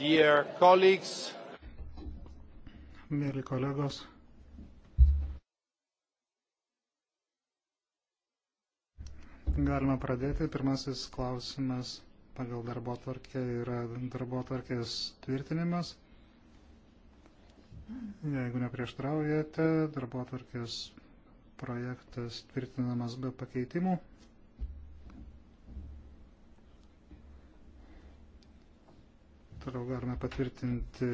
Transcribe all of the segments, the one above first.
Dear colleagues. Mėly kolegos. Galima pradėti. Pirmasis klausimas pagal darbo tvarkę yra darbo tvarkės tvirtinimas. Jeigu neprieštraujate, darbo tvarkės projektas tvirtinamas be pakeitimų. Toliau galime patvirtinti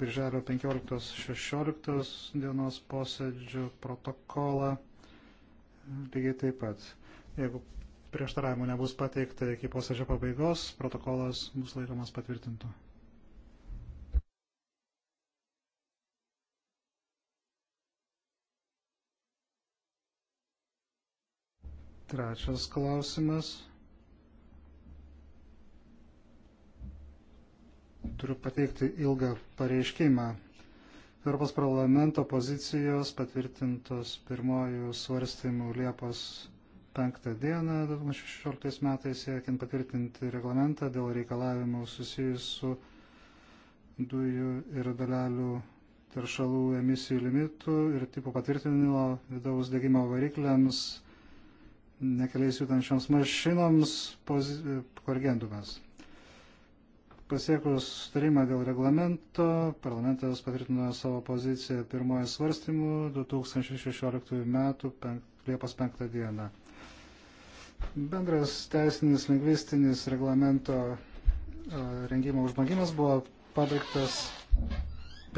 birželio 15-16 dienos posėdžio protokolą. Lygiai taip pat. Jeigu prieštaravimų nebus pateikta iki posėdžio pabaigos, protokolas bus laikomas patvirtintu. Trečias klausimas. turiu pateikti ilgą pareiškimą. Europos parlamento pozicijos patvirtintos pirmojų svarstymų Liepos 5 dieną 2016 metais siekiant patvirtinti reglamentą dėl reikalavimų susijusių su dujų ir dalelių teršalų emisijų limitų ir tipų patvirtinimo vidaus degimo varikliams nekeliais judančioms mašinoms korrigendumas. Pasiekus sutarimą dėl reglamento, parlamentas patvirtino savo poziciją pirmojo svarstymų 2016 m. Liepos 5 d. Bendras teisinis lingvistinis reglamento rengimo užbangimas buvo pabaigtas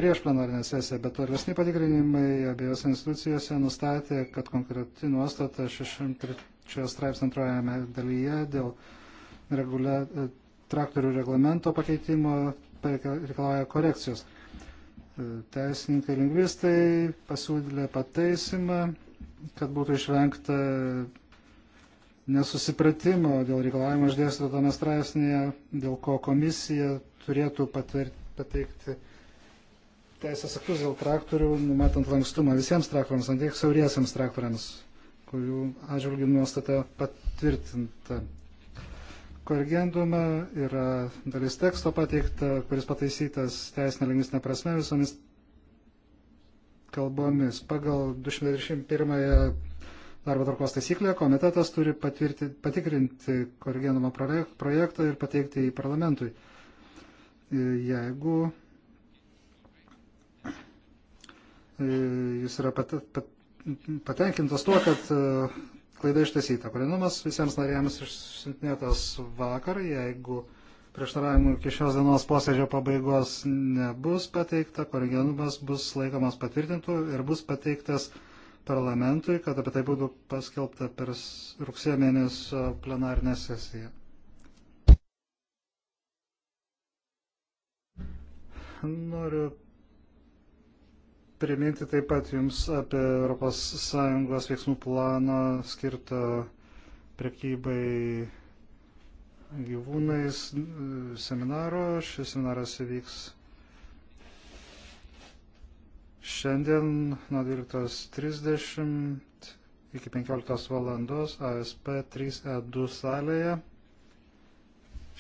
prieš plenarinę sesiją, bet tolesni patikrinimai abiejose institucijose nustatė, kad konkreti nuostata 63 straipsnio antrojame dalyje dėl regulia, traktorių reglamento pakeitimo reikalauja korekcijos. E, Teisininkai, lingvistai pasiūlė pataisimą, kad būtų išvengta nesusipratimo dėl reikalavimo išdėstyto tame straipsnėje, dėl ko komisija turėtų pateikti teisės aktus dėl traktorių, numatant lankstumą visiems traktoriams, ant tiek sauriesiams traktoriams, kurių atžvilgių nuostata patvirtinta korrigendumą, yra dalis teksto pateikta, kuris pataisytas teisinė lingvistinė prasme visomis kalbomis. Pagal 221 darbo tvarkos taisyklę komitetas turi patikrinti korrigendumo projektą ir pateikti į parlamentui. E, jeigu e, jis yra pat, pat, patenkintas tuo, kad e, klaida ištaisyta. Prienumas visiems narėms išsintinėtas vakar, jeigu prieštaravimų iki šios dienos posėdžio pabaigos nebus pateikta, korigionumas bus laikomas patvirtintų ir bus pateiktas parlamentui, kad apie tai būtų paskelbta per rugsėjo mėnesio plenarinę sesiją. Noriu priminti taip pat Jums apie ES veiksmų plano skirtą prekybai gyvūnais seminaro. Šis seminaras įvyks šiandien nuo 12.30 iki 15 valandos ASP 3E2 salėje.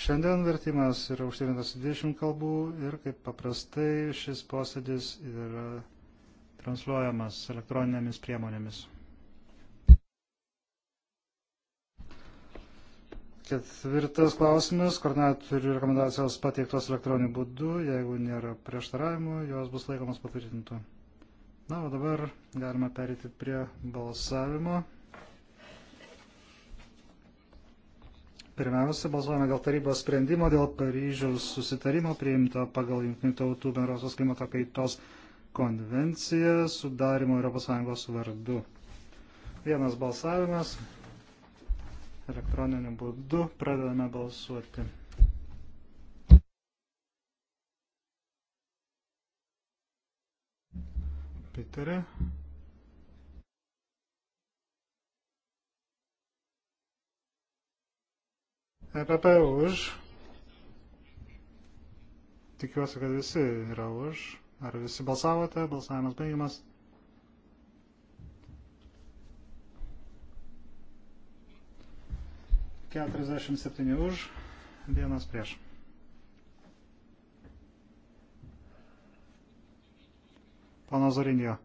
Šiandien vertimas yra užtikrintas 20 kalbų ir kaip paprastai šis posėdis yra transliuojamas elektroninėmis priemonėmis. Ketvirtas klausimas. Koordinatorių rekomendacijos pateiktos elektroniniu būdu. Jeigu nėra prieštaravimų, jos bus laikomas patvirtintų. Na, o dabar galima perėti prie balsavimo. Pirmiausia, balsuojame dėl tarybos sprendimo, dėl Paryžiaus susitarimo priimto pagal Junktinių tautų bendrosios klimato kaitos konvenciją sudarimo ES vardu. Vienas balsavimas elektroniniu būdu pradedame balsuoti. Piterį. EPP už. Tikiuosi, kad visi yra už. Ar visi balsavote? Balsavimas baigiamas. Keturiasdešimt septyni už, vienas prieš. Pana Zorinio.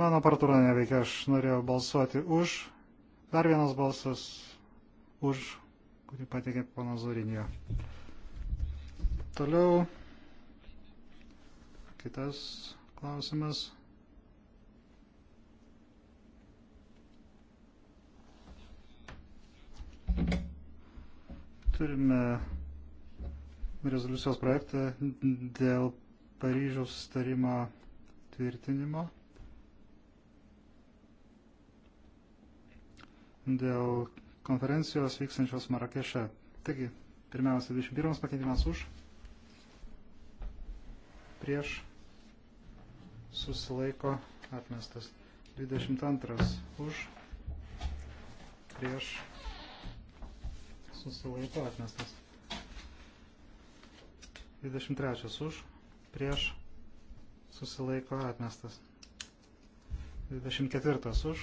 Mano aparatūra neveikia, aš norėjau balsuoti už. Dar vienas balsas už, kurį pateikė pana Zorinio. Toliau Kitas klausimas. Turime rezoliucijos projektą dėl Paryžiaus sustarimo tvirtinimo, dėl konferencijos vykstančios Marakeše. Taigi, pirmiausia, 21 pakeitimas už, prieš, susilaiko atmestas. 22 už prieš susilaiko atmestas. 23 už prieš susilaiko atmestas. 24 už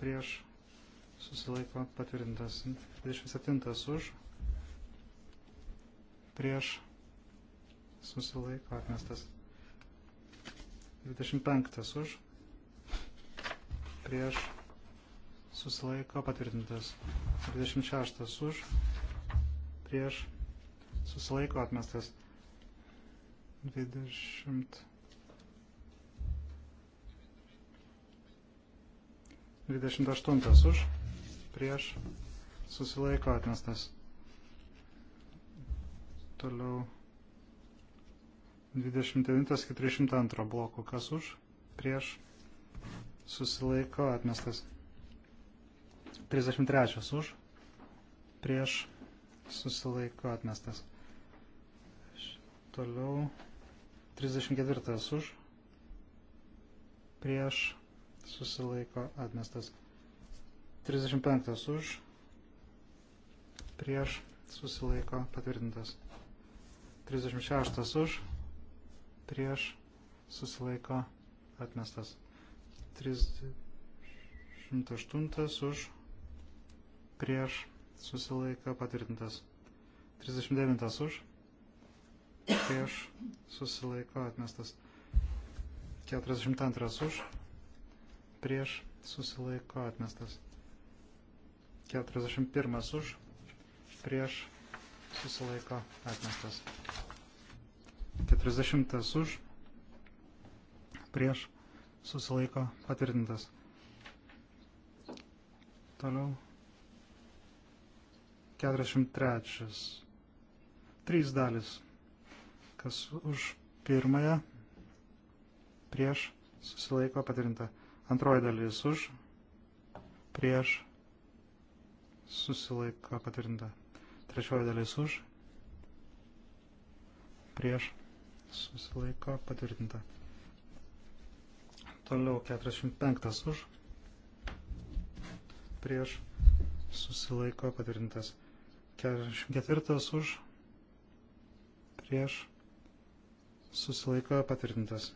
prieš susilaiko patvirtintas. 27 už prieš susilaiko atmestas. 25 už, prieš susilaiko patvirtintas, 26 už, prieš susilaiko atmestas, 20. 28 už, prieš susilaiko atmestas. Toliau 29-42 blokų. Kas už? Prieš. Susilaiko atmestas. 33 už. Prieš. Susilaiko atmestas. Toliau. 34 už. Prieš. Susilaiko atmestas. 35 už. Prieš. Susilaiko patvirtintas. 36 už prieš susilaiko atmestas. 38 už prieš susilaiko patvirtintas. 39 už prieš susilaiko atmestas. 42 už prieš susilaiko atmestas. 41 už prieš susilaiko atmestas. 40 už, prieš, susilaiko patvirtintas. Toliau. 43. Trys dalis. Kas už pirmąją, prieš, susilaiko patvirtinta. Antroji dalis už, prieš, susilaiko patvirtinta. Trečioji dalis už, prieš, susilaiko patvirtinta. Toliau 45 už, prieš susilaiko patvirtintas. 44 už, prieš susilaiko patvirtintas.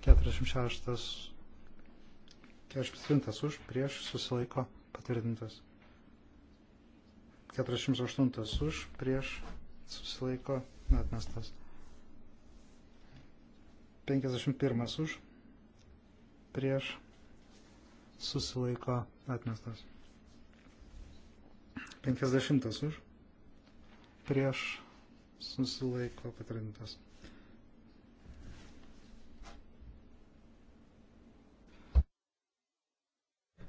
46 47 už, prieš susilaiko patvirtintas. 48 už, prieš susilaiko atmestas. 51 už, prieš susilaiko atmestas. 50 už, prieš susilaiko patrintas.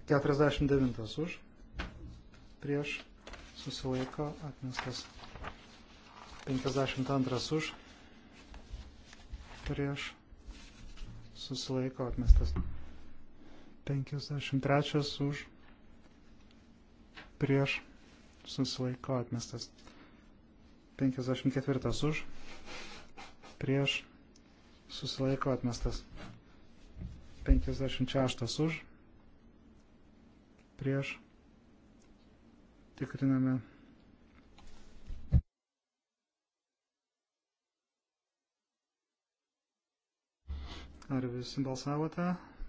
Keturiasdešimt devintas už, prieš susilaiko atmestas. 52 už, prieš, susilaiko atmestas. 53 už, prieš, susilaiko atmestas. 54 už, prieš, susilaiko atmestas. 56 už, prieš, tikriname Ar visi balsavote?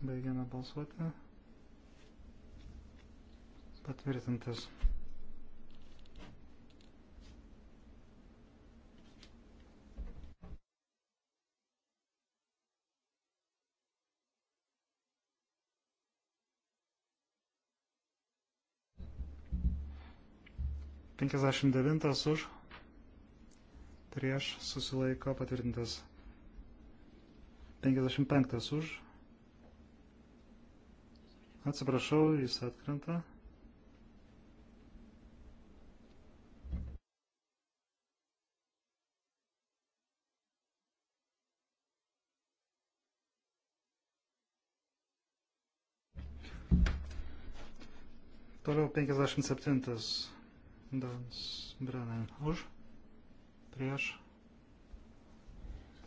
Baigiame balsuoti. Patvirtintas. Penkiasdešimt devintas už prieš susilaiko patvirtintas 55 už. Atsiprašau, jis atkrenta. Toliau 57 Dans Brennan už, prieš,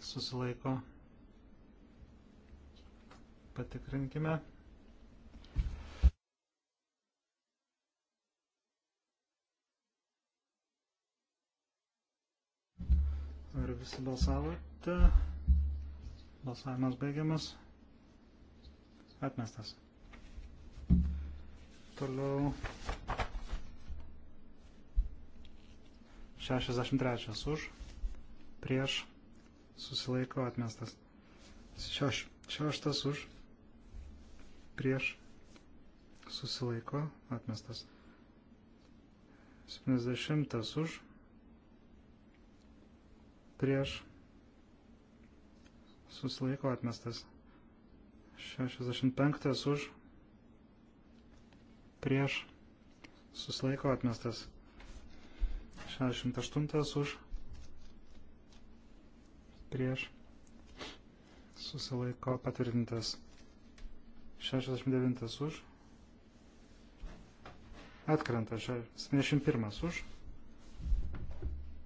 susilaiko patikrinkime. Ar visi balsavote? Balsavimas baigiamas. Atmestas. Toliau 63 už, prieš, susilaiko atmestas. 6 už, prieš susilaiko atmestas. 70 už prieš susilaiko atmestas. 65 už prieš susilaiko atmestas. 68 už prieš susilaiko patvirtintas. 69 už. Atkrenta 71 už.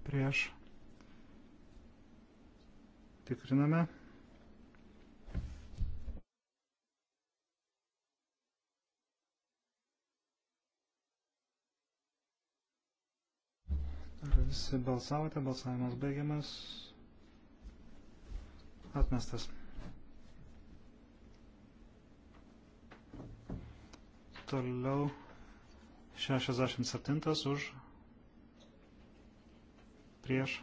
Prieš. Tikriname. Ar visi balsavote? Balsavimas baigiamas. Atmestas. Toliau 67 už prieš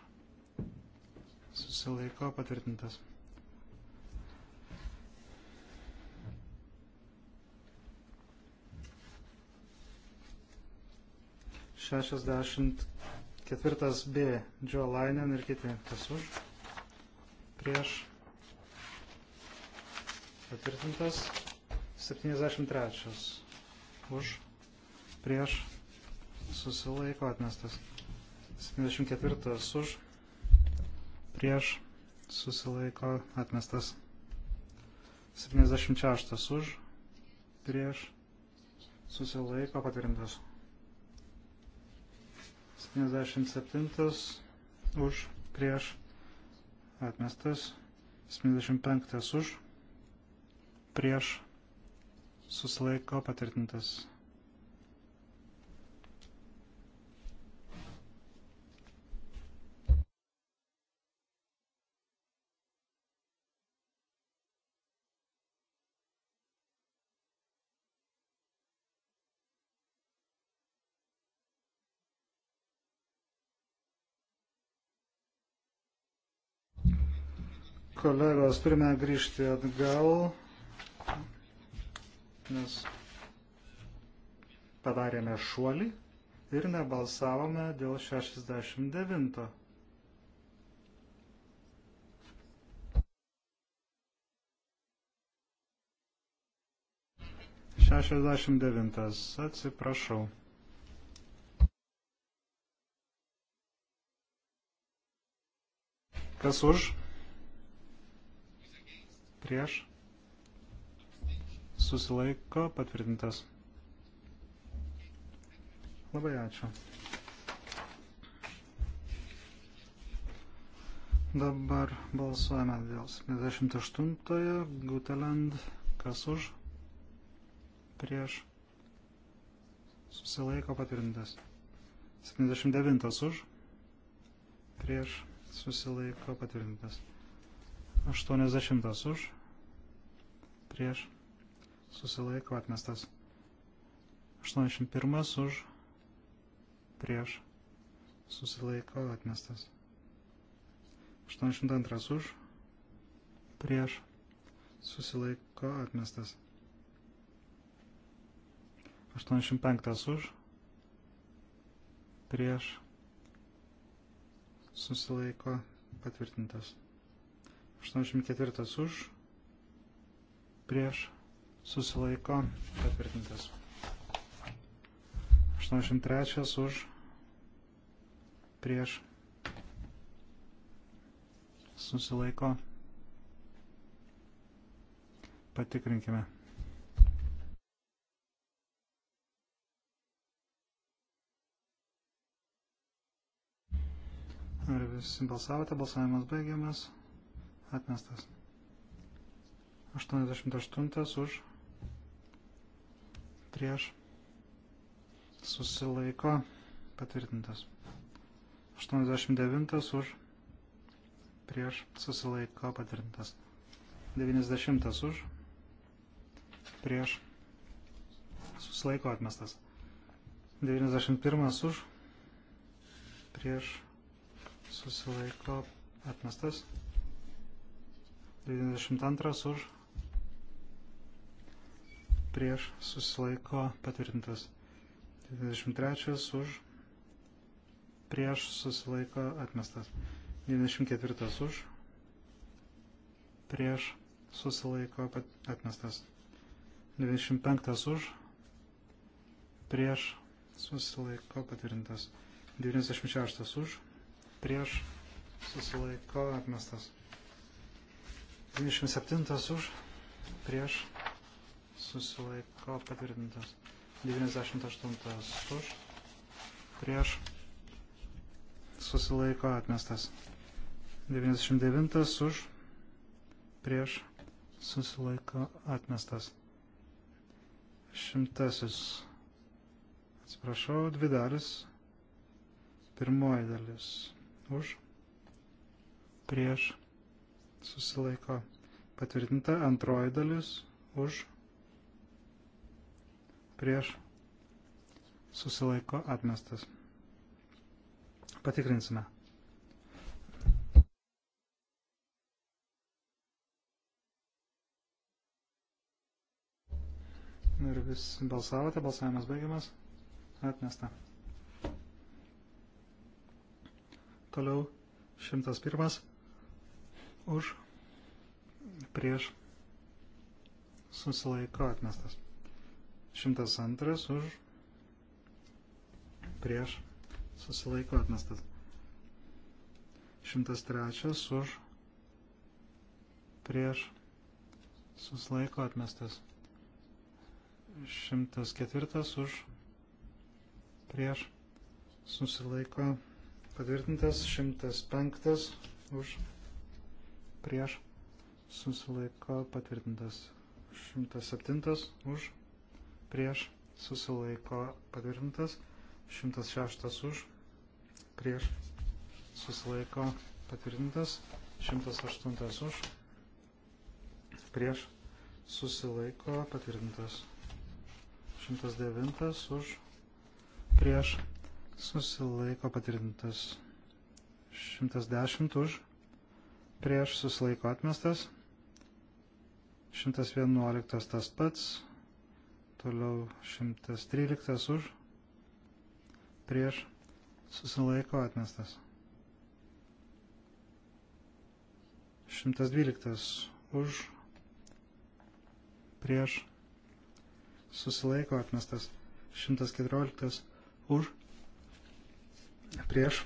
susilaiko patvirtintas. Šešiasdešimt ketvirtas B, Joe Lainen ir kiti, kas už, prieš, patvirtintas, septyniasdešimt trečias už, prieš, susilaiko atmestas. 74 už, prieš, susilaiko atmestas. 76 už, prieš, susilaiko patvirtintas. 77 už, prieš, atmestas. 75 už, prieš, susilaiko patvirtintas. Kolegos, turime grįžti atgal nes padarėme šuolį ir nebalsavome dėl 69. Šešiasdešimt devintas, atsiprašau. Kas už? Prieš? susilaiko patvirtintas. Labai ačiū. Dabar balsuojame dėl 78-ojo Guteland, kas už, prieš, susilaiko patvirtintas. 79-as už, prieš, susilaiko patvirtintas. 80-as už, prieš, susilaiko atmestas. 81 už, prieš, susilaiko atmestas. 82 už, prieš, susilaiko atmestas. 85 už, prieš, susilaiko patvirtintas. 84 už, prieš, susilaiko patvirtintas. 83 už prieš susilaiko patikrinkime. Ar visi balsavote? Balsavimas baigiamas. Atmestas. 88 už prieš, susilaiko, patvirtintas. 89 už, prieš, susilaiko, patvirtintas. 90 už, prieš, susilaiko, atmestas. 91 už, prieš, susilaiko, atmestas. 92 už, prieš, susilaiko, atmestas. 92 už, prieš susilaiko patvirtintas. 23 už, prieš susilaiko atmestas. 24 už, prieš susilaiko atmestas. 25 už, prieš susilaiko patvirtintas. 96 už, prieš susilaiko atmestas. 27 už, prieš susilaiko patvirtintas. 98 už, prieš susilaiko atmestas. 99 už, prieš susilaiko atmestas. Šimtasis, atsiprašau, dvi dalis, pirmoji dalis už, prieš susilaiko patvirtinta, antroji dalis už, prieš prieš susilaiko atmestas. Patikrinsime. Ir vis balsavote, balsavimas baigiamas, atmesta. Toliau 101 už prieš susilaiko atmestas. 102 už prieš susilaiko atmestas. 103 už prieš susilaiko atmestas. 104 už prieš susilaiko patvirtintas. 105 už prieš susilaiko patvirtintas. 107 už prieš susilaiko patvirtintas, 106 už, prieš susilaiko patvirtintas, 108 už, prieš susilaiko patvirtintas, 109 už, prieš susilaiko patvirtintas, 110 už, prieš susilaiko atmestas, 111 tas pats, Toliau 113 už. Prieš. Susilaiko atmestas. 112 už. Prieš. Susilaiko atmestas. 114 už. Prieš.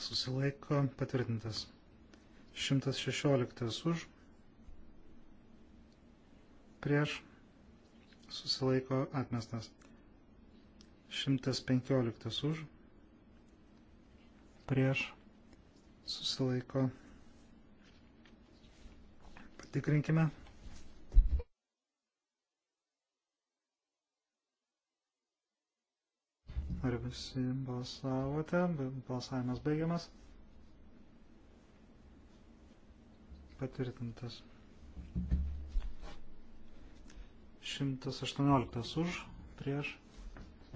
Susilaiko patvirtintas. 116 už. Prieš susilaiko atmestas. 115 už, prieš, susilaiko. Patikrinkime. Ar visi balsavote? Balsavimas baigiamas. Patvirtintas. 118 už, prieš,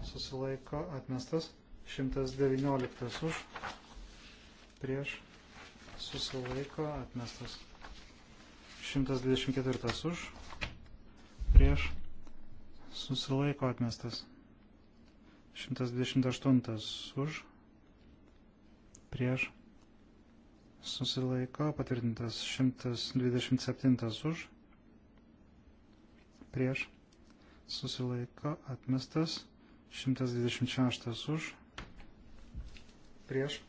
susilaiko atmestas, 119 už, prieš, susilaiko atmestas, 124 už, prieš, susilaiko atmestas, 128 už, prieš, susilaiko patvirtintas, 127 už, prieš susilaiko atmestas, 126 už, prieš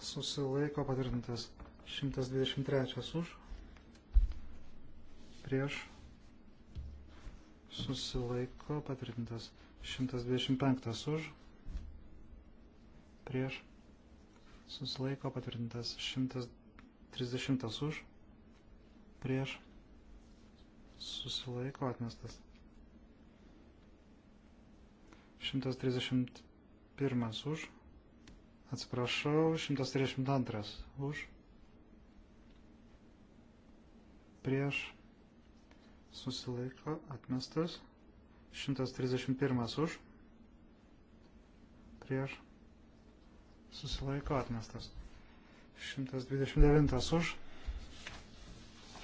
susilaiko patvirtintas, 123 už, prieš susilaiko patvirtintas, 125 už, prieš susilaiko patvirtintas, 130 už, prieš susilaiko atmestas. 131 už. Atsiprašau, 132 už. Prieš susilaiko atmestas. 131 už. Prieš susilaiko atmestas. 129 už.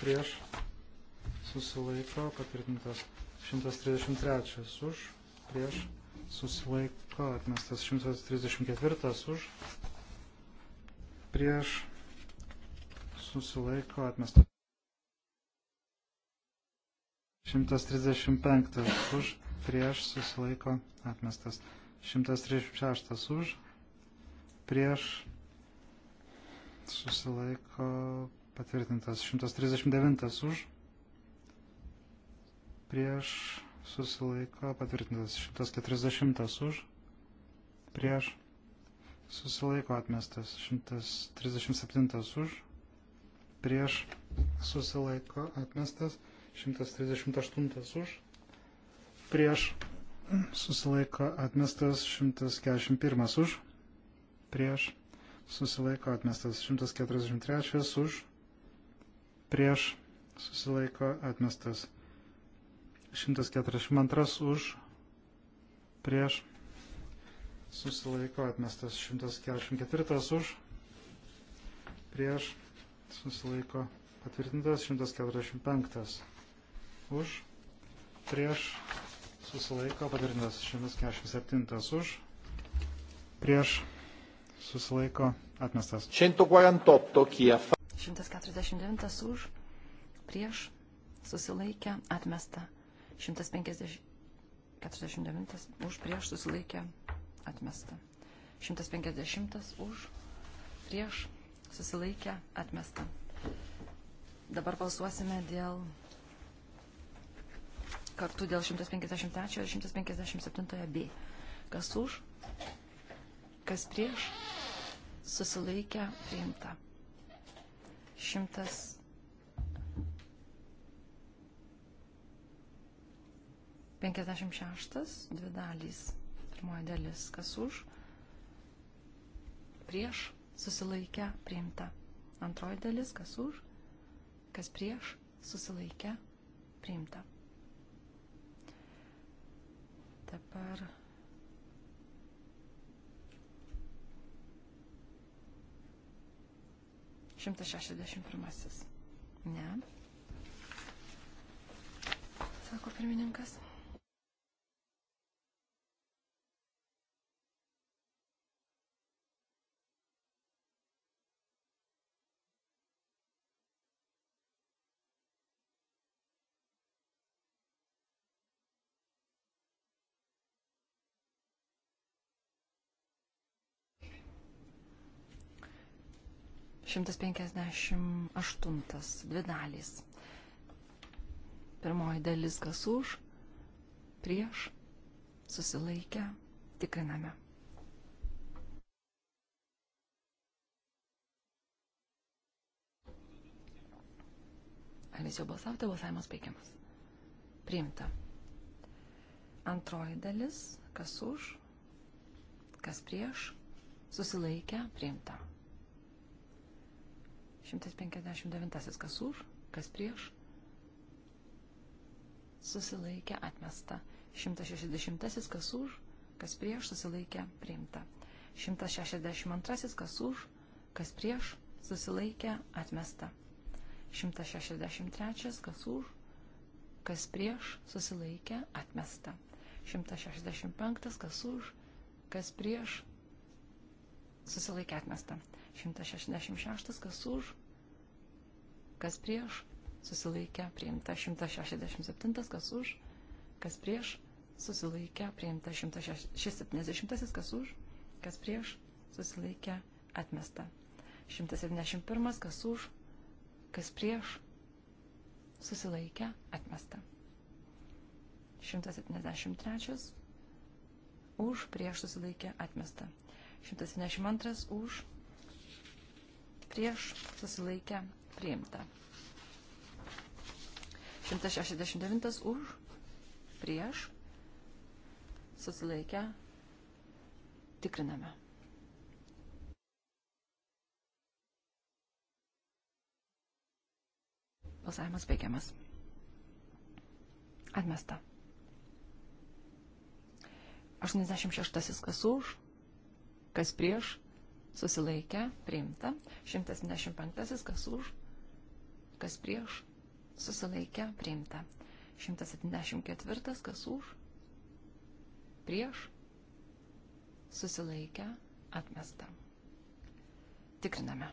Prieš susilaiko patvirtintas 133 už, prieš susilaiko atmestas 134 už, prieš susilaiko atmestas 135 už, prieš susilaiko atmestas 136 už, prieš susilaiko patvirtintas 139 už prieš susilaiko patvirtintas 140 už, prieš susilaiko atmestas 137 už, prieš susilaiko atmestas 138 už, prieš susilaiko atmestas 141 už, prieš susilaiko atmestas 143 už, prieš susilaiko atmestas 142 už, prieš, susilaiko atmestas 144 už, prieš, susilaiko patvirtintas 145 už, prieš, susilaiko patvirtintas 147 už, prieš, susilaiko atmestas 148 kiek. 149 už, prieš, susilaikė atmestą 149 už prieš susilaikė atmesta. 150 už prieš susilaikė atmesta. Dabar balsuosime dėl kartu dėl 153 ir 157 B. Kas už, kas prieš, susilaikė priimta. 100 56, dvi dalys. Pirmoji dalis, kas už, prieš, susilaikę, priimta. Antroji dalis, kas už, kas prieš, susilaikę, priimta. Dabar Šimtas šešiasdešimt pirmasis. Ne. Sako pirmininkas. 158. Dvi dalys. Pirmoji dalis kas už, prieš, susilaikę, tikriname. Ar visi jau balsavote, balsavimas baigiamas. Priimta. Antroji dalis, kas už, kas prieš, susilaikę, priimta. 159. Kas už, kas prieš. Susilaikė atmesta. 160. Kas už, kas prieš. Susilaikė priimta. 162. Kas už, kas prieš. Susilaikė atmesta. 163. Kas už, kas prieš. Susilaikė atmesta. 165. Kas už, kas prieš. Susilaikė atmesta. 166, kas už, kas prieš, susilaikė, priimta 167, kas už, kas prieš, susilaikė, priimta 170, kas už, kas prieš, susilaikė, atmesta. 171, kas už, kas prieš, susilaikė, atmesta. 173, už, prieš, susilaikė, atmesta. 172, už, prieš, susilaikė, priimta. 169 už, prieš, susilaikę, tikriname. Balsavimas baigiamas. Atmesta. 86 kas už, kas prieš, susilaikę, priimta. 175 kas už, kas prieš, susilaikę, priimta. 174, kas už, prieš, susilaikę, atmesta. Tikriname.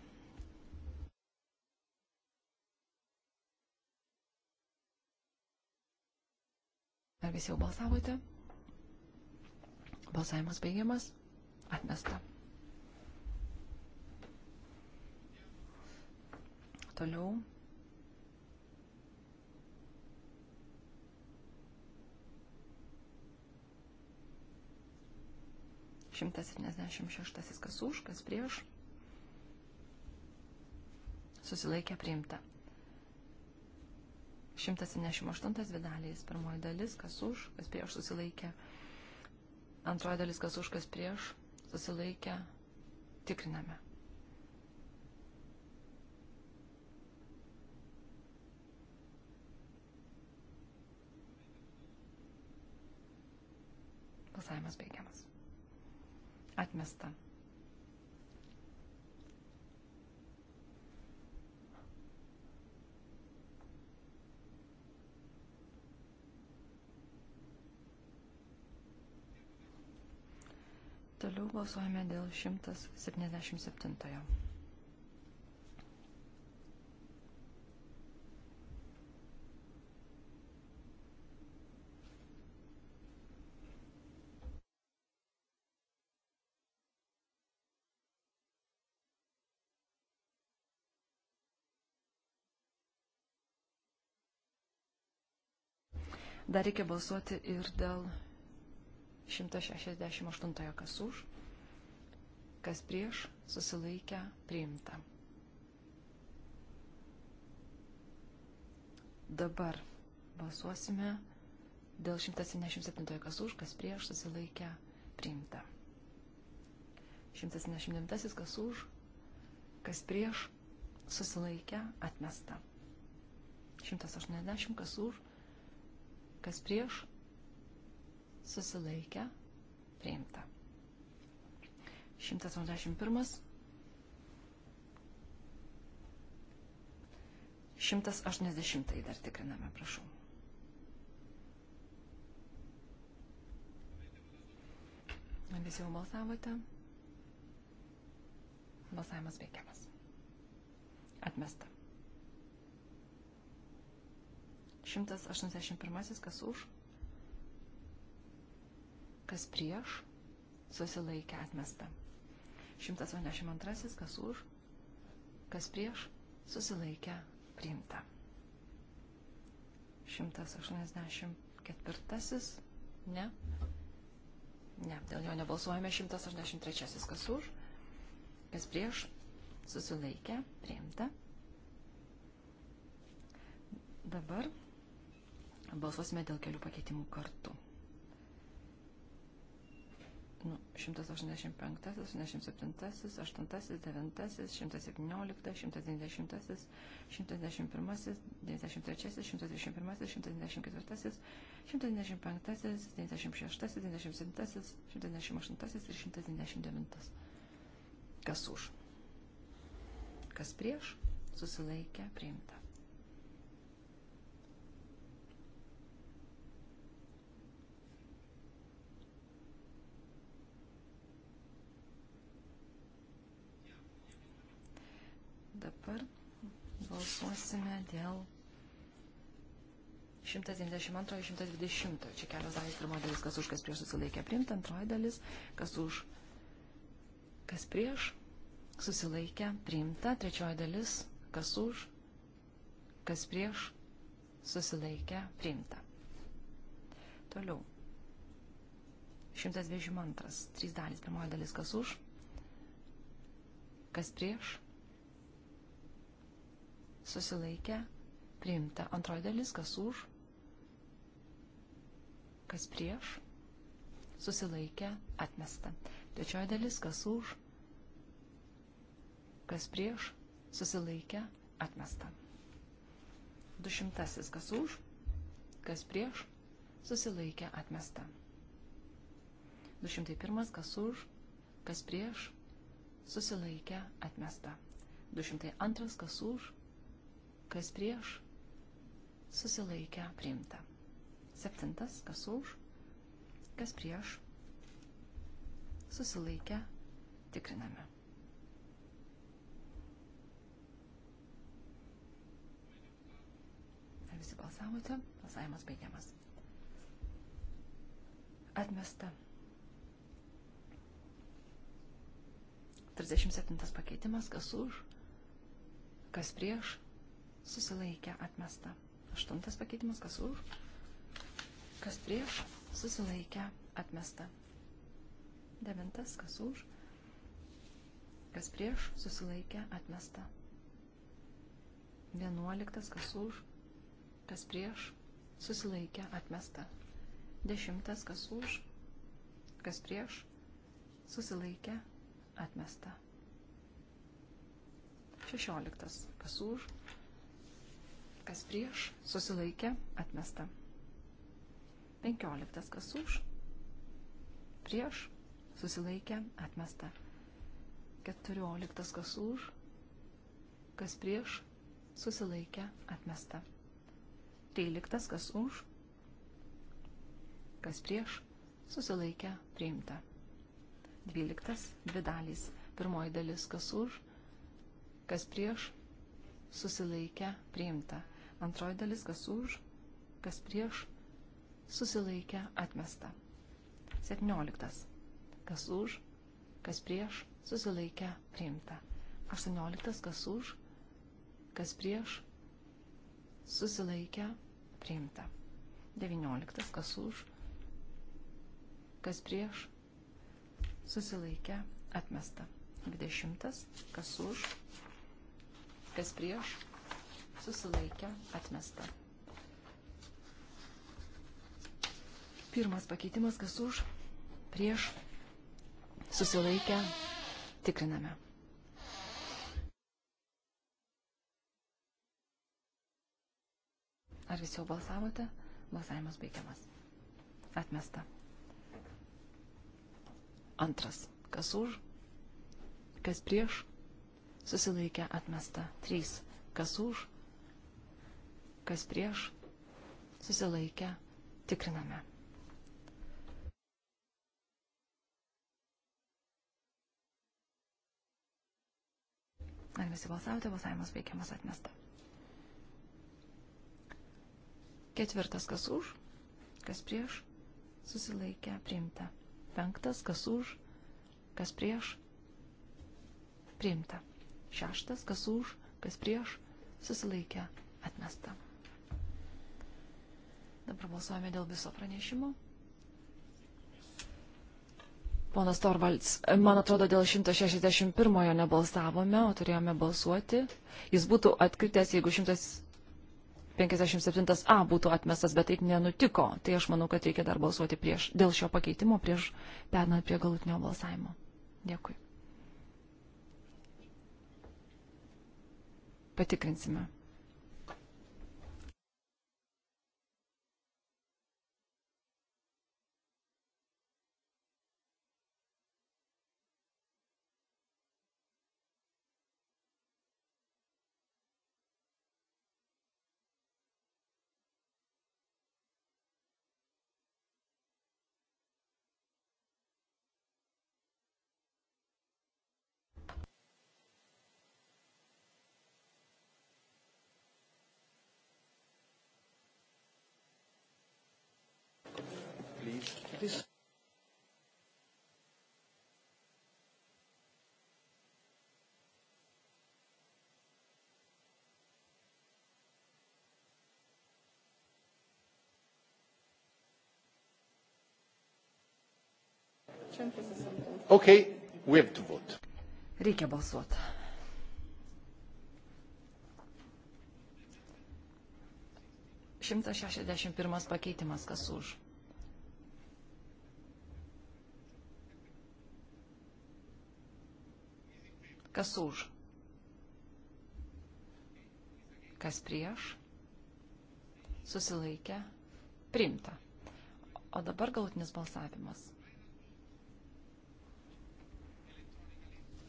Ar visi jau balsavote? Balsavimas baigiamas. Atmesta. Toliau 176 kas už, kas prieš. Susilaikė priimta. 178 dvi dalys. Pirmoji dalis, kas už, kas prieš susilaikė. Antroji dalis, kas už, kas prieš susilaikė. Tikriname. Balsavimas baigiamas. Atmesta. Toliau balsuojame dėl 177. Dar reikia balsuoti ir dėl 168, kas už, kas prieš, susilaikę, priimta. Dabar balsuosime dėl 177, kas už, kas prieš, susilaikę, priimta. 179, kas už, kas prieš, susilaikę, atmesta. 180, kas už, kas prieš, susilaikę, priimta. 181. 180 dar tikriname, prašau. Visi jau balsavote. Balsavimas veikiamas. Atmesta. 181. Kas už? Kas prieš? Susilaikė atmesta. 182. Kas už? Kas prieš? Susilaikė priimta. 184. Ne. Ne, dėl jo nebalsuojame 183. Kas už, kas prieš, susilaikė, priimta. Dabar Balsuosime dėl kelių pakeitimų kartu. Nu, 185, 187, 8, 9, 117, 190, 191, 93, 121, 194, 195, 96, 97, 198 ir 199. Kas už? Kas prieš? Susilaikę priimta. Dabar balsuosime dėl 192-120. Čia kelios dalys. Pirmoji dalis, kas už, kas prieš susilaikė priimta. Antroji dalis, kas už, kas prieš susilaikė priimta. Trečioji dalis, kas už, kas prieš susilaikė priimta. Toliau. 122. Trys dalys. Pirmoji dalis, kas už, kas prieš susilaikę, priimta. Antroji dalis, kas už, kas prieš, susilaikę, atmesta. Trečioji dalis, kas už, kas prieš, susilaikę, atmesta. Dušimtasis, kas už, kas prieš, susilaikę, atmesta. 201, kas už, kas prieš, susilaikę, atmesta. 202, kas už, kas prieš, susilaikę priimta. Septintas, kas už, kas prieš, susilaikę tikriname. Ar visi balsavote? Balsavimas baigiamas. Atmesta. 37 pakeitimas, kas už, kas prieš, susilaikė atmesta. Aštuntas pakeitimas, kas už, kas prieš, susilaikė atmesta. Devintas, kas už, kas prieš, susilaikė atmesta. Vienuoliktas, kas už, kas prieš, susilaikė atmesta. Dešimtas, kas už, kas prieš, susilaikė atmesta. Šešioliktas, kas už, kas prieš, susilaikė, atmesta. 15 kas už, prieš, susilaikė, atmesta. 14 kas už, kas prieš, susilaikė, atmesta. 13 kas už, kas prieš, susilaikė, priimta. 12 dvi dalys. Pirmoji dalis kas už, kas prieš, susilaikė priimta. Antroji dalis, kas už, kas prieš, susilaikę, atmesta. 17. Kas už, kas prieš, susilaikę, priimta. 18. Kas už, kas prieš, susilaikę, priimta. 19. Kas už, kas prieš, susilaikę, atmesta. 20. Kas už, kas prieš, susilaikė, atmesta. Pirmas pakeitimas, kas už, prieš, susilaikė, tikriname. Ar visi jau balsavote? Balsavimas baigiamas. Atmesta. Antras. Kas už? Kas prieš? Susilaikė atmesta. Trys. Kas už? kas prieš, susilaikę, tikriname. Ar visi balsavote, balsavimas veikiamas atmesta. Ketvirtas, kas už, kas prieš, susilaikę, priimta. Penktas, kas už, kas prieš, priimta. Šeštas, kas už, kas prieš, susilaikę, atmesta. Dabar balsuojame dėl viso pranešimo. Ponas Torvalds, man atrodo, dėl 161-ojo nebalsavome, o turėjome balsuoti. Jis būtų atkritęs, jeigu 157-a būtų atmestas, bet taip nenutiko. Tai aš manau, kad reikia dar balsuoti prieš, dėl šio pakeitimo, prieš pernant prie galutinio balsavimo. Dėkui. Patikrinsime. Okay, we have to vote. Reikia balsuoti. Šimtas šešiasdešimt pirmas pakeitimas, kas už. Kas už? Kas prieš? Susilaikę? Primta. O dabar galutinis balsavimas.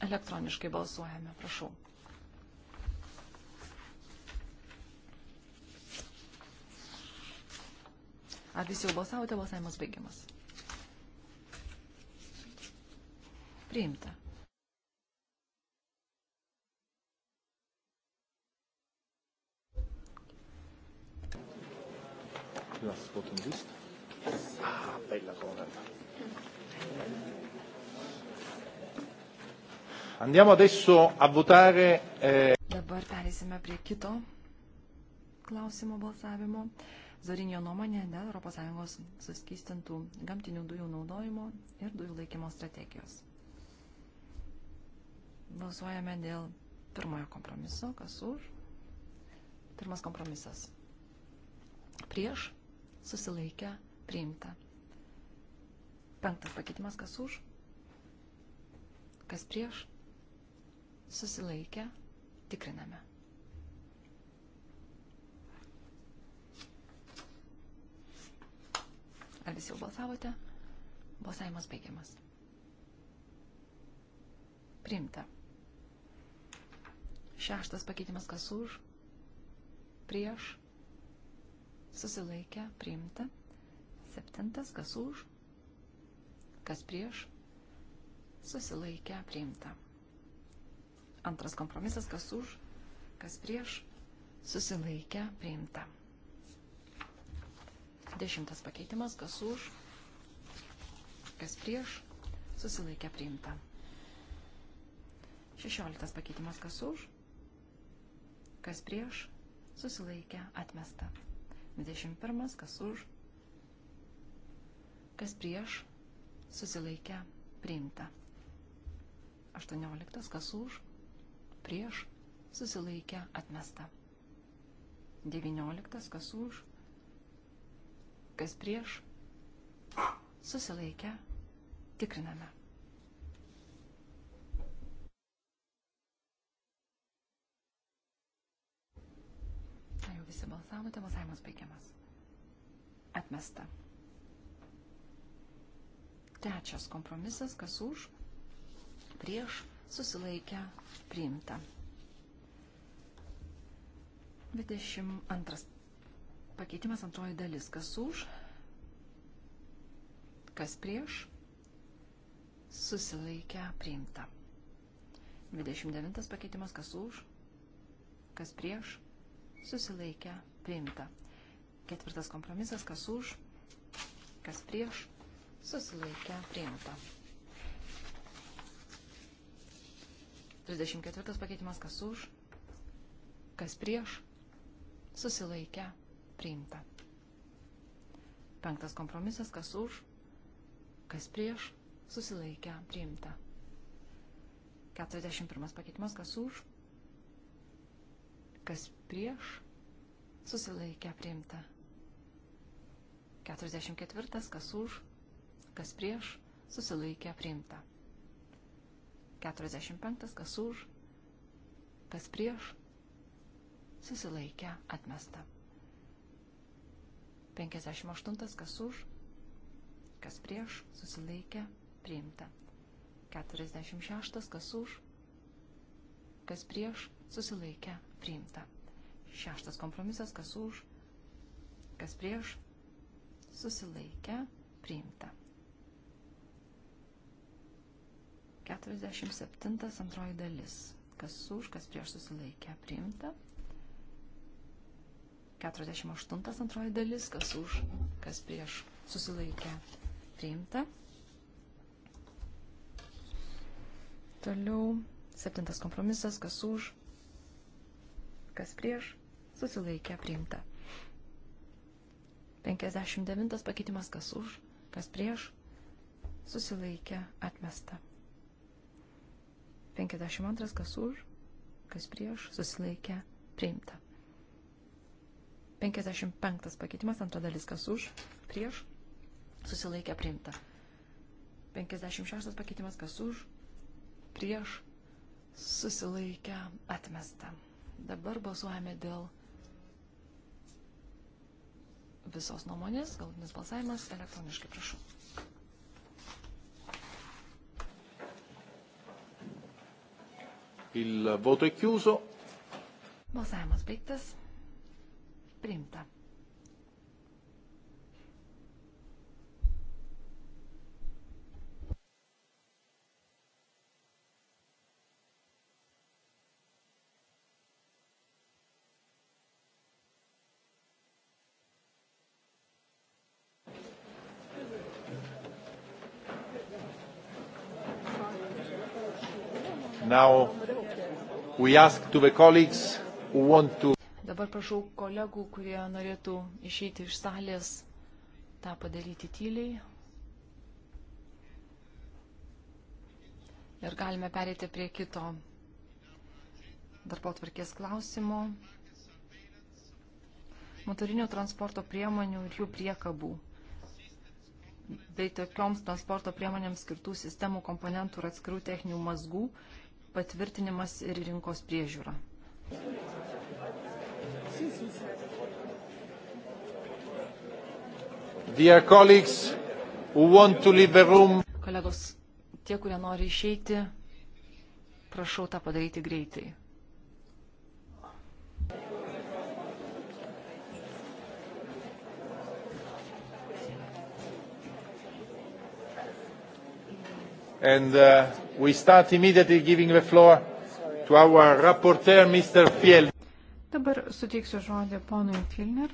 Elektroniškai balsuojame, prašau. Ar visi jau balsavote, balsavimas baigiamas. Priimta. Last voting list. Ah, bella cosa. Andiamo adesso a votare. Eh... Dabar perėsime prie kito klausimo balsavimo. Zorinio nuomonė dėl ES suskystintų gamtinių dujų naudojimo ir dujų laikymo strategijos. Balsuojame dėl pirmojo kompromiso. Kas už? Pirmas kompromisas. Prieš susilaikę priimta. Penktas pakeitimas. Kas už? Kas prieš? susilaikę, tikriname. Ar visi jau balsavote? Balsavimas baigiamas. Priimta. Šeštas pakeitimas kas už, prieš, susilaikę, priimta. Septintas kas už, kas prieš, susilaikę, priimta. Antras kompromisas, kas už, kas prieš, susilaikę, priimta. Dešimtas pakeitimas, kas už, kas prieš, susilaikę, priimta. Šešioliktas pakeitimas, kas už, kas prieš, susilaikę, atmesta. Dvidešimt pirmas, kas už, kas prieš, susilaikę, priimta. Aštuonioliktas, kas už, prieš, susilaikę, atmesta. 19. Kas už, kas prieš, susilaikę, tikriname. Na jau visi balsavote, balsavimas baigiamas. Atmesta. Trečias kompromisas, kas už, prieš, susilaikę, priimta. 22 pakeitimas antroji dalis. Kas už, kas prieš, susilaikę, priimta. 29 pakeitimas kas už, kas prieš, susilaikę, priimta. Ketvirtas kompromisas kas už, kas prieš, susilaikę, priimta. 34 pakeitimas kas už, kas prieš, susilaikę, priimta. Penktas kompromisas kas už, kas prieš, susilaikę, priimta. 41 pakeitimas kas už, kas prieš, susilaikę, priimta. 44 kas už, kas prieš, susilaikę, priimta. 45, kas už, kas prieš, susilaikę, atmesta. 58, kas už, kas prieš, susilaikę, priimta. 46, kas už, kas prieš, susilaikę, priimta. Šeštas kompromisas, kas už, kas prieš, susilaikę, priimta. 47 antroji dalis. Kas už, kas prieš susilaikė priimta. 48 antroji dalis. Kas už, kas prieš susilaikė priimta. Toliau septintas kompromisas. Kas už, kas prieš susilaikė priimta. 59 pakeitimas. Kas už, kas prieš susilaikė atmesta. 52 kas už, kas prieš, susilaikė, priimta. 55 pakeitimas, antra dalis kas už, prieš, susilaikė, priimta. 56 pakeitimas kas už, prieš, susilaikė, atmesta. Dabar balsuojame dėl visos nuomonės, galutinis balsavimas elektroniškai prašau. Il voto è chiuso. Balsavimas baigtas. Priimta. now To... Dabar prašau kolegų, kurie norėtų išeiti iš salės, tą padaryti tyliai. Ir galime perėti prie kito darbo tvarkės klausimo. Motorinių transporto priemonių ir jų priekabų bei tokioms transporto priemonėms skirtų sistemų komponentų ir atskirų techninių mazgų patvirtinimas ir rinkos priežiūra. Kolegos, tie, kurie nori išeiti, prašau tą padaryti greitai. and uh, we start immediately giving the floor to our rapporteur, Mr. Fjell. Dabar suteiksiu žodį ponui Filner.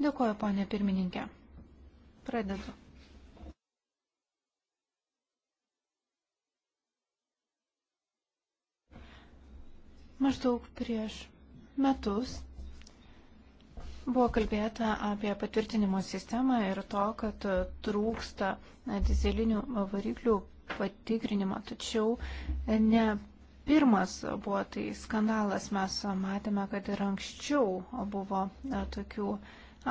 Dėkuoju, ponė pirmininkė. Pradedu. Maždaug prieš metus Buvo kalbėta apie patvirtinimo sistemą ir to, kad trūksta dizelinių variklių patikrinimo, tačiau ne pirmas buvo tai skandalas, mes matėme, kad ir anksčiau buvo tokių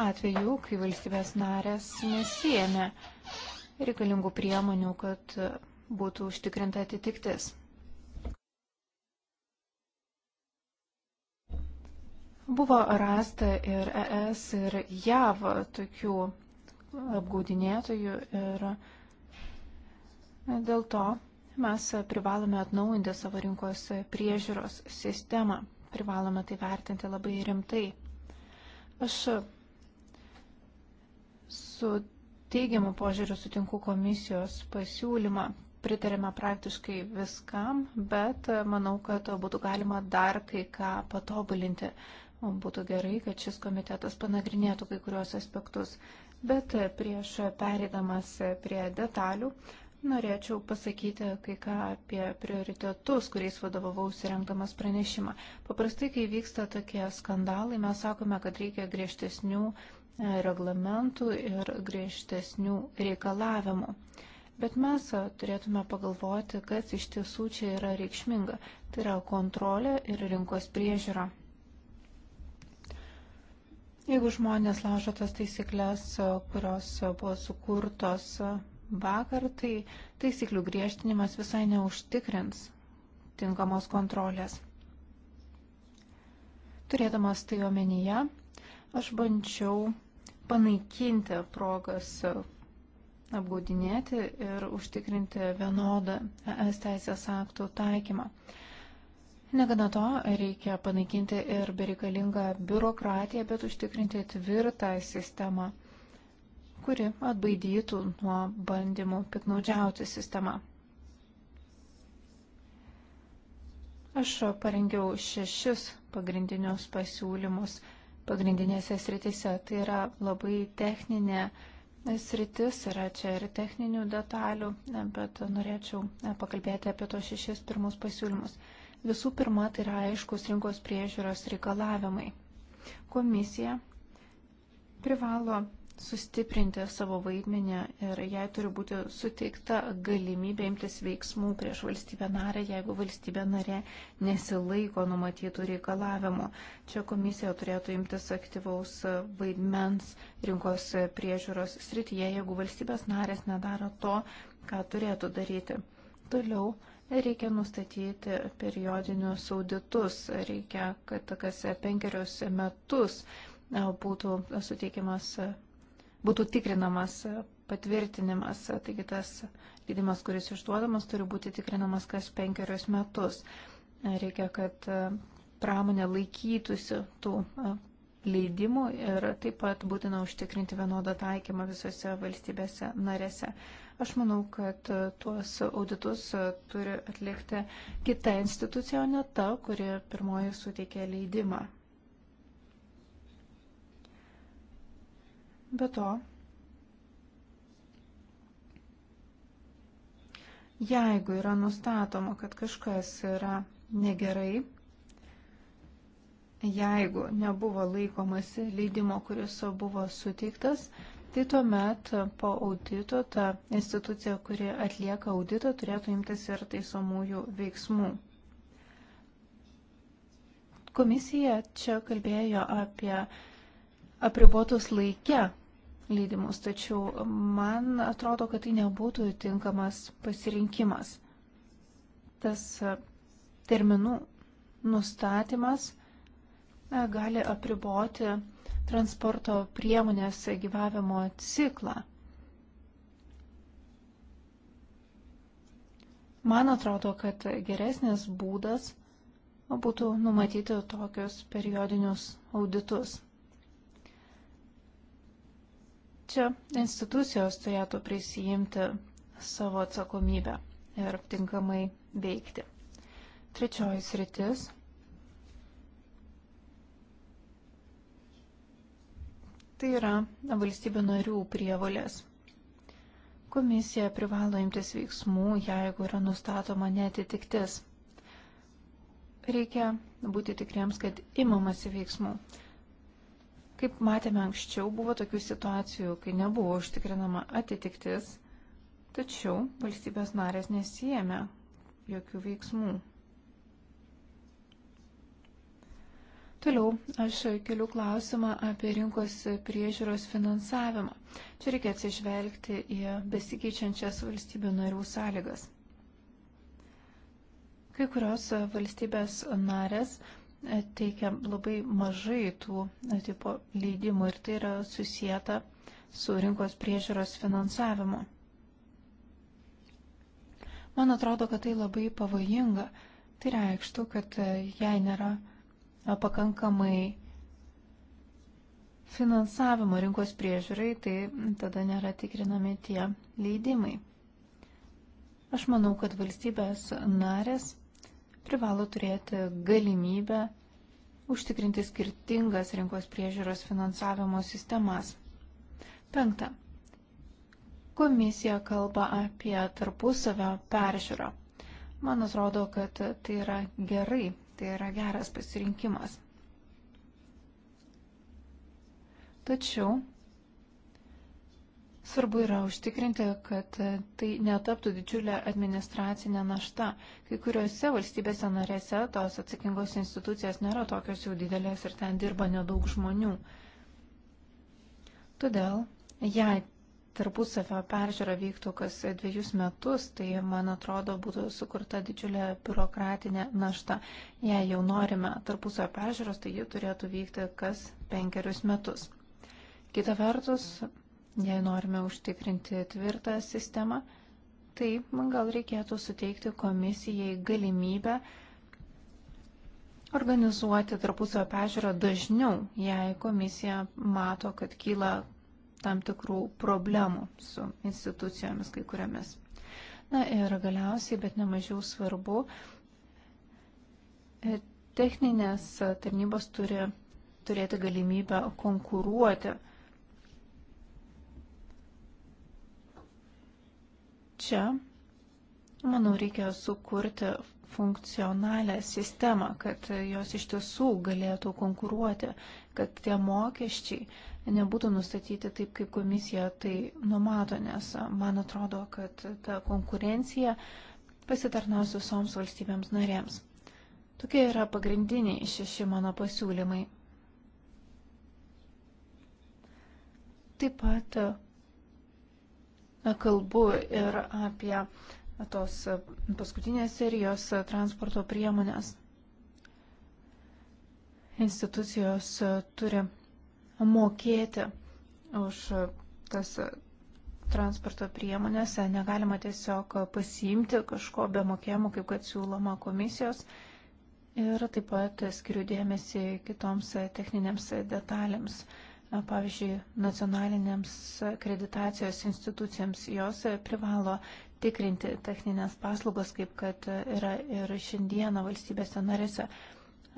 atvejų, kai valstybės narės nesijėmė reikalingų priemonių, kad būtų užtikrinta atitiktis. Buvo rasta ir ES, ir JAV tokių apgaudinėtojų ir dėl to mes privalome atnaujinti savo rinkos priežiūros sistemą. Privalome tai vertinti labai rimtai. Aš su teigiamu požiūriu sutinku komisijos pasiūlymą. Pritarėme praktiškai viskam, bet manau, kad būtų galima dar kai ką patobulinti. Būtų gerai, kad šis komitetas panagrinėtų kai kurios aspektus. Bet prieš pereidamas prie detalių, norėčiau pasakyti kai ką apie prioritetus, kuriais vadovavausi rengdamas pranešimą. Paprastai, kai vyksta tokie skandalai, mes sakome, kad reikia griežtesnių e, reglamentų ir griežtesnių reikalavimų. Bet mes turėtume pagalvoti, kas iš tiesų čia yra reikšminga. Tai yra kontrolė ir rinkos priežiūra. Jeigu žmonės laužo tas taisyklės, kurios buvo sukurtos vakar, tai taisyklių griežtinimas visai neužtikrins tinkamos kontrolės. Turėdamas tai omenyje, aš bandžiau panaikinti progas apgaudinėti ir užtikrinti vienodą ES teisės aktų taikymą. Negana to, reikia panaikinti ir bereikalingą biurokratiją, bet užtikrinti tvirtą sistemą, kuri atbaidytų nuo bandymų piknaudžiauti sistemą. Aš parengiau šešis pagrindinius pasiūlymus pagrindinėse sritise. Tai yra labai techninė sritis, yra čia ir techninių detalių, bet norėčiau pakalbėti apie tos šešis pirmus pasiūlymus. Visų pirma, tai yra aiškus rinkos priežiūros reikalavimai. Komisija privalo sustiprinti savo vaidmenį ir jai turi būti suteikta galimybė imtis veiksmų prieš valstybę narę, jeigu valstybė narė nesilaiko numatytų reikalavimų. Čia komisija turėtų imtis aktyvaus vaidmens rinkos priežiūros srityje, jeigu valstybės narės nedaro to, ką turėtų daryti. Toliau reikia nustatyti periodinius auditus, reikia, kad kas penkerius metus būtų suteikiamas, būtų tikrinamas patvirtinimas, taigi tas leidimas, kuris išduodamas, turi būti tikrinamas kas penkerius metus. Reikia, kad pramonė laikytųsi tų leidimų ir taip pat būtina užtikrinti vienodą taikymą visose valstybėse narėse. Aš manau, kad e, tuos auditus e, turi atlikti kita institucija, o ne ta, kuri pirmoji suteikė leidimą. Be to, jeigu yra nustatoma, kad kažkas yra negerai, jeigu nebuvo laikomasi leidimo, kuris buvo suteiktas, tai tuomet po audito ta institucija, kuri atlieka auditą, turėtų imtis ir taisomųjų veiksmų. Komisija čia kalbėjo apie apribotus laike leidimus, tačiau man atrodo, kad tai nebūtų tinkamas pasirinkimas. Tas terminų nustatymas e, gali apriboti transporto priemonės gyvavimo ciklą. Man atrodo, kad geresnis būdas būtų numatyti tokius periodinius auditus. Čia institucijos turėtų prisijimti savo atsakomybę ir tinkamai veikti. Trečioji sritis Tai yra valstybių narių prievolės. Komisija privalo imtis veiksmų, jeigu yra nustatoma netitiktis. Reikia būti tikriems, kad imamasi veiksmų. Kaip matėme anksčiau, buvo tokių situacijų, kai nebuvo užtikrinama atitiktis, tačiau valstybės narės nesijėmė jokių veiksmų. Toliau aš keliu klausimą apie rinkos priežiūros finansavimą. Čia reikia atsižvelgti į besikeičiančias valstybių narių sąlygas. Kai kurios valstybės narės e, teikia labai mažai tų e, tipo leidimų ir tai yra susijęta su rinkos priežiūros finansavimu. Man atrodo, kad tai labai pavojinga. Tai reikštų, kad e, jei nėra pakankamai finansavimo rinkos priežiūrai, tai tada nėra tikrinami tie leidimai. Aš manau, kad valstybės narės privalo turėti galimybę užtikrinti skirtingas rinkos priežiūros finansavimo sistemas. Penkta. Komisija kalba apie tarpusavio peržiūrą. Man atrodo, kad tai yra gerai, Tai yra geras pasirinkimas. Tačiau svarbu yra užtikrinti, kad tai netaptų didžiulė administracinė našta. Kai kuriuose valstybėse narėse tos atsakingos institucijos nėra tokios jau didelės ir ten dirba nedaug žmonių. Todėl, jei tarpusavio peržiūra vyktų kas dviejus metus, tai, man atrodo, būtų sukurta didžiulė biurokratinė našta. Jei jau norime tarpusavio peržiūros, tai ji turėtų vykti kas penkerius metus. Kita vertus, jei norime užtikrinti tvirtą sistemą, tai man gal reikėtų suteikti komisijai galimybę organizuoti tarpusavio peržiūrą dažniau, jei komisija mato, kad kyla tam tikrų problemų su institucijomis kai kuriamis. Na ir galiausiai, bet nemažiau svarbu, e, techninės tarnybos turi turėti galimybę konkuruoti. Čia, manau, reikia sukurti funkcionalią sistemą, kad jos iš tiesų galėtų konkuruoti, kad tie mokesčiai nebūtų nustatyti taip, kaip komisija tai numato, nes man atrodo, kad ta konkurencija pasitarnaus visoms valstybėms narėms. Tokie yra pagrindiniai šeši mano pasiūlymai. Taip pat kalbu ir apie tos paskutinės serijos transporto priemonės. Institucijos turi mokėti už tas transporto priemonės, negalima tiesiog pasiimti kažko be mokėjimų, kaip kad siūloma komisijos. Ir taip pat skiriu dėmesį kitoms techninėms detalėms, pavyzdžiui, nacionalinėms kreditacijos institucijams, jos privalo tikrinti techninės paslaugas, kaip kad yra ir šiandieną valstybėse narėse.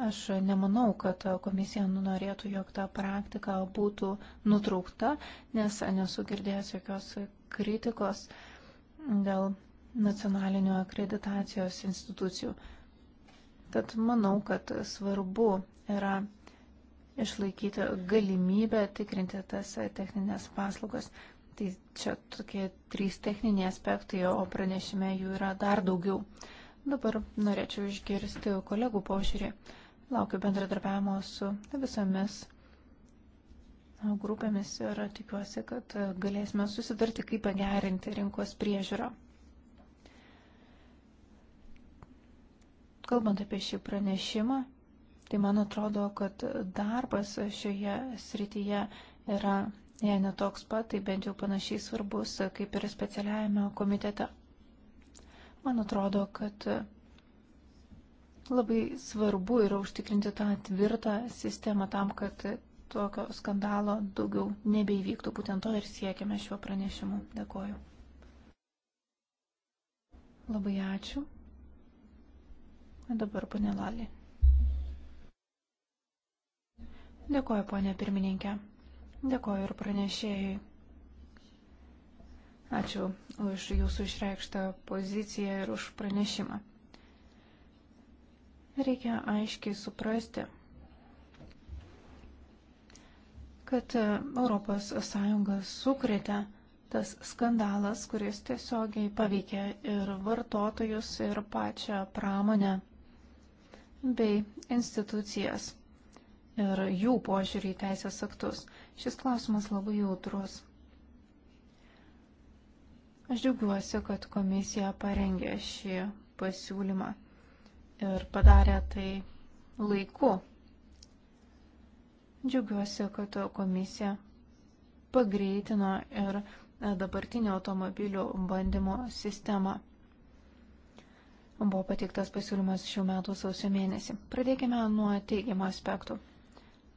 Aš nemanau, kad komisija norėtų, jog ta praktika būtų nutraukta, nes nesu girdėjęs jokios kritikos dėl nacionalinių akreditacijos institucijų. Tad manau, kad svarbu yra išlaikyti galimybę tikrinti tas techninės paslaugas. Tai čia tokie trys techniniai aspektai, o pranešime jų yra dar daugiau. Dabar norėčiau išgirsti kolegų požiūrį. Laukiu bendradarbiavimo su visomis grupėmis ir tikiuosi, kad galėsime susidarti, kaip pagerinti rinkos priežiūrą. Kalbant apie šį pranešimą, tai man atrodo, kad darbas šioje srityje yra, jei netoks pat, tai bent jau panašiai svarbus, kaip ir specialiajame komitete. Man atrodo, kad Labai svarbu yra užtikrinti tą tvirtą sistemą tam, kad tokio skandalo daugiau nebeivyktų. Būtent to ir siekiame šiuo pranešimu. Dėkoju. Labai ačiū. Dabar ponė Lali. Dėkoju, ponė pirmininkė. Dėkoju ir pranešėjai. Ačiū už jūsų išreikštą poziciją ir už pranešimą reikia aiškiai suprasti, kad ES sukrėtė tas skandalas, kuris tiesiogiai paveikė ir vartotojus, ir pačią pramonę bei institucijas ir jų požiūrį į teisės aktus. Šis klausimas labai jautrus. Aš džiaugiuosi, kad komisija parengė šį pasiūlymą ir padarė tai laiku. Džiaugiuosi, kad komisija pagreitino ir dabartinio automobilių bandymo sistemą. Buvo pateiktas pasiūlymas šių metų sausio mėnesį. Pradėkime nuo teigiamų aspektų.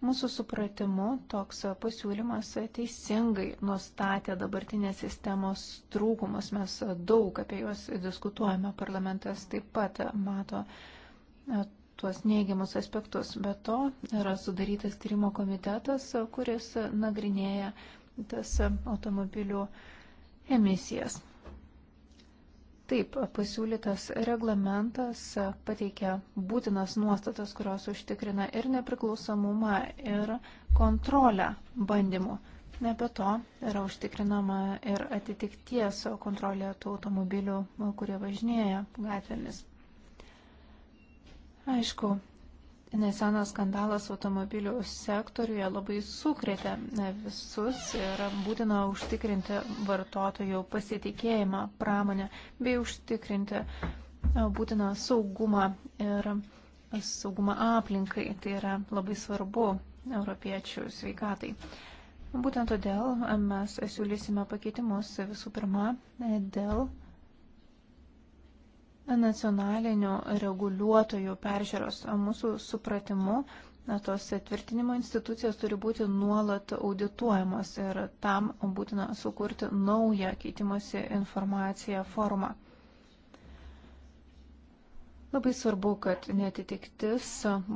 Mūsų supratimu toks pasiūlymas teisingai nustatė dabartinės sistemos trūkumus. Mes daug apie juos diskutuojame, parlamentas taip pat mato e, tuos neigiamus aspektus. Be to yra sudarytas tyrimo komitetas, kuris nagrinėja tas automobilių emisijas. Taip, pasiūlytas reglamentas pateikia būtinas nuostatas, kurios užtikrina ir nepriklausomumą, ir kontrolę bandymų. Ne be to yra užtikrinama ir atitikties kontrolė tų automobilių, kurie važinėja gatvėmis. Aišku, Nesenas skandalas automobilių sektoriuje labai sukrėtė visus ir būtina užtikrinti vartotojų pasitikėjimą pramonę bei užtikrinti būtiną saugumą ir saugumą aplinkai. Tai yra labai svarbu europiečių sveikatai. Būtent todėl mes siūlysime pakeitimus visų pirma dėl nacionalinių reguliuotojų peržiūros. Mūsų supratimu, tos tvirtinimo institucijos turi būti nuolat audituojamos ir tam būtina sukurti naują keitimosi informaciją formą. Labai svarbu, kad netitiktis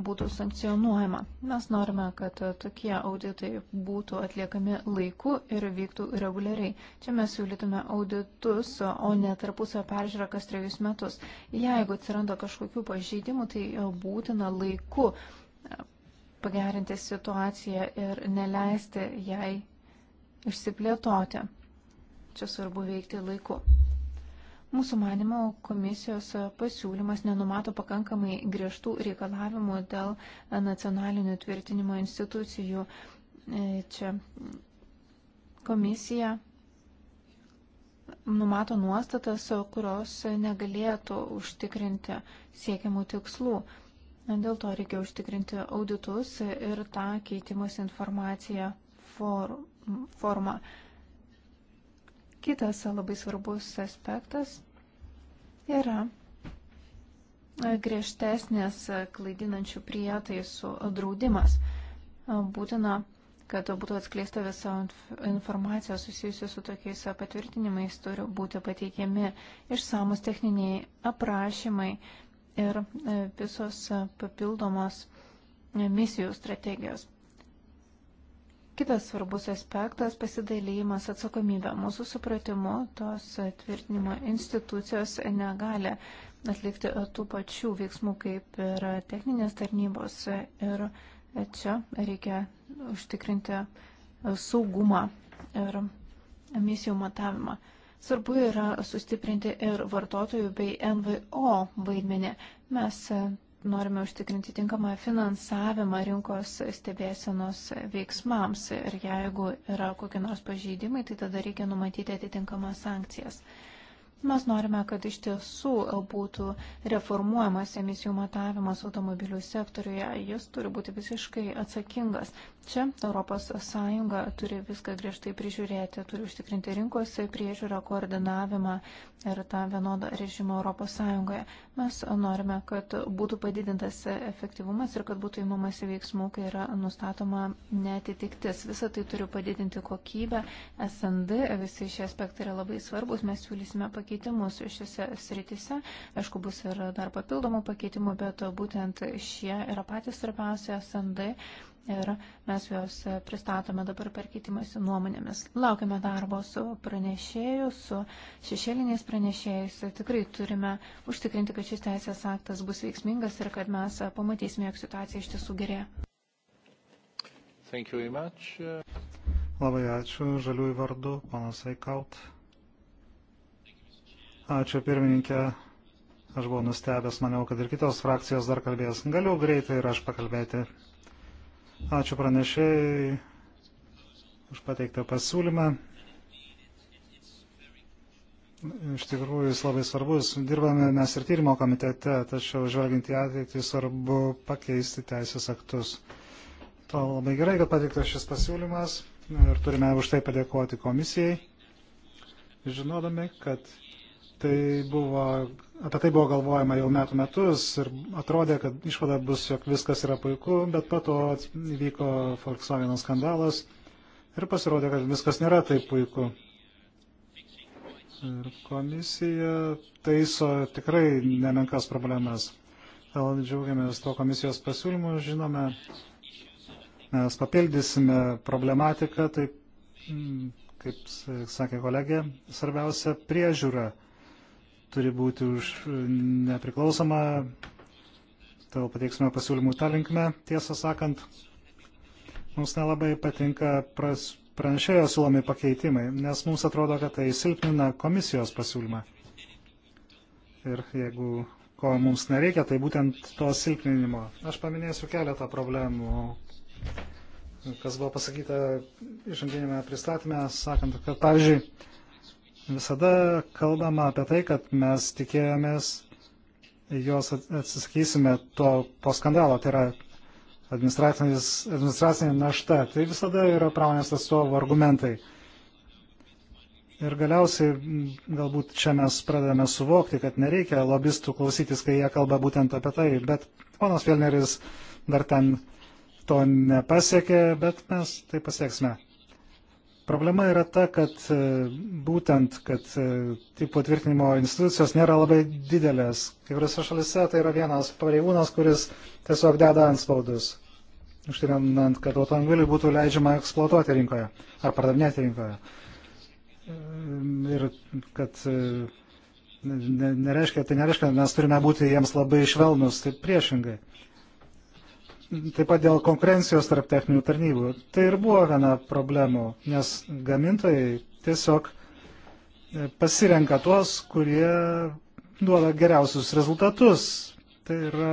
būtų sankcionuojama. Mes norime, kad tokie auditai būtų atliekami laiku ir vyktų reguliariai. Čia mes siūlytume auditus, o ne tarpusio peržiūrą kas trejus metus. Jeigu atsiranda kažkokių pažeidimų, tai būtina laiku pagerinti situaciją ir neleisti jai išsiplėtoti. Čia svarbu veikti laiku. Mūsų manimo komisijos pasiūlymas nenumato pakankamai griežtų reikalavimų dėl nacionalinių tvirtinimo institucijų. E, čia komisija numato nuostatas, kurios negalėtų užtikrinti siekiamų tikslų. Dėl to reikia užtikrinti auditus ir tą keitimus informaciją formą. For Kitas labai svarbus aspektas yra griežtesnės klaidinančių prietaisų draudimas. Būtina, kad būtų atskleista visa informacija susijusi su tokiais patvirtinimais, turi būti pateikiami išsamus techniniai aprašymai ir visos papildomos misijų strategijos. Kitas svarbus aspektas - pasidalymas atsakomybė. Mūsų supratimu, tos tvirtinimo institucijos negali atlikti tų pačių veiksmų kaip ir techninės tarnybos. Ir čia reikia užtikrinti saugumą ir misijų matavimą. Svarbu yra sustiprinti ir vartotojų bei NVO vaidmenį. Mes norime užtikrinti tinkamą finansavimą rinkos stebėsenos veiksmams ir jeigu yra kokie nors pažeidimai, tai tada reikia numatyti atitinkamas sankcijas. Mes norime, kad iš tiesų e, būtų reformuojamas emisijų matavimas automobilių sektoriuje. Jis turi būti visiškai atsakingas. Čia ES turi viską griežtai prižiūrėti, turi užtikrinti rinkos priežiūrą, koordinavimą ir tą vienodą režimą ES. Mes norime, kad būtų padidintas efektyvumas ir kad būtų įmamasi veiksmų, kai yra nustatoma netitiktis. Visą tai turi padidinti kokybę. SND, visi šie aspektai yra labai svarbus. Mes siūlysime pakeitimą pakeitimus šiose sritise. Aišku, bus ir dar papildomų pakeitimų, bet būtent šie yra patys svarbiausi SND ir mes juos pristatome dabar per keitimąsi nuomonėmis. Laukime darbo su pranešėju, su šešėliniais pranešėjais. Tikrai turime užtikrinti, kad šis teisės aktas bus veiksmingas ir kad mes pamatysime, jog situacija iš tiesų gerėja. Thank you very much. Labai ačiū. Žaliųjų vardu, panas Eikaut. Ačiū pirmininkė. Aš buvau nustebęs, maniau, kad ir kitos frakcijos dar kalbės. Galiu greitai ir aš pakalbėti. Ačiū pranešėjai už pateiktą pasiūlymą. Iš tikrųjų, jis labai svarbus. Dirbame mes ir tyrimo komitete, tačiau žvelgiant į ateitį svarbu pakeisti teisės aktus. To labai gerai, kad pateiktas šis pasiūlymas ir turime už tai padėkoti komisijai, žinodami, kad Tai buvo, apie tai buvo galvojama jau metų metus ir atrodė, kad išvada bus, jog viskas yra puiku, bet po to įvyko Volkswagen skandalas ir pasirodė, kad viskas nėra taip puiku. Ir komisija taiso tikrai nemenkas problemas. Gal džiaugiamės to komisijos pasiūlymu, žinome, mes papildysime problematiką, taip, mm, kaip sakė kolegė, svarbiausia priežiūra turi būti už nepriklausomą. Tau pateiksime pasiūlymų tą linkme. Tiesą sakant, mums nelabai patinka pras, pranešėjo siūlomi pakeitimai, nes mums atrodo, kad tai silpnina komisijos pasiūlymą. Ir jeigu ko mums nereikia, tai būtent to silpninimo. Aš paminėsiu keletą problemų, kas buvo pasakyta išanginėme pristatymę, sakant, kad pavyzdžiui, Visada kalbama apie tai, kad mes tikėjomės, jos atsisakysime to po skandalo, tai yra administracinė našta. Tai visada yra pramonės atstovų argumentai. Ir galiausiai galbūt čia mes pradedame suvokti, kad nereikia lobistų klausytis, kai jie kalba būtent apie tai. Bet ponas Vilneris dar ten to nepasiekė, bet mes tai pasieksime. Problema yra ta, kad e, būtent, kad e, tipo tvirtinimo institucijos nėra labai didelės. Kai kuriuose šalise tai yra vienas pareigūnas, kuris tiesiog deda ant spaudus, užtikrinant, kad automobilių būtų leidžiama eksploatuoti rinkoje ar pardavinėti rinkoje. E, ir kad nereiškia, tai nereiškia, mes turime būti jiems labai švelnus, tai priešingai taip pat dėl konkurencijos tarp techninių tarnybų. Tai ir buvo viena problemų, nes gamintojai tiesiog e, pasirenka tuos, kurie duoda geriausius rezultatus. Tai yra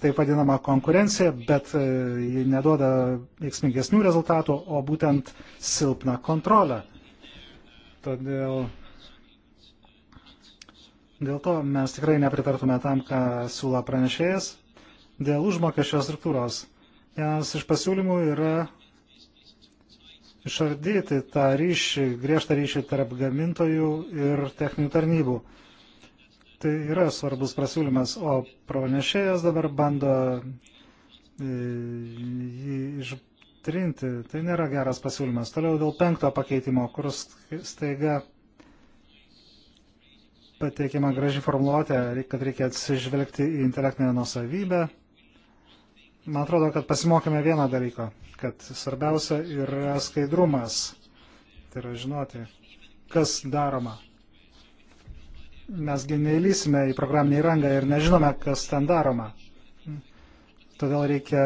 taip vadinama konkurencija, bet e, ji neduoda veiksmingesnių rezultatų, o būtent silpną kontrolę. Todėl dėl to mes tikrai nepritartume tam, ką siūla pranešėjas dėl užmokesčio struktūros. Vienas iš pasiūlymų yra išardyti tą ryšį, griežtą ryšį tarp gamintojų ir techninių tarnybų. Tai yra svarbus pasiūlymas, o pranešėjas dabar bando e, jį ištrinti. Tai nėra geras pasiūlymas. Toliau dėl penkto pakeitimo, kur staiga pateikiama graži formuluotė, kad reikia atsižvelgti į intelektinę nusavybę Man atrodo, kad pasimokėme vieną dalyką, kad svarbiausia yra skaidrumas, tai yra žinoti, kas daroma. Mesgi neįlysime į programinį įrangą ir nežinome, kas ten daroma. Todėl reikia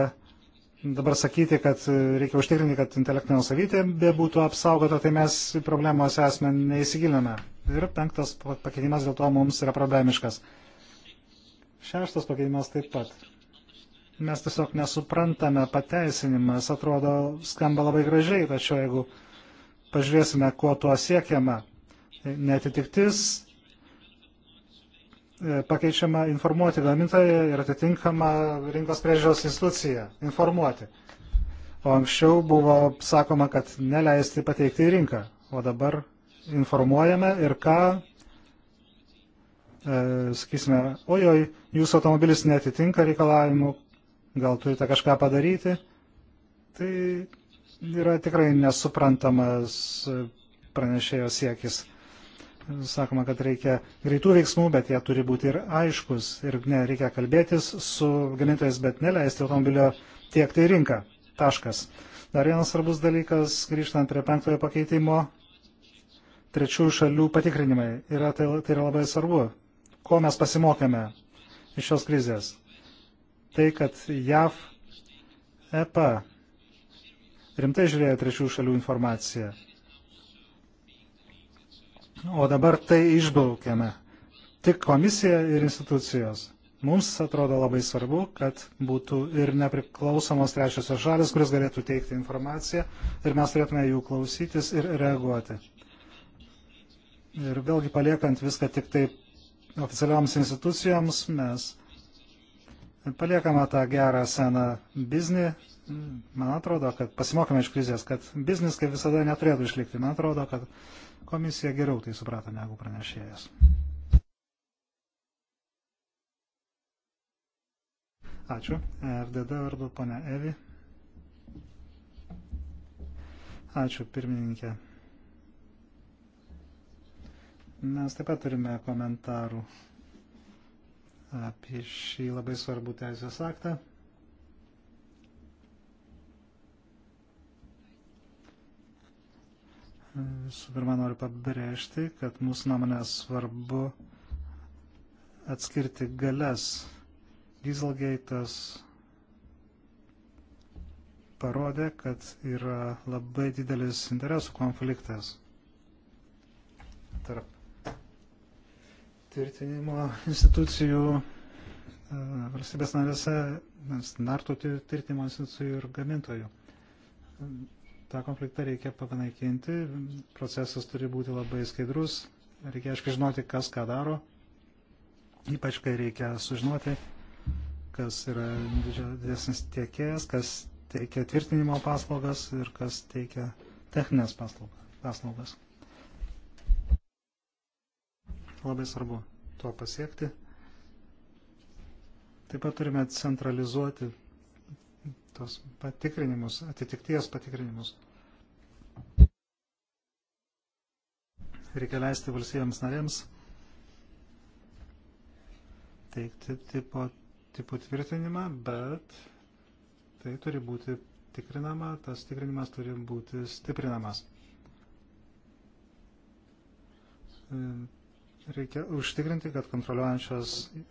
dabar sakyti, kad reikia užtikrinti, kad intelektinė nusavybė būtų apsaugota, tai mes problemos esmę neįsigiliname. Ir penktas pakeitimas dėl to mums yra problemiškas. Šeštas pakeitimas taip pat mes tiesiog nesuprantame pateisinimas, atrodo, skamba labai gražiai, tačiau jeigu pažiūrėsime, kuo tuo siekiama, netitiktis e, pakeičiama informuoti gamintoją ir atitinkamą rinkos priežiūros instituciją informuoti. O anksčiau buvo sakoma, kad neleisti pateikti į rinką, o dabar informuojame ir ką, e, sakysime, ojoj, jūsų automobilis netitinka reikalavimų, gal turite kažką padaryti. Tai yra tikrai nesuprantamas pranešėjo siekis. Sakoma, kad reikia greitų veiksmų, bet jie turi būti ir aiškus. Ir ne, reikia kalbėtis su gamintojais, bet neleisti automobilio tiekti į rinką. Taškas. Dar vienas svarbus dalykas, grįžtant prie penktojo pakeitimo, trečiųjų šalių patikrinimai. Yra, tai, tai yra labai svarbu. Ko mes pasimokėme iš šios krizės? tai, kad JAV EPA rimtai žiūrėjo trečių šalių informaciją. O dabar tai išbraukiame. Tik komisija ir institucijos. Mums atrodo labai svarbu, kad būtų ir nepriklausomos trečiosios šalis, kuris galėtų teikti informaciją ir mes turėtume jų klausytis ir reaguoti. Ir vėlgi paliekant viską tik tai oficialioms institucijoms, mes paliekama tą gerą seną biznį. Man atrodo, kad pasimokime iš krizės, kad biznis kaip visada neturėtų išlikti. Man atrodo, kad komisija geriau tai suprato negu pranešėjas. Ačiū. RDD vardu ponia Evi. Ačiū, pirmininkė. Mes taip pat turime komentarų apie šį labai svarbų teisės aktą. Visų pirma, noriu pabrėžti, kad mūsų nuomonė svarbu atskirti galias. Dieselgate'as parodė, kad yra labai didelis interesų konfliktas tarp tvirtinimo institucijų e, valstybės narėse, standartų tvirtinimo institucijų ir gamintojų. Ta konfliktą reikia panaikinti, procesas turi būti labai skaidrus, reikia aiškiai žinoti, kas ką daro, ypač kai reikia sužinoti, kas yra didesnis tiekėjas, kas teikia tvirtinimo paslaugas ir kas teikia techninės paslaugas. Labai svarbu to pasiekti. Taip pat turime centralizuoti tos patikrinimus, atitikties patikrinimus. Reikia leisti valstybėms narėms teikti tipo, tipų tvirtinimą, bet tai turi būti tikrinama, tas tikrinimas turi būti stiprinamas Reikia užtikrinti, kad kontroliuojančios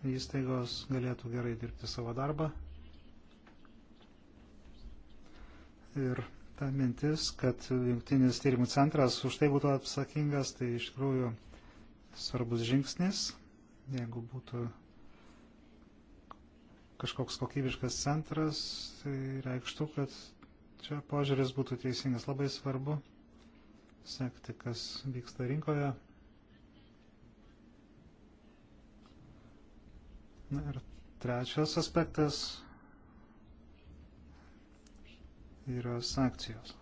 įstaigos galėtų gerai dirbti savo darbą. Ir ta mintis, kad jungtinis tyrimų centras už tai būtų atsakingas, tai iš tikrųjų svarbus žingsnis, jeigu būtų kažkoks kokybiškas centras, tai reikštų, kad čia požiūris būtų teisingas. Labai svarbu sekti, kas vyksta rinkoje. Na ir trečias aspektas yra sankcijos.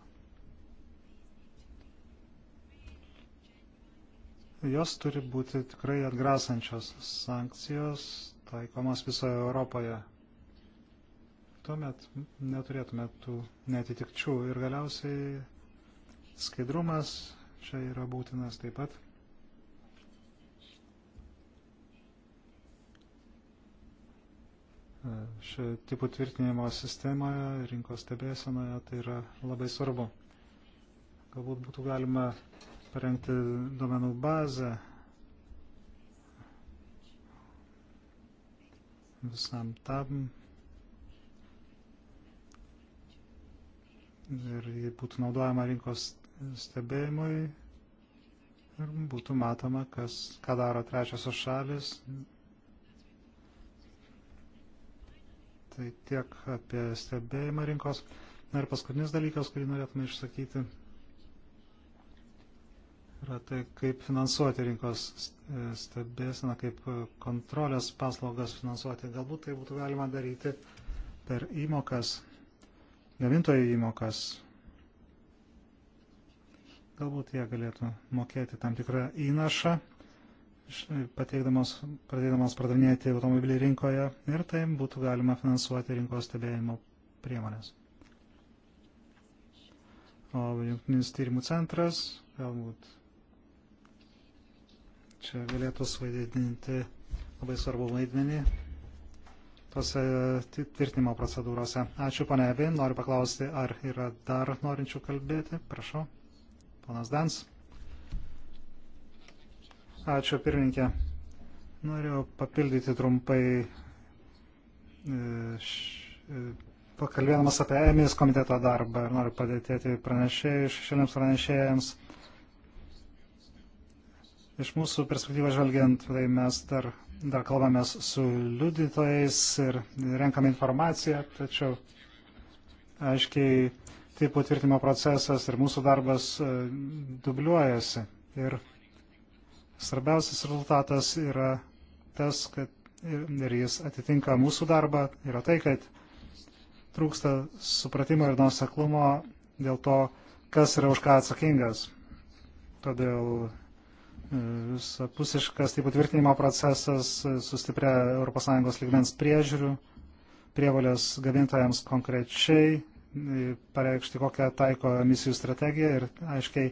Jos turi būti tikrai atgrasančios sankcijos taikomas visoje Europoje. Tuomet neturėtume tų netitikčių ir galiausiai skaidrumas čia yra būtinas taip pat. šio tipų tvirtinimo sistemoje, rinkos stebėsenoje, tai yra labai svarbu. Galbūt būtų galima parengti duomenų bazę visam tam ir ji būtų naudojama rinkos stebėjimui ir būtų matoma, kas, ką daro trečiosios šalis, Tai tiek apie stebėjimą rinkos. Na ir paskutinis dalykas, kurį norėtume išsakyti, yra tai, kaip finansuoti rinkos e, stebėsiną, kaip kontrolės paslaugas finansuoti. Galbūt tai būtų galima daryti per įmokas, gamintojų įmokas. Galbūt jie galėtų mokėti tam tikrą įnašą pateikdamas, pradėdamas pardavinėti automobilį rinkoje ir tai būtų galima finansuoti rinkos stebėjimo priemonės. O Junktinis tyrimų centras galbūt čia galėtų suvaidinti labai svarbu vaidmenį tose tvirtinimo procedūrose. Ačiū, pane Evi, noriu paklausti, ar yra dar norinčių kalbėti. Prašau, ponas Dans. Ačiū pirmininkė. Noriu papildyti trumpai, e, e, pakalbėdamas apie EMIS komiteto darbą ir noriu padėtėti pranešėjai, šešėliams pranešėjams. Iš mūsų perspektyvos žvelgiant, tai mes dar, dar kalbamės su liudytojais ir renkam informaciją, tačiau aiškiai taip patvirtimo procesas ir mūsų darbas e, dubliuojasi. Ir Svarbiausias rezultatas yra tas, kad ir jis atitinka mūsų darbą, yra tai, kad trūksta supratimo ir nuoseklumo dėl to, kas yra už ką atsakingas. Todėl e, visapusiškas taip patvirtinimo procesas sustiprė ES lygmens priežiūrių, prievalės gamintojams konkrečiai pareikšti, kokią taiko emisijų strategiją ir aiškiai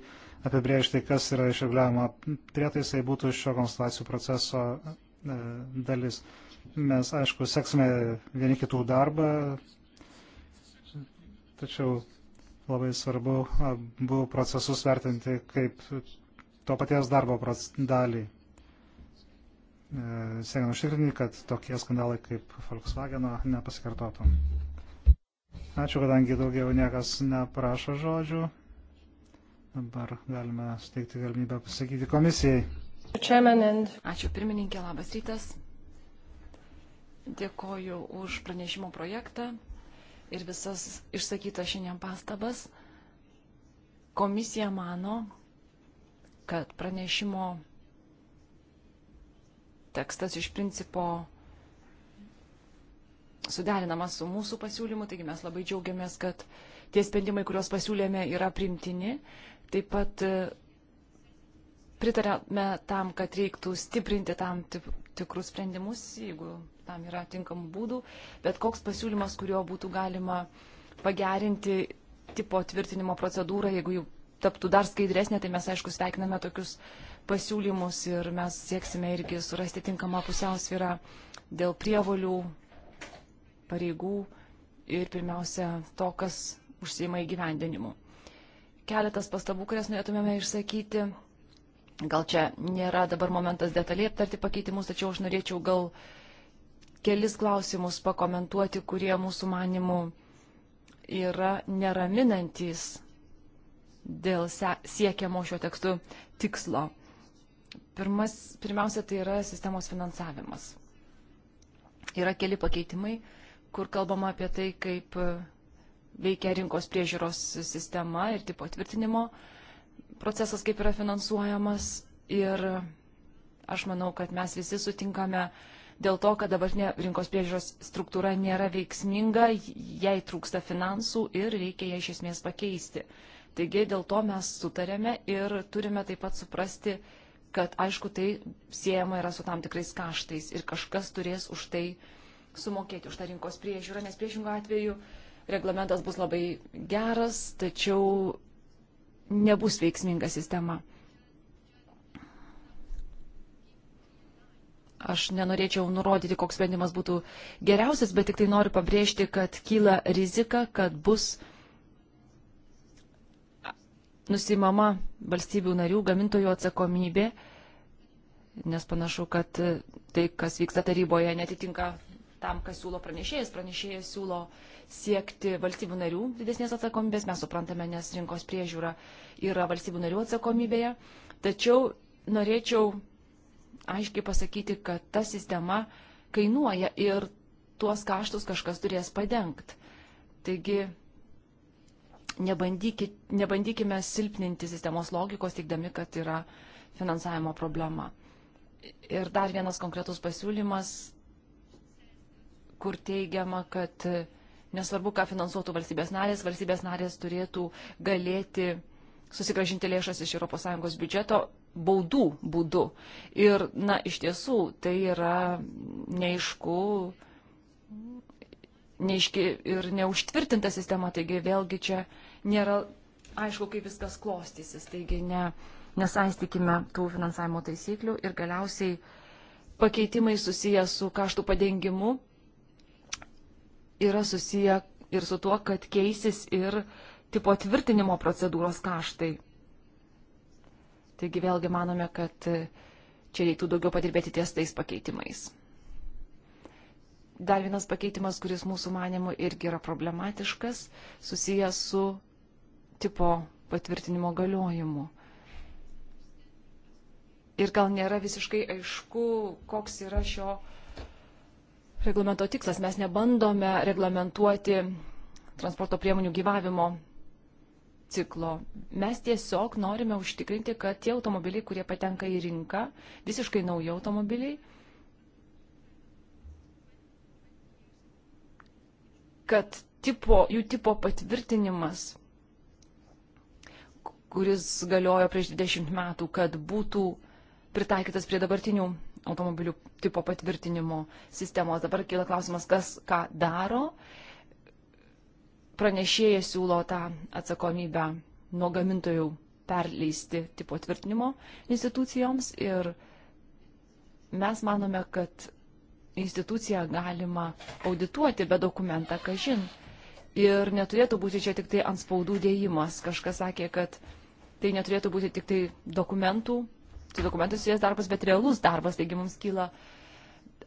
apibriežti, kas yra išreguliavimo prietaisai būtų šio konsultacijų proceso e, dalis. Mes, aišku, seksime vieni kitų darbą, tačiau labai svarbu abu procesus vertinti kaip to paties darbo dalį. E, siekiant užtikrinti, kad tokie skandalai kaip Volkswagen nepasikartotų. Ačiū, kadangi daugiau niekas neprašo žodžių. Dabar galime suteikti galimybę pasakyti komisijai. Ačiū pirmininkė, labas rytas. Dėkoju už pranešimo projektą ir visas išsakytas šiandien pastabas. Komisija mano, kad pranešimo tekstas iš principo suderinamas su mūsų pasiūlymu, taigi mes labai džiaugiamės, kad tie sprendimai, kuriuos pasiūlėme, yra primtini. Taip pat e, pritarėme tam, kad reiktų stiprinti tam tikrus sprendimus, jeigu tam yra tinkamų būdų, bet koks pasiūlymas, kuriuo būtų galima pagerinti tipo tvirtinimo procedūrą, jeigu jų taptų dar skaidresnė, tai mes aišku sveikiname tokius pasiūlymus ir mes sieksime irgi surasti tinkamą pusiausvyrą dėl prievolių pareigų ir pirmiausia to, kas užsima įgyvendinimu. Keletas pastabų, kurias norėtumėme išsakyti. Gal čia nėra dabar momentas detaliai aptarti pakeitimus, tačiau aš norėčiau gal kelis klausimus pakomentuoti, kurie mūsų manimų yra neraminantis dėl siekiamo šio tekstu tikslo. Pirmas, pirmiausia, tai yra sistemos finansavimas. Yra keli pakeitimai, kur kalbama apie tai, kaip e, veikia rinkos priežiūros sistema ir tipo tvirtinimo procesas, kaip yra finansuojamas. Ir aš manau, kad mes visi sutinkame dėl to, kad dabartinė rinkos priežiūros struktūra nėra veiksminga, jai trūksta finansų ir reikia ją iš esmės pakeisti. Taigi dėl to mes sutarėme ir turime taip pat suprasti, kad aišku tai siejama yra su tam tikrais kaštais ir kažkas turės už tai uh, sumokėti už tą rinkos priežiūrą, nes priešingų atveju reglamentas bus labai geras, tačiau nebus veiksminga sistema. Aš nenorėčiau nurodyti, koks sprendimas būtų geriausias, bet tik tai noriu pabrėžti, kad kyla rizika, kad bus nusimama valstybių narių gamintojų atsakomybė, nes panašu, kad tai, kas vyksta taryboje, netitinka tam, kas siūlo pranešėjas. Pranešėjas siūlo siekti valstybių narių didesnės atsakomybės, mes suprantame, nes rinkos priežiūra yra valstybių narių atsakomybėje. Tačiau norėčiau aiškiai pasakyti, kad ta sistema kainuoja ir tuos kaštus kažkas turės padengti. Taigi nebandykit, nebandykime silpninti sistemos logikos, teikdami, kad yra finansavimo problema. Ir dar vienas konkretus pasiūlymas kur teigiama, kad e, nesvarbu, ką finansuotų valstybės narės, valstybės narės turėtų galėti susigražinti lėšas iš ES biudžeto baudų būdu. Ir, na, iš tiesų, tai yra neaišku, neaiški ir neužtvirtinta sistema, taigi vėlgi čia nėra aišku, kaip viskas klostysis, taigi ne, nesaistykime tų finansavimo taisyklių ir galiausiai pakeitimai susiję su kaštų padengimu yra susiję ir su tuo, kad keisis ir tipo tvirtinimo procedūros kaštai. Taigi vėlgi manome, kad čia reiktų daugiau padirbėti ties tais pakeitimais. Dar vienas pakeitimas, kuris mūsų manimo irgi yra problematiškas, susijęs su tipo patvirtinimo galiojimu. Ir gal nėra visiškai aišku, koks yra šio uh, reglamento tikslas. Mes nebandome reglamentuoti transporto priemonių gyvavimo ciklo. Mes tiesiog norime užtikrinti, kad tie automobiliai, kurie patenka į rinką, visiškai nauji automobiliai, kad tipo, jų tipo patvirtinimas, kuris galiojo prieš 20 metų, kad būtų pritaikytas prie dabartinių automobilių tipo patvirtinimo sistemos. Dabar kyla klausimas, kas ką daro. Pranešėjai siūlo tą atsakomybę nuo gamintojų perleisti tipo tvirtinimo institucijoms ir mes manome, kad instituciją galima audituoti be dokumentą, kažin. Ir neturėtų būti čia tik tai ant spaudų dėjimas. Kažkas sakė, kad tai neturėtų būti tik tai dokumentų su tai dokumentais susijęs darbas, bet realus darbas, taigi mums kyla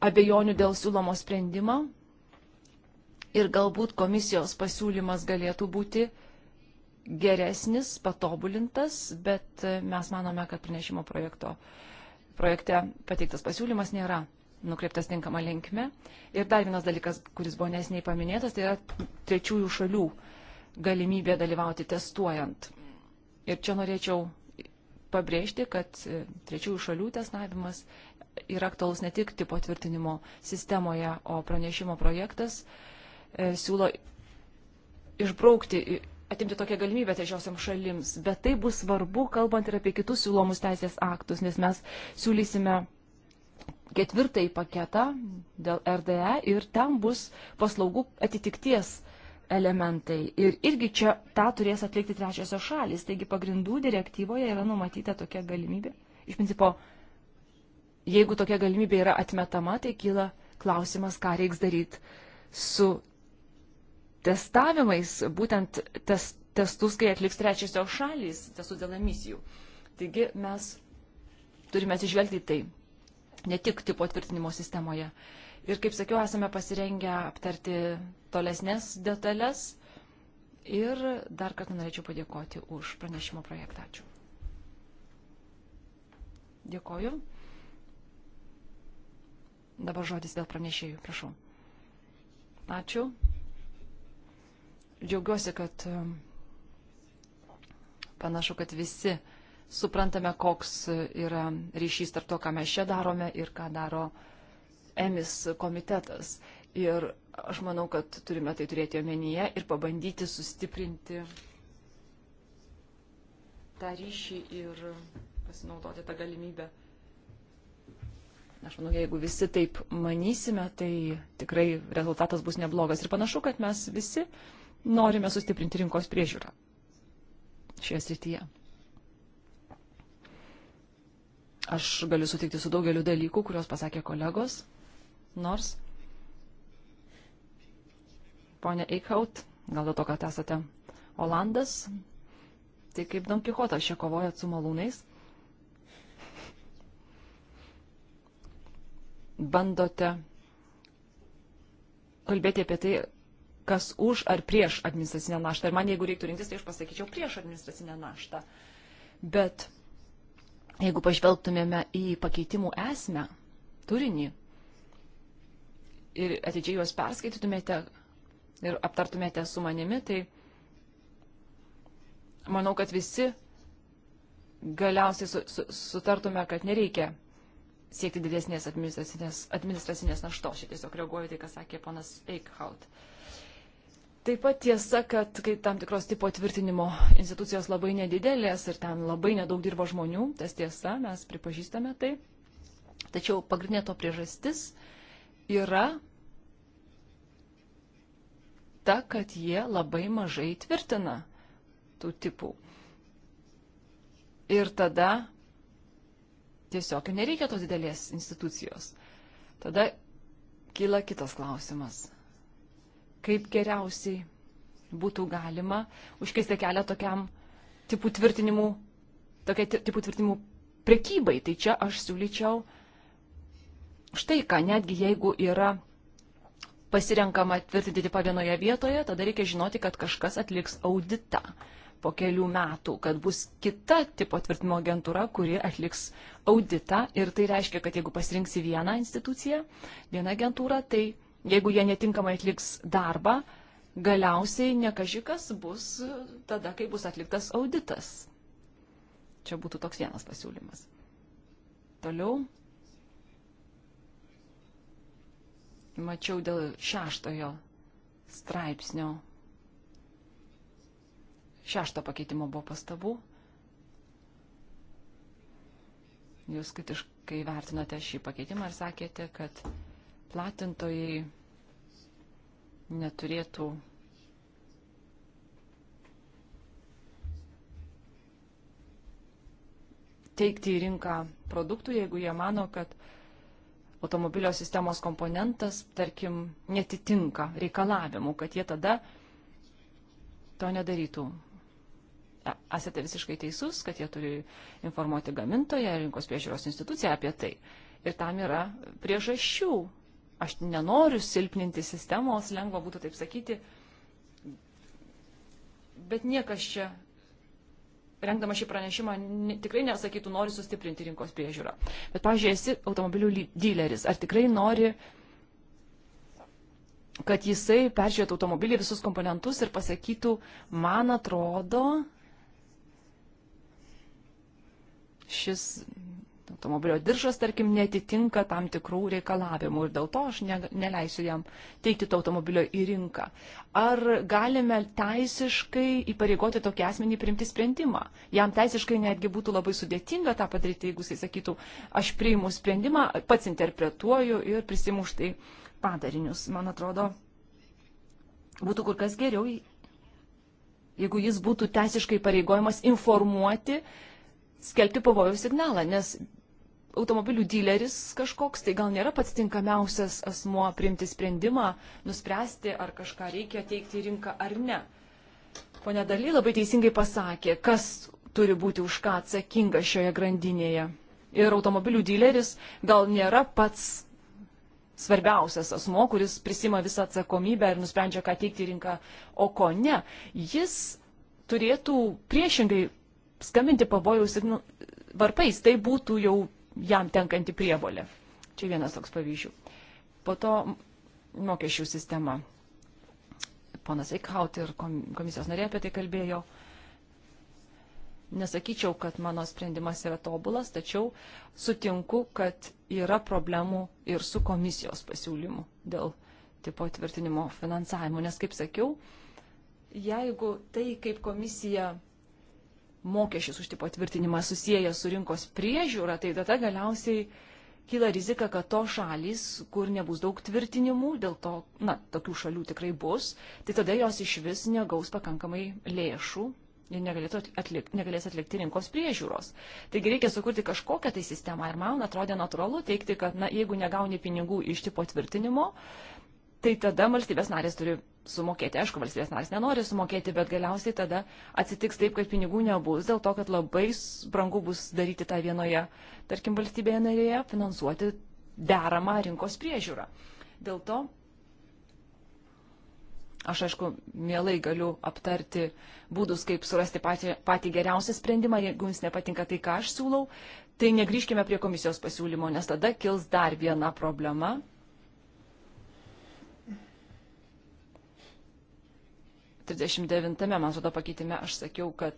abejonių dėl siūlomo sprendimo ir galbūt komisijos pasiūlymas galėtų būti geresnis, patobulintas, bet mes manome, kad pranešimo projekto, projekte pateiktas pasiūlymas nėra nukreiptas tinkama linkme. Ir dar vienas dalykas, kuris buvo nesiniai paminėtas, tai yra trečiųjų šalių galimybė dalyvauti testuojant. Ir čia norėčiau pabrėžti, kad e, trečiųjų šalių testavimas yra aktualus ne tik tipo tvirtinimo sistemoje, o pranešimo projektas e, siūlo išbraukti, atimti tokią galimybę trečiosiam šalims. Bet tai bus svarbu, kalbant ir apie kitus siūlomus teisės aktus, nes mes siūlysime ketvirtąjį paketą dėl RDE ir ten bus paslaugų atitikties elementai. Ir irgi čia tą turės atlikti trečiosios šalis. Taigi pagrindų direktyvoje yra numatyta tokia galimybė. Iš principo, jeigu tokia galimybė yra atmetama, tai kyla klausimas, ką reiks daryti su testavimais, būtent tes, testus, kai atliks trečiosios šalis, testus dėl emisijų. Taigi mes turime atsižvelgti į tai, ne tik tipo tvirtinimo sistemoje. Uh, Ir kaip sakiau, esame pasirengę aptarti tolesnės detalės. Ir dar kartą norėčiau padėkoti už pranešimo projektą. Ačiū. Dėkoju. Dabar žodis dėl pranešėjų, prašau. Ačiū. Džiaugiuosi, kad um, panašu, kad visi suprantame, koks yra ryšys tarp to, ką mes čia darome ir ką daro uh, emis komitetas. Ir aš manau, kad turime tai turėti omenyje ir pabandyti sustiprinti tą ryšį ir pasinaudoti tą galimybę. Aš manau, jeigu visi taip manysime, tai tikrai rezultatas bus neblogas. Ir panašu, kad mes visi norime sustiprinti rinkos priežiūrą šioje srityje. Aš galiu sutikti su daugeliu dalykų, kuriuos pasakė kolegos nors, ponė Eichhaut, gal dėl to, kad esate Olandas, tai kaip Don Kichotas čia kovojat su malūnais. Bandote kalbėti apie tai, kas už ar prieš administracinę naštą. Ir man, jeigu reiktų rinktis, tai aš pasakyčiau prieš administracinę naštą. Bet jeigu pažvelgtumėme į pakeitimų esmę, turinį, ir atidžiai juos perskaitytumėte ir aptartumėte su manimi, tai manau, kad visi galiausiai su, su, sutartume, kad nereikia siekti didesnės administracinės, administracinės naštos. Šia tiesiog reaguoju tai, ką sakė ponas Eichhaut. Taip pat tiesa, kad kai tam tikros tipo tvirtinimo institucijos labai nedidelės ir ten labai nedaug dirba žmonių, tas tiesa, mes pripažįstame tai. Tačiau pagrindinė to priežastis yra yra ta, kad jie labai mažai tvirtina tų tipų. Ir tada tiesiog nereikia tos didelės institucijos. Tada kyla kitas klausimas. Kaip geriausiai būtų galima užkisti kelią tokiam tipų tvirtinimų, tokia tipų tvirtinimų prekybai. Tai čia aš siūlyčiau uh, štai ką, netgi jeigu yra pasirenkama tvirtinti tipą vienoje vietoje, tada reikia žinoti, kad kažkas atliks auditą po kelių metų, kad bus kita tipo tvirtinimo agentūra, kuri atliks auditą. Ir tai reiškia, kad jeigu pasirinksi vieną instituciją, vieną agentūrą, tai jeigu jie netinkamai atliks darbą, galiausiai nekažikas bus tada, kai bus atliktas auditas. Čia būtų toks vienas pasiūlymas. Toliau mačiau dėl šeštojo straipsnio. Šešto pakeitimo buvo pastabų. Jūs kritiškai vertinote šį pakeitimą ir sakėte, kad platintojai neturėtų teikti į rinką produktų, jeigu jie mano, kad automobilio sistemos komponentas, tarkim, netitinka reikalavimų, kad jie tada to nedarytų. Esate visiškai teisus, kad jie turi informuoti gamintoją, rinkos priežiūros instituciją apie tai. Ir tam yra priežasčių. Aš nenoriu silpninti sistemos, lengva būtų taip sakyti, bet niekas čia rengdama šį pranešimą, tikrai nesakytų, nori sustiprinti rinkos priežiūrą. Bet, pavyzdžiui, esi automobilių dileris, ar tikrai nori, kad jisai peržiūrėtų automobilį visus komponentus ir pasakytų, man atrodo, šis automobilio diržas, tarkim, netitinka tam tikrų reikalavimų ir dėl to aš ne, neleisiu jam teikti to automobilio į rinką. Ar galime teisiškai įpareigoti tokį asmenį priimti sprendimą? Jam teisiškai netgi būtų labai sudėtinga tą padaryti, jeigu jisai sakytų, aš priimu sprendimą, pats interpretuoju ir prisimu už tai padarinius. Man atrodo, būtų kur kas geriau, jeigu jis būtų teisiškai pareigojamas informuoti, skelbti pavojaus signalą, nes automobilių dileris kažkoks, tai gal nėra pats tinkamiausias asmuo priimti sprendimą, nuspręsti, ar kažką reikia teikti į rinką ar ne. Pone Daly labai teisingai pasakė, kas turi būti už ką atsakingas šioje grandinėje. Ir automobilių dileris gal nėra pats svarbiausias asmo, kuris prisima visą atsakomybę ir nusprendžia, ką teikti į rinką, o ko ne. Jis turėtų priešingai skambinti pavojaus varpais. Tai būtų jau jam tenkanti prievolė. Čia vienas toks pavyzdžių. Po to mokesčių sistema. Ponas Eikhaut ir komisijos narė apie tai kalbėjo. Nesakyčiau, kad mano sprendimas yra tobulas, tačiau sutinku, kad yra problemų ir su komisijos pasiūlymu dėl tipo tvirtinimo finansavimo. Nes, kaip sakiau, jeigu tai, kaip komisija mokesčius už tipo tvirtinimą susiję su rinkos priežiūra, tai tada galiausiai kyla rizika, kad to šalys, kur nebus daug tvirtinimų, dėl to, na, tokių šalių tikrai bus, tai tada jos iš vis negaus pakankamai lėšų ir atlik, negalės atlikti rinkos priežiūros. Taigi reikia sukurti kažkokią tai sistemą ir man atrodė natūralu teikti, kad na, jeigu negauni pinigų iš tipo tvirtinimo, tai tada valstybės narės turi sumokėti. Aišku, valstybės narės nenori sumokėti, bet galiausiai tada atsitiks taip, kad pinigų nebus dėl to, kad labai brangu bus daryti tą vienoje, tarkim, valstybėje narėje, finansuoti deramą rinkos priežiūrą. Dėl to aš, aišku, mielai galiu aptarti būdus, kaip surasti patį, patį geriausią sprendimą, jeigu jums nepatinka tai, ką aš siūlau, tai negryžkime prie komisijos pasiūlymo, nes tada kils dar viena problema 39, man atrodo, pakeitime aš sakiau, kad,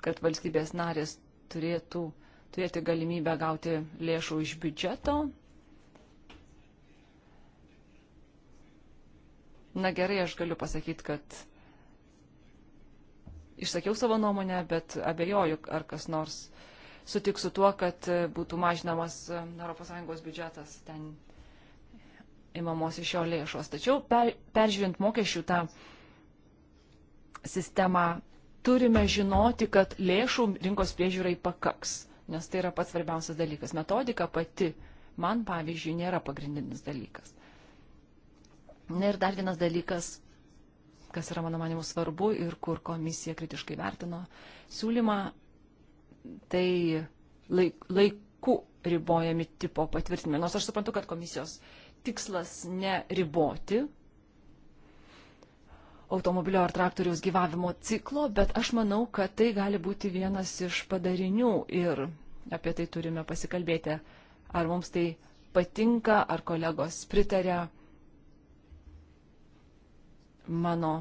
kad valstybės narės turėtų turėti galimybę gauti lėšų iš biudžeto. Na gerai, aš galiu pasakyti, kad išsakiau savo nuomonę, bet abejoju, ar kas nors sutiks su tuo, kad būtų mažinamas ES biudžetas ten imamos iš jo lėšos. Tačiau per, peržiūrint mokesčių tą sistemą, turime žinoti, kad lėšų rinkos priežiūrai pakaks, nes tai yra pats svarbiausias dalykas. Metodika pati man, pavyzdžiui, nėra pagrindinis dalykas. Na ir dar vienas dalykas, kas yra mano manimu svarbu ir kur komisija kritiškai vertino siūlymą, tai laik, laiku ribojami tipo patvirtinimai. Nors aš suprantu, kad komisijos uh, tikslas ne riboti automobilio ar traktoriaus gyvavimo ciklo, bet aš manau, kad tai gali būti vienas iš padarinių ir apie tai turime pasikalbėti, ar mums tai patinka, ar kolegos pritarė mano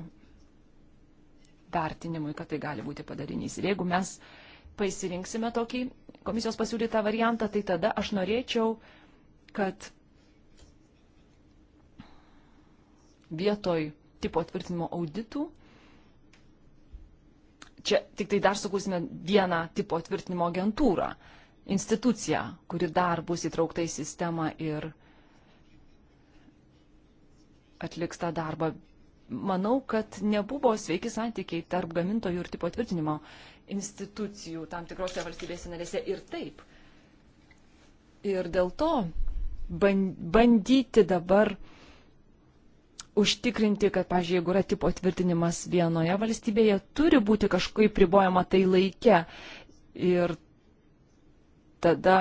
vertinimui, kad tai gali būti padarinys. Ir jeigu mes pasirinksime tokį komisijos pasiūlytą variantą, tai tada aš norėčiau, kad vietoj tipo tvirtinimo auditų. Čia tik tai dar sukursime vieną tipo tvirtinimo agentūrą, instituciją, kuri dar bus įtraukta į sistemą ir atliks tą darbą. Manau, kad nebuvo sveiki santykiai tarp gamintojų ir tipo tvirtinimo institucijų tam tikrose valstybėse narėse ir taip. Ir dėl to bandyti dabar užtikrinti, kad, pažiūrėjau, jeigu yra tipo tvirtinimas vienoje valstybėje, turi būti kažkaip pribojama tai laike. Ir tada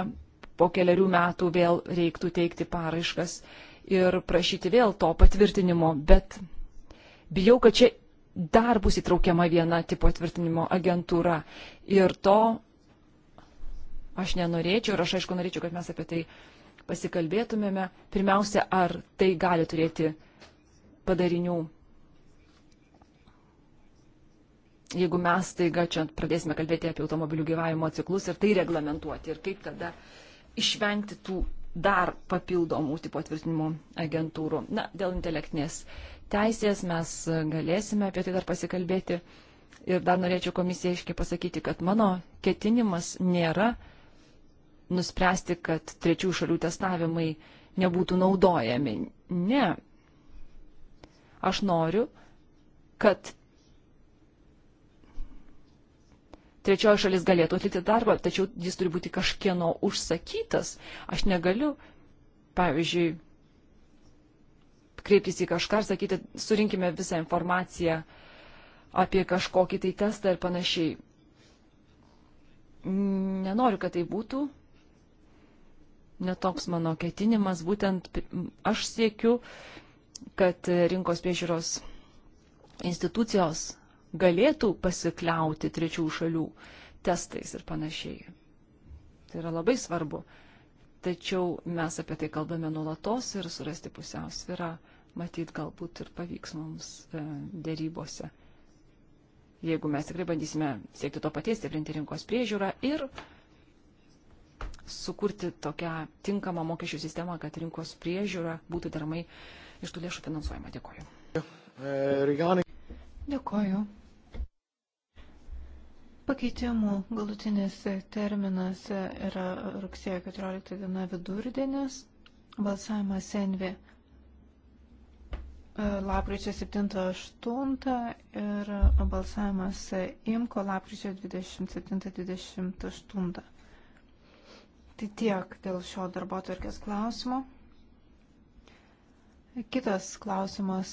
po keliarių metų vėl reiktų teikti paraiškas ir prašyti vėl to patvirtinimo. Bet bijau, kad čia dar bus įtraukiama viena tipo tvirtinimo agentūra. Ir to aš nenorėčiau ir aš aišku norėčiau, kad mes apie tai pasikalbėtumėme. Pirmiausia, ar tai gali turėti padarinių. Jeigu mes taiga čia pradėsime kalbėti apie automobilių gyvavimo ciklus ir tai reglamentuoti ir kaip tada išvengti tų dar papildomų tipo tvirtinimo agentūrų. Na, dėl intelektinės teisės mes galėsime apie tai dar pasikalbėti. Ir dar norėčiau komisijai aiškiai pasakyti, kad mano ketinimas nėra nuspręsti, kad trečių šalių testavimai nebūtų naudojami. Ne, Aš noriu, kad trečioji šalis galėtų atlikti darbą, tačiau jis turi būti kažkieno užsakytas. Aš negaliu, pavyzdžiui, kreiptis į kažką ir sakyti, surinkime visą informaciją apie kažkokį tai testą ir panašiai. Nenoriu, kad tai būtų. Netoks mano ketinimas, būtent aš siekiu kad rinkos priežiūros institucijos galėtų pasikliauti trečių šalių testais ir panašiai. Tai yra labai svarbu. Tačiau mes apie tai kalbame nuolatos ir surasti pusiausvyrą, matyt, galbūt ir pavyks mums e, dėrybose. Jeigu mes tikrai bandysime siekti to paties, stiprinti rinkos priežiūrą ir sukurti tokią tinkamą mokesčių sistemą, kad rinkos priežiūra būtų deramai iš tų lėšų finansuojama. Dėkoju. Dėkoju. Pakeitimų galutinis terminas yra rugsėjo 14 diena vidurdienis, balsavimas Senvi lapkričio 7-8 ir balsavimas IMKO lapkričio 27-28. Tai tiek dėl šio darbo tvarkės klausimo. Kitas klausimas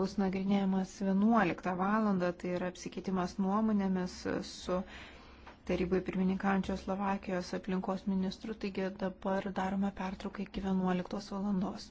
bus nagrinėjamas 11 val. tai yra apsikeitimas nuomonėmis su tarybai pirmininkančios Slovakijos aplinkos ministru, taigi dabar darome pertrauką iki 11 valandos.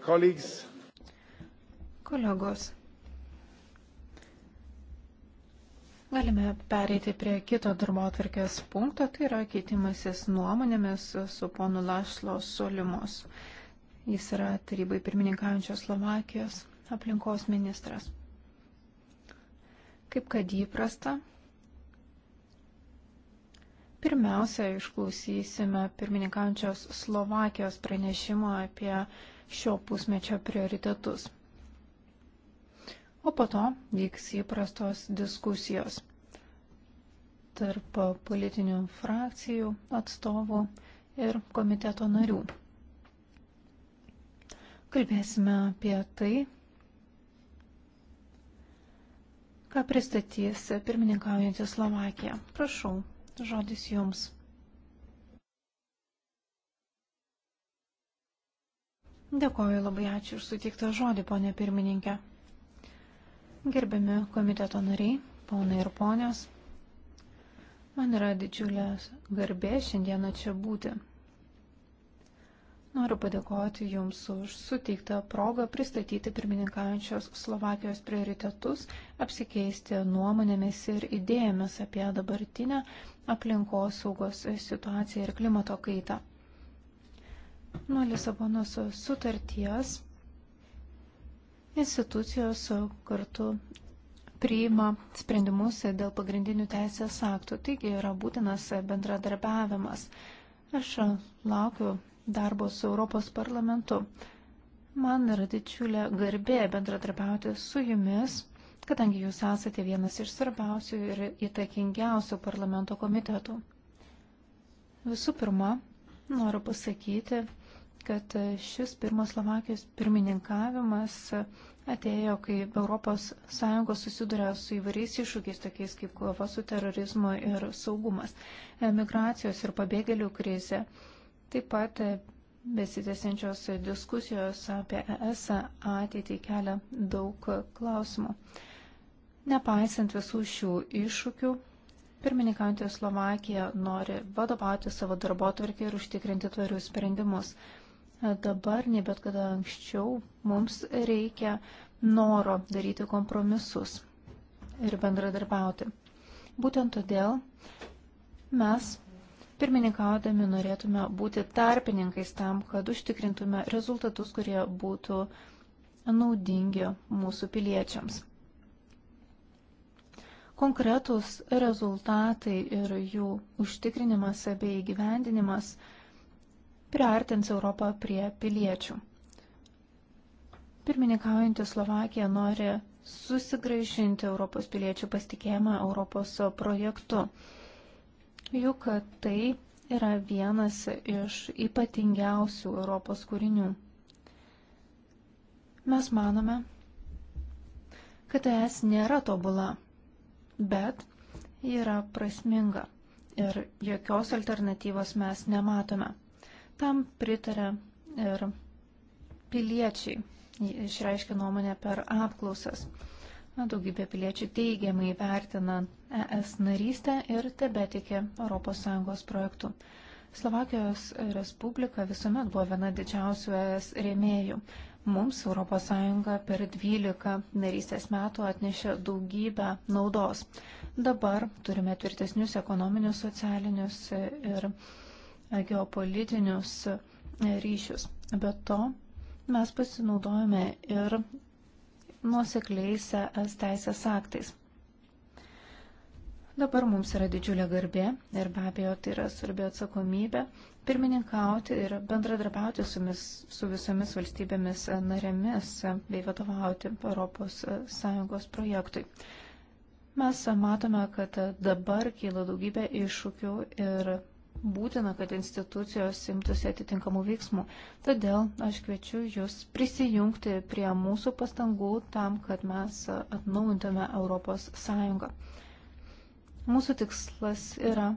Kolegos, galime pereiti prie kito darbo atvarkės punkto, tai yra keitimasis nuomonėmis su ponu Lašlo Solimos. Jis yra tarybai pirmininkaujančios Slovakijos aplinkos ministras. Kaip kad įprasta, Pirmiausia, išklausysime pirmininkančios Slovakijos pranešimą apie šio pusmečio prioritetus. O po to vyks įprastos diskusijos tarp politinių frakcijų atstovų ir komiteto narių. Kalbėsime apie tai, ką pristatys pirmininkaujantį Slovakiją. Prašau, Žodis jums. Dėkoju labai ačiū ir suteiktą žodį, ponė pirmininkė. Gerbiami komiteto nariai, ponai ir ponios, man yra didžiulė garbė šiandieną čia būti. Noriu padėkoti Jums už suteiktą progą pristatyti pirmininkaujančios Slovakijos prioritetus, apsikeisti nuomonėmis ir idėjomis apie dabartinę aplinkos saugos situaciją ir klimato kaitą. Nuo Lisabonos sutarties institucijos kartu priima sprendimus dėl pagrindinių teisės aktų, taigi yra būtinas bendradarbiavimas. Aš laukiu darbo su Europos parlamentu. Man yra didžiulė garbė bendradarbiauti su jumis kadangi jūs esate vienas iš svarbiausių ir įtakingiausių parlamento komitetų. Visų pirma, noriu pasakyti, kad šis pirmas Slovakijos pirmininkavimas atėjo, kai ES susiduria su įvairiais iššūkiais, tokiais kaip kova su terorizmu ir saugumas, migracijos ir pabėgėlių krizė, taip pat besitėsiančios diskusijos apie ES ateitį kelia daug klausimų. Nepaisant visų šių iššūkių, pirmininkaujantį Slovakiją nori vadovauti savo darbo tvarkį ir užtikrinti tvarius sprendimus. Dabar, ne bet kada anksčiau, mums reikia noro daryti kompromisus ir bendradarbiauti. Būtent todėl mes pirmininkaudami norėtume būti tarpininkais tam, kad užtikrintume rezultatus, kurie būtų naudingi mūsų piliečiams. Konkretus rezultatai ir jų užtikrinimas bei gyvendinimas priartins Europą prie piliečių. Pirmininkaujantį Slovakiją nori susigražinti Europos piliečių pasitikėjimą Europos projektu. Juk tai yra vienas iš ypatingiausių Europos kūrinių. Mes manome, kad ES nėra tobula bet yra prasminga ir jokios alternatyvos mes nematome. Tam pritarė ir piliečiai, išreiškia nuomonę per apklausas. Na, daugybė piliečių teigiamai vertina ES narystę ir tebetikė ES projektų. Slovakijos Respublika visuomet buvo viena didžiausių ES rėmėjų. Mums ES per 12 narystės metų atnešė daugybę naudos. Dabar turime tvirtesnius ekonominius, socialinius ir geopolitinius ryšius. Be to, mes pasinaudojame ir nuosekliais es teisės aktais. Dabar mums yra didžiulė garbė ir be abejo tai yra svarbi atsakomybė pirmininkauti ir bendradarbiauti su, mis, su visomis valstybėmis e, narėmis e, bei vadovauti ES e, projektui. Mes matome, kad dabar kyla daugybė iššūkių ir būtina, kad institucijos imtųsi atitinkamų veiksmų. Todėl aš kviečiu Jūs prisijungti prie mūsų pastangų tam, kad mes atnaujintume Europos Sąjungą. Mūsų tikslas yra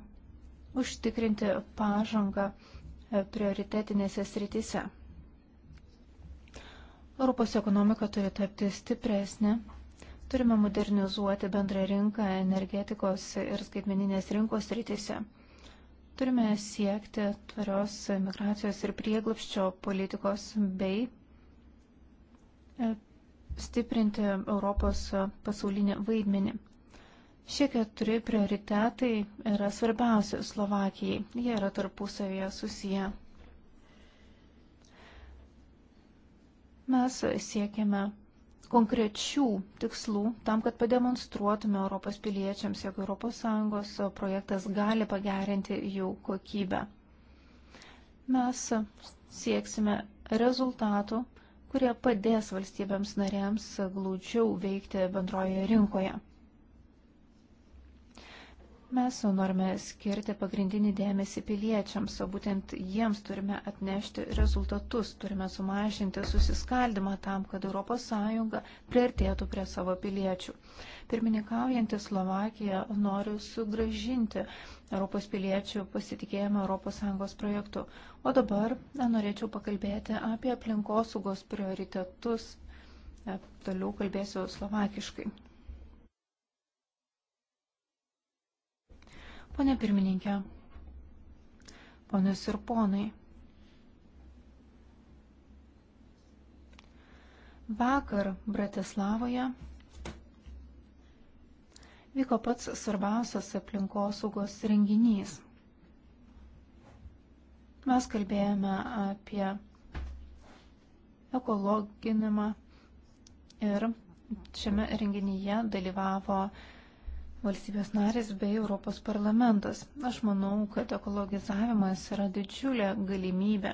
užtikrinti pažangą e, prioritetinėse srityse. Europos ekonomika turi tapti stipresnė. Turime modernizuoti bendrą rinką energetikos ir skaitmeninės rinkos rytise. Turime siekti tvarios migracijos ir prieglapščio politikos bei e, stiprinti Europos pasaulinį vaidmenį. Šie keturi prioritetai yra svarbiausi Slovakijai. Jie yra tarpusavėje susiję. Mes siekiame konkrečių tikslų tam, kad pademonstruotume Europos piliečiams, jog ES projektas gali pagerinti jų kokybę. Mes sieksime rezultatų, kurie padės valstybėms narėms glaudžiau veikti bendroje rinkoje. Mes norime skirti pagrindinį dėmesį piliečiams, o būtent jiems turime atnešti rezultatus, turime sumažinti susiskaldimą tam, kad ES priartėtų prie savo piliečių. Pirmininkaujantį Slovakiją noriu sugražinti Europos piliečių pasitikėjimą ES projektu. O dabar norėčiau pakalbėti apie aplinkosaugos prioritetus. E, toliau kalbėsiu slovakiškai. Pone pirmininkė, ponios ir ponai. Vakar Bratislavoje vyko pats svarbiausias aplinkosaugos renginys. Mes kalbėjome apie ekologinimą ir šiame renginyje dalyvavo valstybės narės bei Europos parlamentas. Aš manau, kad ekologizavimas yra didžiulė galimybė.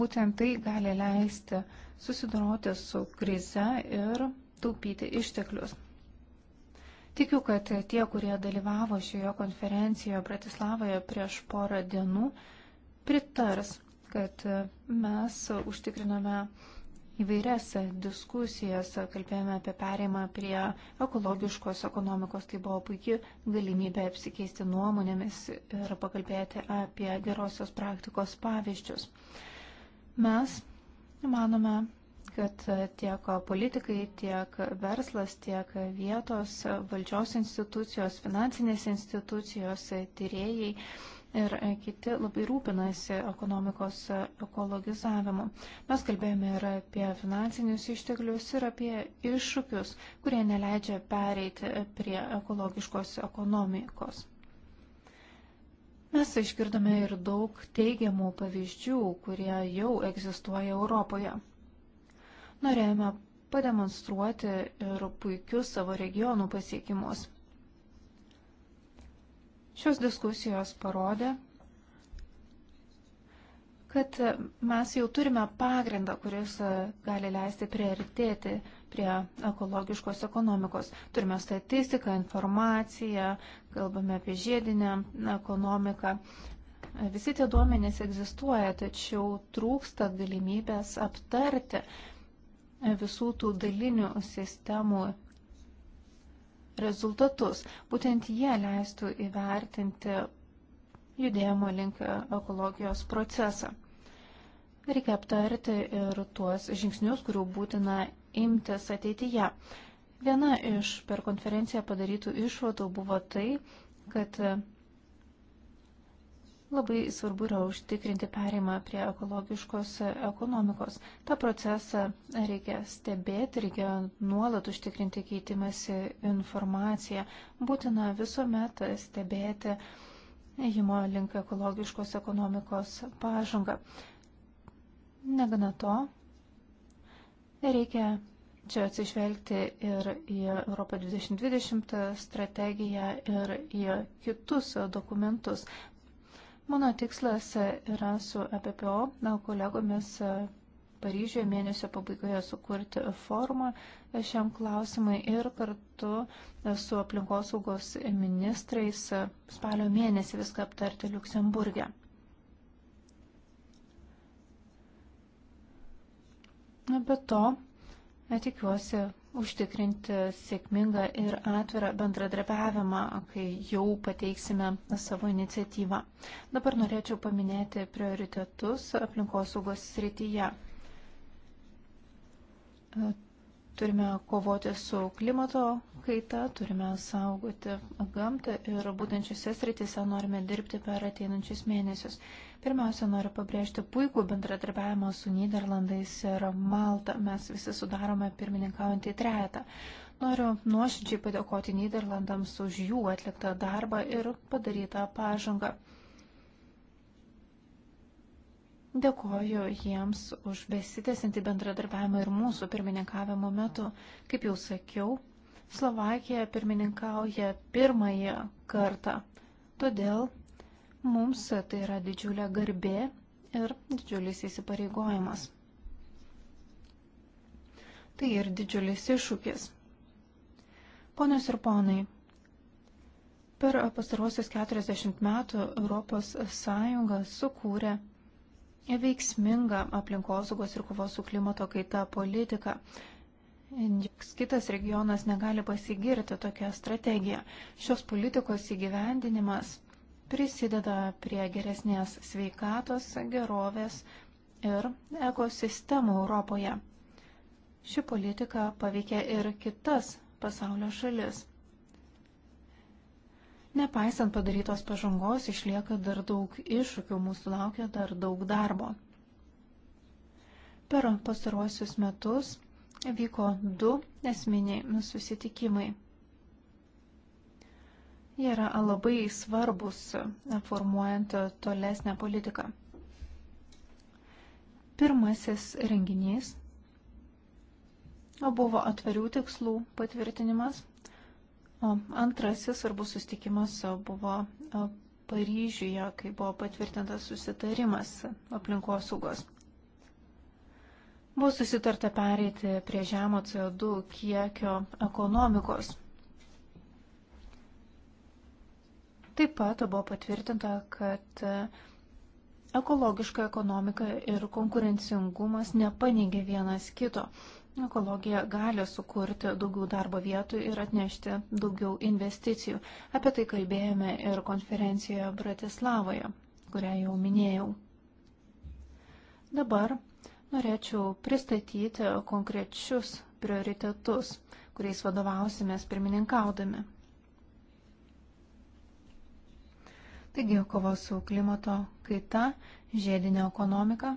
Būtent tai gali leisti susidoroti su krize ir taupyti išteklius. Tikiu, kad tie, kurie dalyvavo šioje konferencijoje Bratislavoje prieš porą dienų, pritars, kad mes užtikrinome įvairias diskusijas, kalbėjome apie perėjimą prie ekologiškos ekonomikos, tai buvo puikia galimybė apsikeisti nuomonėmis ir pakalbėti apie gerosios praktikos pavyzdžius. Mes manome, kad tiek politikai, tiek verslas, tiek vietos valdžios institucijos, finansinės institucijos, tyrėjai ir e, kiti labai rūpinasi ekonomikos e, ekologizavimu. Mes kalbėjome ir apie finansinius išteklius ir apie iššūkius, kurie neleidžia pereiti e, prie ekologiškos ekonomikos. Mes išgirdome ir daug teigiamų pavyzdžių, kurie jau egzistuoja Europoje. Norėjome pademonstruoti ir puikius savo regionų pasiekimus. Šios diskusijos parodė, kad mes jau turime pagrindą, kuris e, gali leisti priartėti prie ekologiškos ekonomikos. Turime statistiką, informaciją, kalbame apie žiedinę ekonomiką. Visi tie duomenys egzistuoja, tačiau trūksta galimybės aptarti visų tų dalinių sistemų rezultatus. Būtent jie leistų įvertinti judėjimo link ekologijos procesą. Reikia aptarti ir tuos žingsnius, kurių būtina imtis ateityje. Viena iš per konferenciją padarytų išvadų buvo tai, kad Labai svarbu yra užtikrinti perimą prie ekologiškos ekonomikos. Ta procesą reikia stebėti, reikia nuolat užtikrinti keitimąsi informaciją. Būtina visuomet stebėti įmo link ekologiškos ekonomikos pažangą. Negana to, reikia čia atsižvelgti ir į Europą 2020 strategiją, ir į kitus dokumentus. Mano tikslas e, yra su EPPO kolegomis e, Paryžiuje mėnesio pabaigoje sukurti formą e, šiam klausimai ir kartu su aplinkosaugos ministrais spalio mėnesį viską aptarti Luksemburgė. Be to, tikiuosi, užtikrinti sėkmingą ir atvirą bendradarbiavimą, kai jau pateiksime savo iniciatyvą. Dabar norėčiau paminėti prioritetus aplinkosaugos srityje. Turime kovoti su klimato kaita, turime saugoti gamtą ir būtent šiuose srityse norime dirbti per ateinančius mėnesius. Pirmiausia, noriu pabrėžti puikų bendradarbiavimą su Niderlandais ir Malta. Mes visi sudarome pirmininkaujantį trejetą. Noriu nuoširdžiai padėkoti Niderlandams už jų atliktą darbą ir padarytą pažangą. Dėkoju jiems už besitęsinti bendradarbiavimą ir mūsų pirmininkavimo metu. Kaip jau sakiau, Slovakija pirmininkauja pirmąjį kartą. Todėl mums tai yra didžiulė garbė ir didžiulis įsipareigojimas. Tai ir didžiulis iššūkis. Ponios ir ponai, per pastarosius 40 metų ES sukūrė veiksmingą aplinkosaugos ir kovos su klimato kaita politiką. Joks kitas regionas negali pasigirti tokią strategiją. Šios politikos įgyvendinimas prisideda prie geresnės sveikatos, gerovės ir ekosistemų Europoje. Ši politika paveikia ir kitas pasaulio šalis. Nepaisant padarytos pažangos, išlieka dar daug iššūkių, mūsų laukia dar daug darbo. Per pastaruosius metus vyko du esminiai susitikimai. Jie yra labai svarbus formuojant tolesnę politiką. Pirmasis renginys buvo atvarių tikslų patvirtinimas Antrasis svarbus sustikimas buvo Paryžiuje, kai buvo patvirtintas susitarimas aplinkosaugos. Buvo susitarta pereiti prie žemo CO2 kiekio ekonomikos. Taip pat buvo patvirtinta, kad e, ekologiška ekonomika ir konkurencingumas nepaneigia vienas kito. Ekologija gali sukurti daugiau darbo vietų ir atnešti daugiau investicijų. Apie tai kalbėjome ir konferencijoje Bratislavoje, kurią jau minėjau. Dabar norėčiau pristatyti konkrečius prioritetus, kuriais vadovausimės pirmininkaudami. Taigi, kova su klimato kaita, žiedinė ekonomika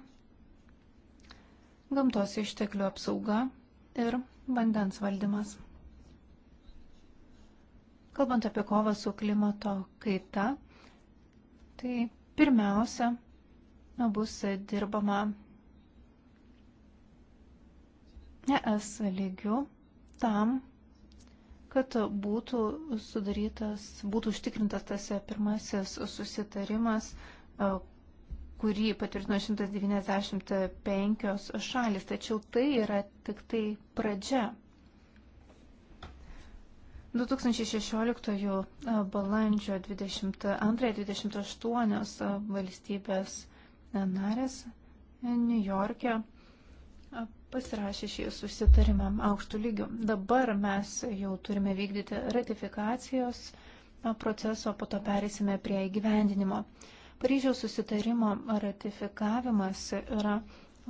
gamtos išteklių apsauga ir vandens valdymas. Kalbant apie kovą su klimato kaita, tai pirmiausia na, bus dirbama ES lygių tam, kad būtų sudarytas, būtų užtikrintas tas pirmasis susitarimas kurį patvirtino 195 šalis, tačiau tai yra tik tai pradžia. 2016 balandžio 22-28 valstybės narės New York'e pasirašė šį susitarimą aukštų lygių. Dabar mes jau turime vykdyti ratifikacijos proceso, po to perėsime prie įgyvendinimo. Paryžiaus susitarimo ratifikavimas yra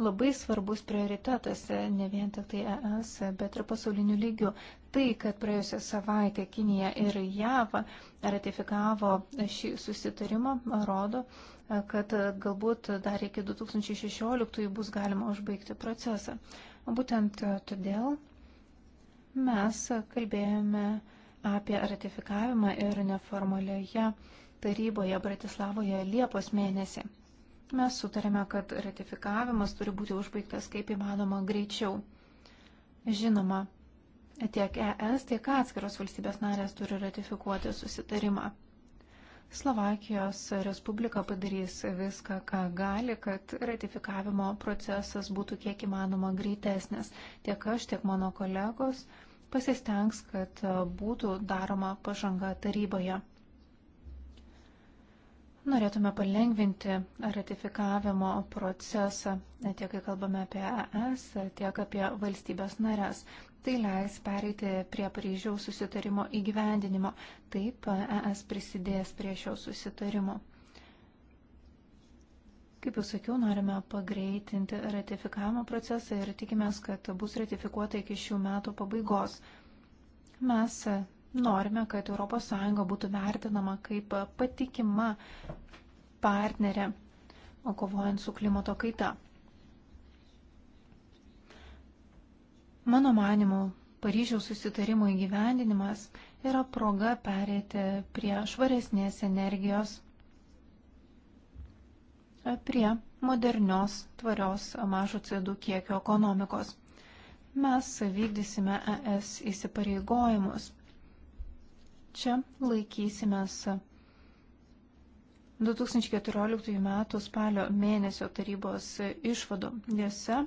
labai svarbus prioritetas ne vien tik tai ES, bet ir pasauliniu lygiu. Tai, kad praėjusią savaitę Kinija ir JAV ratifikavo šį susitarimą, rodo, kad galbūt dar iki 2016 bus galima užbaigti procesą. Būtent todėl mes kalbėjome apie ratifikavimą ir neformalioje taryboje Bratislavoje Liepos mėnesį. Mes sutarėme, kad ratifikavimas turi būti užbaigtas kaip įmanoma greičiau. Žinoma, tiek ES, tiek atskiros valstybės narės turi ratifikuoti susitarimą. Slovakijos Respublika padarys viską, ką gali, kad ratifikavimo procesas būtų kiek įmanoma greitesnis. Tiek aš, tiek mano kolegos pasistengs, kad būtų daroma pažanga taryboje. Norėtume palengvinti ratifikavimo procesą, tiek kai kalbame apie ES, tiek apie valstybės narės. Tai leis pereiti prie Paryžiaus susitarimo įgyvendinimo. Taip, ES prisidės prie šio susitarimo. Kaip jau sakiau, norime pagreitinti ratifikavimo procesą ir tikimės, kad bus ratifikuota iki šių metų pabaigos. Mes Norime, kad ES būtų vertinama kaip patikima partnerė kovojant su klimato kaita. Mano manimu, Paryžiaus susitarimo įgyvendinimas yra proga perėti prie švaresnės energijos, prie modernios, tvarios mažo CO2 kiekio ekonomikos. Mes vykdysime ES įsipareigojimus Čia laikysimės 2014 m. spalio mėnesio tarybos išvadų. Jose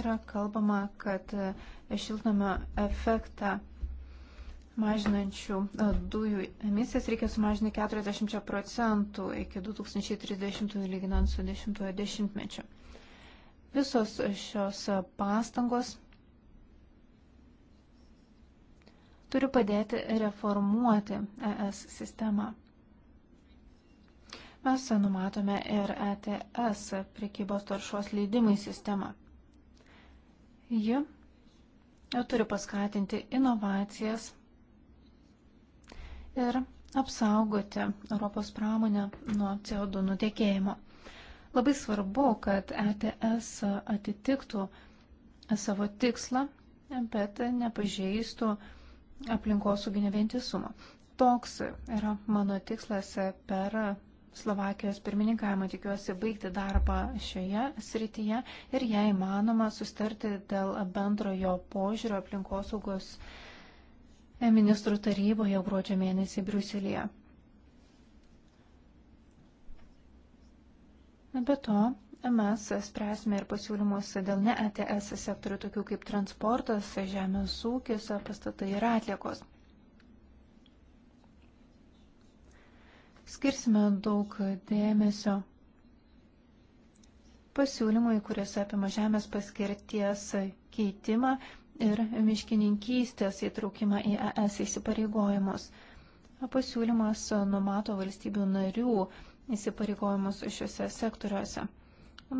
yra kalbama, kad šiltnamio efektą mažinančių e, dujų emisijas reikia sumažinti 40 procentų iki 2030 lyginant su 10 dešimtmečiu. Visos šios pastangos turi padėti reformuoti ES sistemą. Mes numatome ir ETS prekybos taršos leidimai sistemą. Ji turi paskatinti inovacijas ir apsaugoti Europos pramonę nuo CO2 nutiekėjimo. Labai svarbu, kad ETS atitiktų savo tikslą, bet nepažeistų aplinkosauginį vientisumą. Toks yra mano tikslas per Slovakijos pirmininkavimą. Tikiuosi baigti darbą šioje srityje ir jei įmanoma sustarti dėl bendrojo požiūrio aplinkosaugos ministrų taryboje gruodžio mėnesį Briuselėje. Be to, mes spręsime ir pasiūlymus dėl ne ETS sektorių, tokių kaip transportas, žemės ūkis, pastatai ir atliekos. Skirsime daug dėmesio pasiūlymui, kuris apima žemės paskirties keitimą ir miškininkystės įtraukimą į ES įsipareigojimus. Pasiūlymas numato valstybių narių įsipareigojimus šiuose sektoriuose.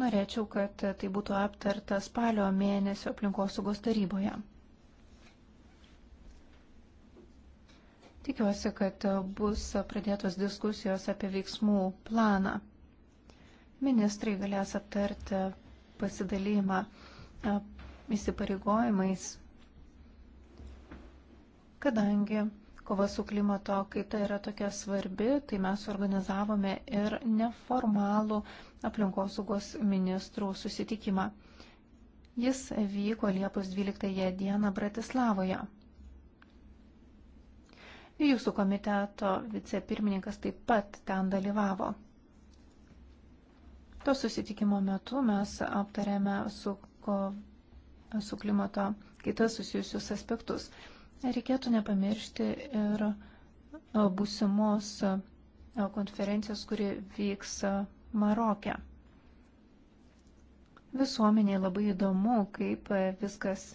Norėčiau, kad tai būtų aptarta spalio mėnesio aplinkosaugos taryboje. Tikiuosi, kad bus pradėtos diskusijos apie veiksmų planą. Ministrai galės aptarti pasidalymą įsipareigojimais, kadangi kova su klimato kaita yra tokia svarbi, tai mes organizavome ir neformalų aplinkosaugos ministrų susitikimą. Jis vyko Liepos 12 dieną Bratislavoje. Jūsų komiteto vicepirmininkas taip pat ten dalyvavo. To susitikimo metu mes aptarėme su, ko, su klimato kitas susijusius aspektus. Reikėtų nepamiršti ir e, būsimos e, konferencijos, kuri vyks e, Marokė. Visuomeniai labai įdomu, kaip viskas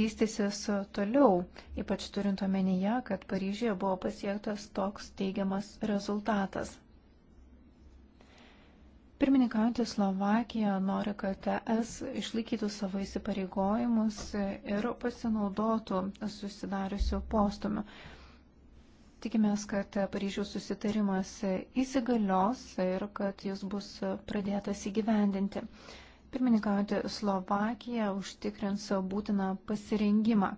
vystysis toliau, ypač turint omenyje, kad Paryžyje buvo pasiektas toks teigiamas rezultatas. Pirmininkaujantį Slovakiją nori, kad ES išlaikytų savo įsipareigojimus ir pasinaudotų susidariusių postumių. Tikimės, kad Paryžiaus susitarimas įsigalios ir kad jis bus pradėtas įgyvendinti. Pirmininkaujantį Slovakiją užtikrins būtiną pasirengimą.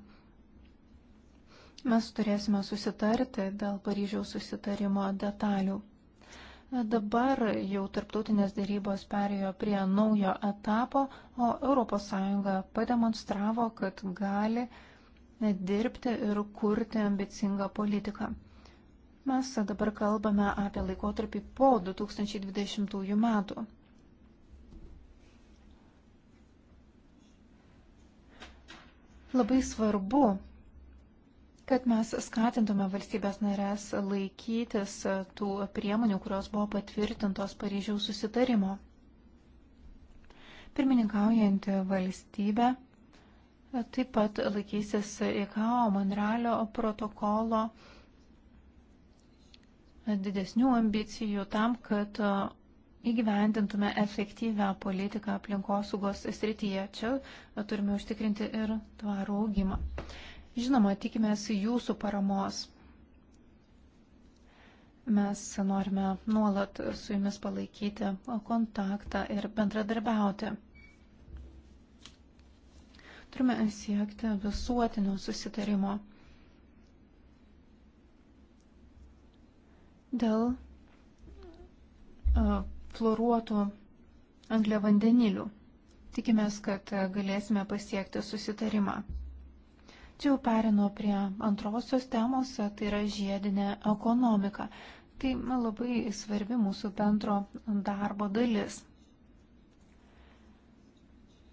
Mes turėsime susitarti dėl Paryžiaus susitarimo detalių. Dabar jau tarptautinės dėrybos perėjo prie naujo etapo, o ES pademonstravo, kad gali dirbti ir kurti ambicingą politiką. Mes dabar kalbame apie laikotarpį po 2020 metų. Labai svarbu kad mes skatintume valstybės narės laikytis tų priemonių, kurios buvo patvirtintos Paryžiaus susitarimo. Pirmininkaujanti valstybė taip pat laikysis IKAO Monrealio protokolo didesnių ambicijų tam, kad įgyvendintume efektyvę politiką aplinkosaugos srityje. Čia turime užtikrinti ir tvarų augimą. Žinoma, tikimės jūsų paramos. Mes norime nuolat su jumis palaikyti kontaktą ir bendradarbiauti. Turime siekti visuotinio susitarimo dėl fluoruotų angliavandenilių. Tikimės, kad galėsime pasiekti susitarimą. Čia jau perinu prie antrosios temos, tai yra žiedinė ekonomika. Tai labai svarbi mūsų bendro darbo dalis.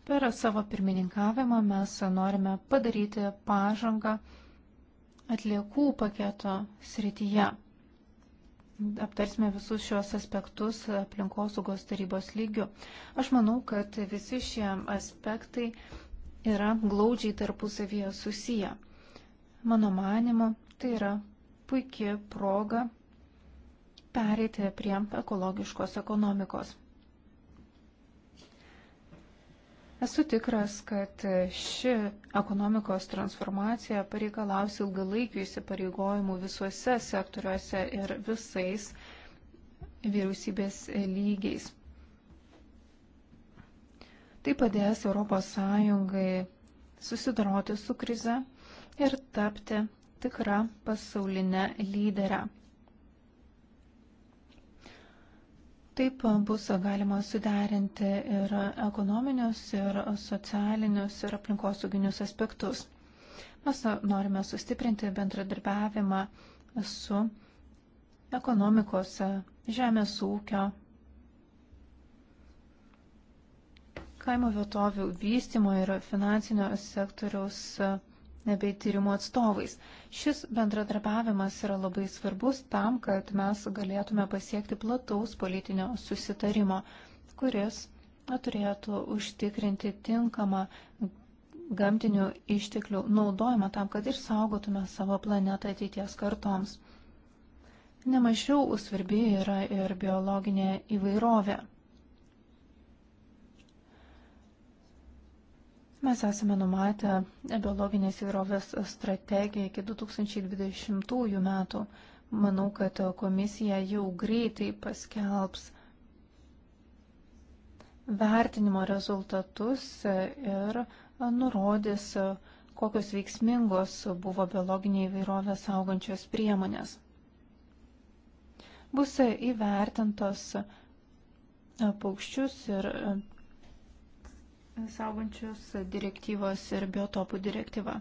Per savo pirmininkavimą mes norime padaryti pažangą atliekų paketo srityje. Aptarsime visus šios aspektus aplinkosaugos tarybos lygių. Aš manau, kad visi šie aspektai yra glaudžiai tarpusavyje susiję. Mano manimu, tai yra puikia proga pereiti prie ekologiškos ekonomikos. Esu tikras, kad ši ekonomikos transformacija pareikalaus ilgalaikių įsipareigojimų visuose sektoriuose ir visais vyriausybės lygiais. Tai padės ES susidoroti su krize ir tapti tikrą pasaulinę lyderę. Taip bus galima suderinti ir ekonominius, ir socialinius, ir aplinkosauginius aspektus. Mes norime sustiprinti bendradarbiavimą su ekonomikos, žemės ūkio, kaimo vietovių vystimo ir finansinio sektoriaus e, bei tyrimo atstovais. Šis bendradarbiavimas yra labai svarbus tam, kad mes galėtume pasiekti plataus politinio susitarimo, kuris turėtų užtikrinti tinkamą gamtinių išteklių naudojimą tam, kad išsaugotume savo planetą ateities kartoms. Nemažiau svarbi yra ir biologinė įvairovė. Mes esame numatę biologinės įvairovės strategiją iki 2020 metų. Manau, kad komisija jau greitai paskelbs vertinimo rezultatus ir nurodys, kokios veiksmingos buvo biologinė įvairovė saugančios priemonės. Bus įvertintos paukščius ir saugančius direktyvos ir biotopų direktyva.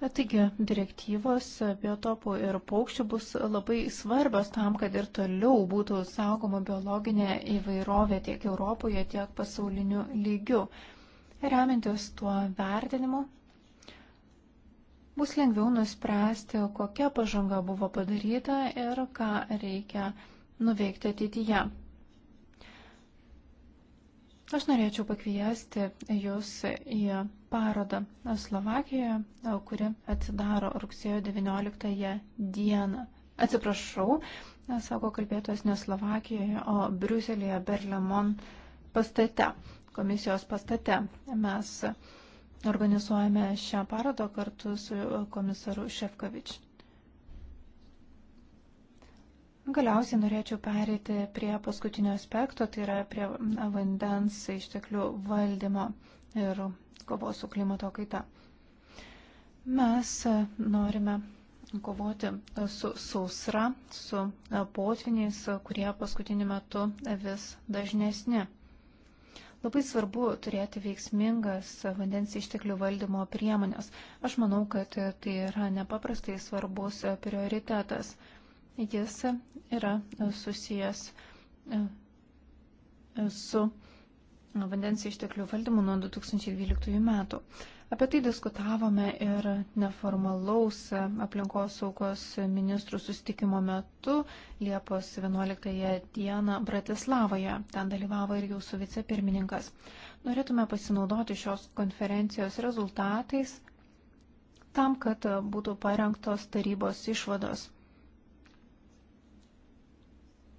Taigi, direktyvos biotopų ir paukščių bus labai svarbios tam, kad ir toliau būtų saugoma biologinė įvairovė tiek Europoje, tiek pasauliniu lygiu. Remiantis tuo vertinimu, bus lengviau nuspręsti, kokia pažanga buvo padaryta ir ką reikia nuveikti ateityje. Aš norėčiau pakviesti Jūs į parodą Slovakijoje, kuri atsidaro rugsėjo 19 dieną. Atsiprašau, sako kalbėtojas ne Slovakijoje, o Briuselėje Berlemon pastate, komisijos pastate. Mes organizuojame šią parodą kartu su komisaru Šefkovičiu. Nu, galiausiai norėčiau perėti prie paskutinio aspekto, tai yra prie vandens išteklių valdymo ir kovos su klimato kaita. Mes e, norime kovoti su sausra, su e, potviniais, kurie paskutiniu metu vis dažnesni. Labai svarbu turėti veiksmingas vandens išteklių valdymo priemonės. Aš manau, kad tai yra nepaprastai svarbus prioritetas jis yra susijęs e, su vandens išteklių valdymu nuo 2012 metų. Apie tai diskutavome ir neformalaus aplinkos saugos ministrų sustikimo metu Liepos 11 dieną Bratislavoje. Ten dalyvavo ir jūsų vicepirmininkas. Norėtume pasinaudoti šios konferencijos rezultatais tam, kad būtų parengtos tarybos išvados.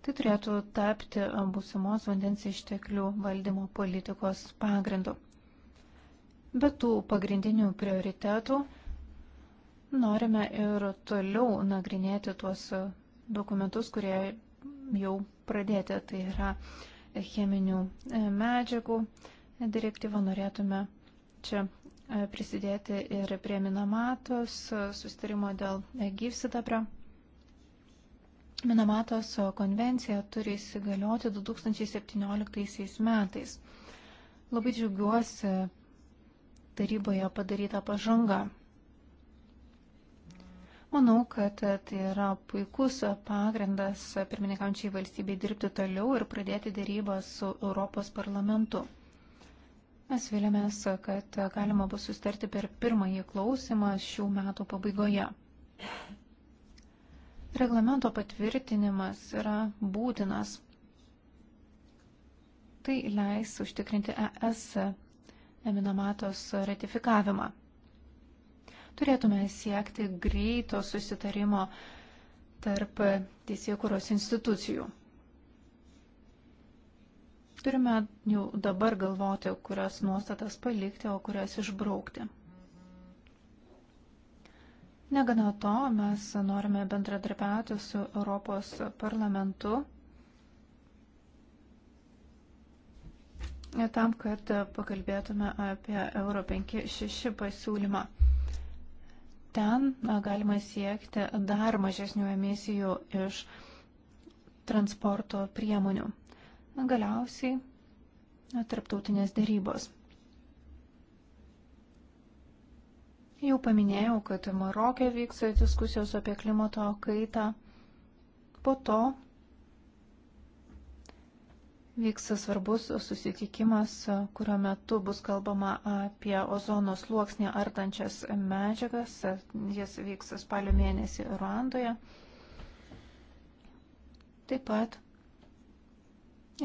Tai turėtų tapti e, būsimos vandens išteklių valdymo politikos pagrindu. Be tų pagrindinių prioritetų norime ir toliau nagrinėti tuos e, dokumentus, kurie jau pradėti. Tai yra cheminių e, medžiagų direktyva. Norėtume čia prisidėti ir prie Minamatos sustarimo dėl gyvsidabrio. Minamatos konvencija turi įsigalioti 2017 metais. Labai džiaugiuosi taryboje padarytą pažangą. Manau, kad tai yra puikus pagrindas pirmininkančiai valstybei dirbti toliau ir pradėti dėrybą su Europos parlamentu. Mes vėliamės, kad galima bus sustarti per pirmąjį klausimą šių metų pabaigoje. Reglamento patvirtinimas yra būtinas. Tai leis užtikrinti ES eminamatos ratifikavimą. Turėtume siekti greito susitarimo tarp teisėkuros institucijų. Turime jau dabar galvoti, kurias nuostatas palikti, o kurias išbraukti. Negana to, mes norime bendradarbiauti su Europos parlamentu tam, kad pakalbėtume apie Euro 5-6 pasiūlymą. Ten galima siekti dar mažesnių emisijų iš transporto priemonių. Galiausiai tarptautinės dėrybos. Jau paminėjau, kad Marokė vyks diskusijos apie klimato kaitą. Po to vyks svarbus susitikimas, kurio metu bus kalbama apie ozono sluoksnį artančias medžiagas. Jis vyks spalio mėnesį Ruandoje. Taip pat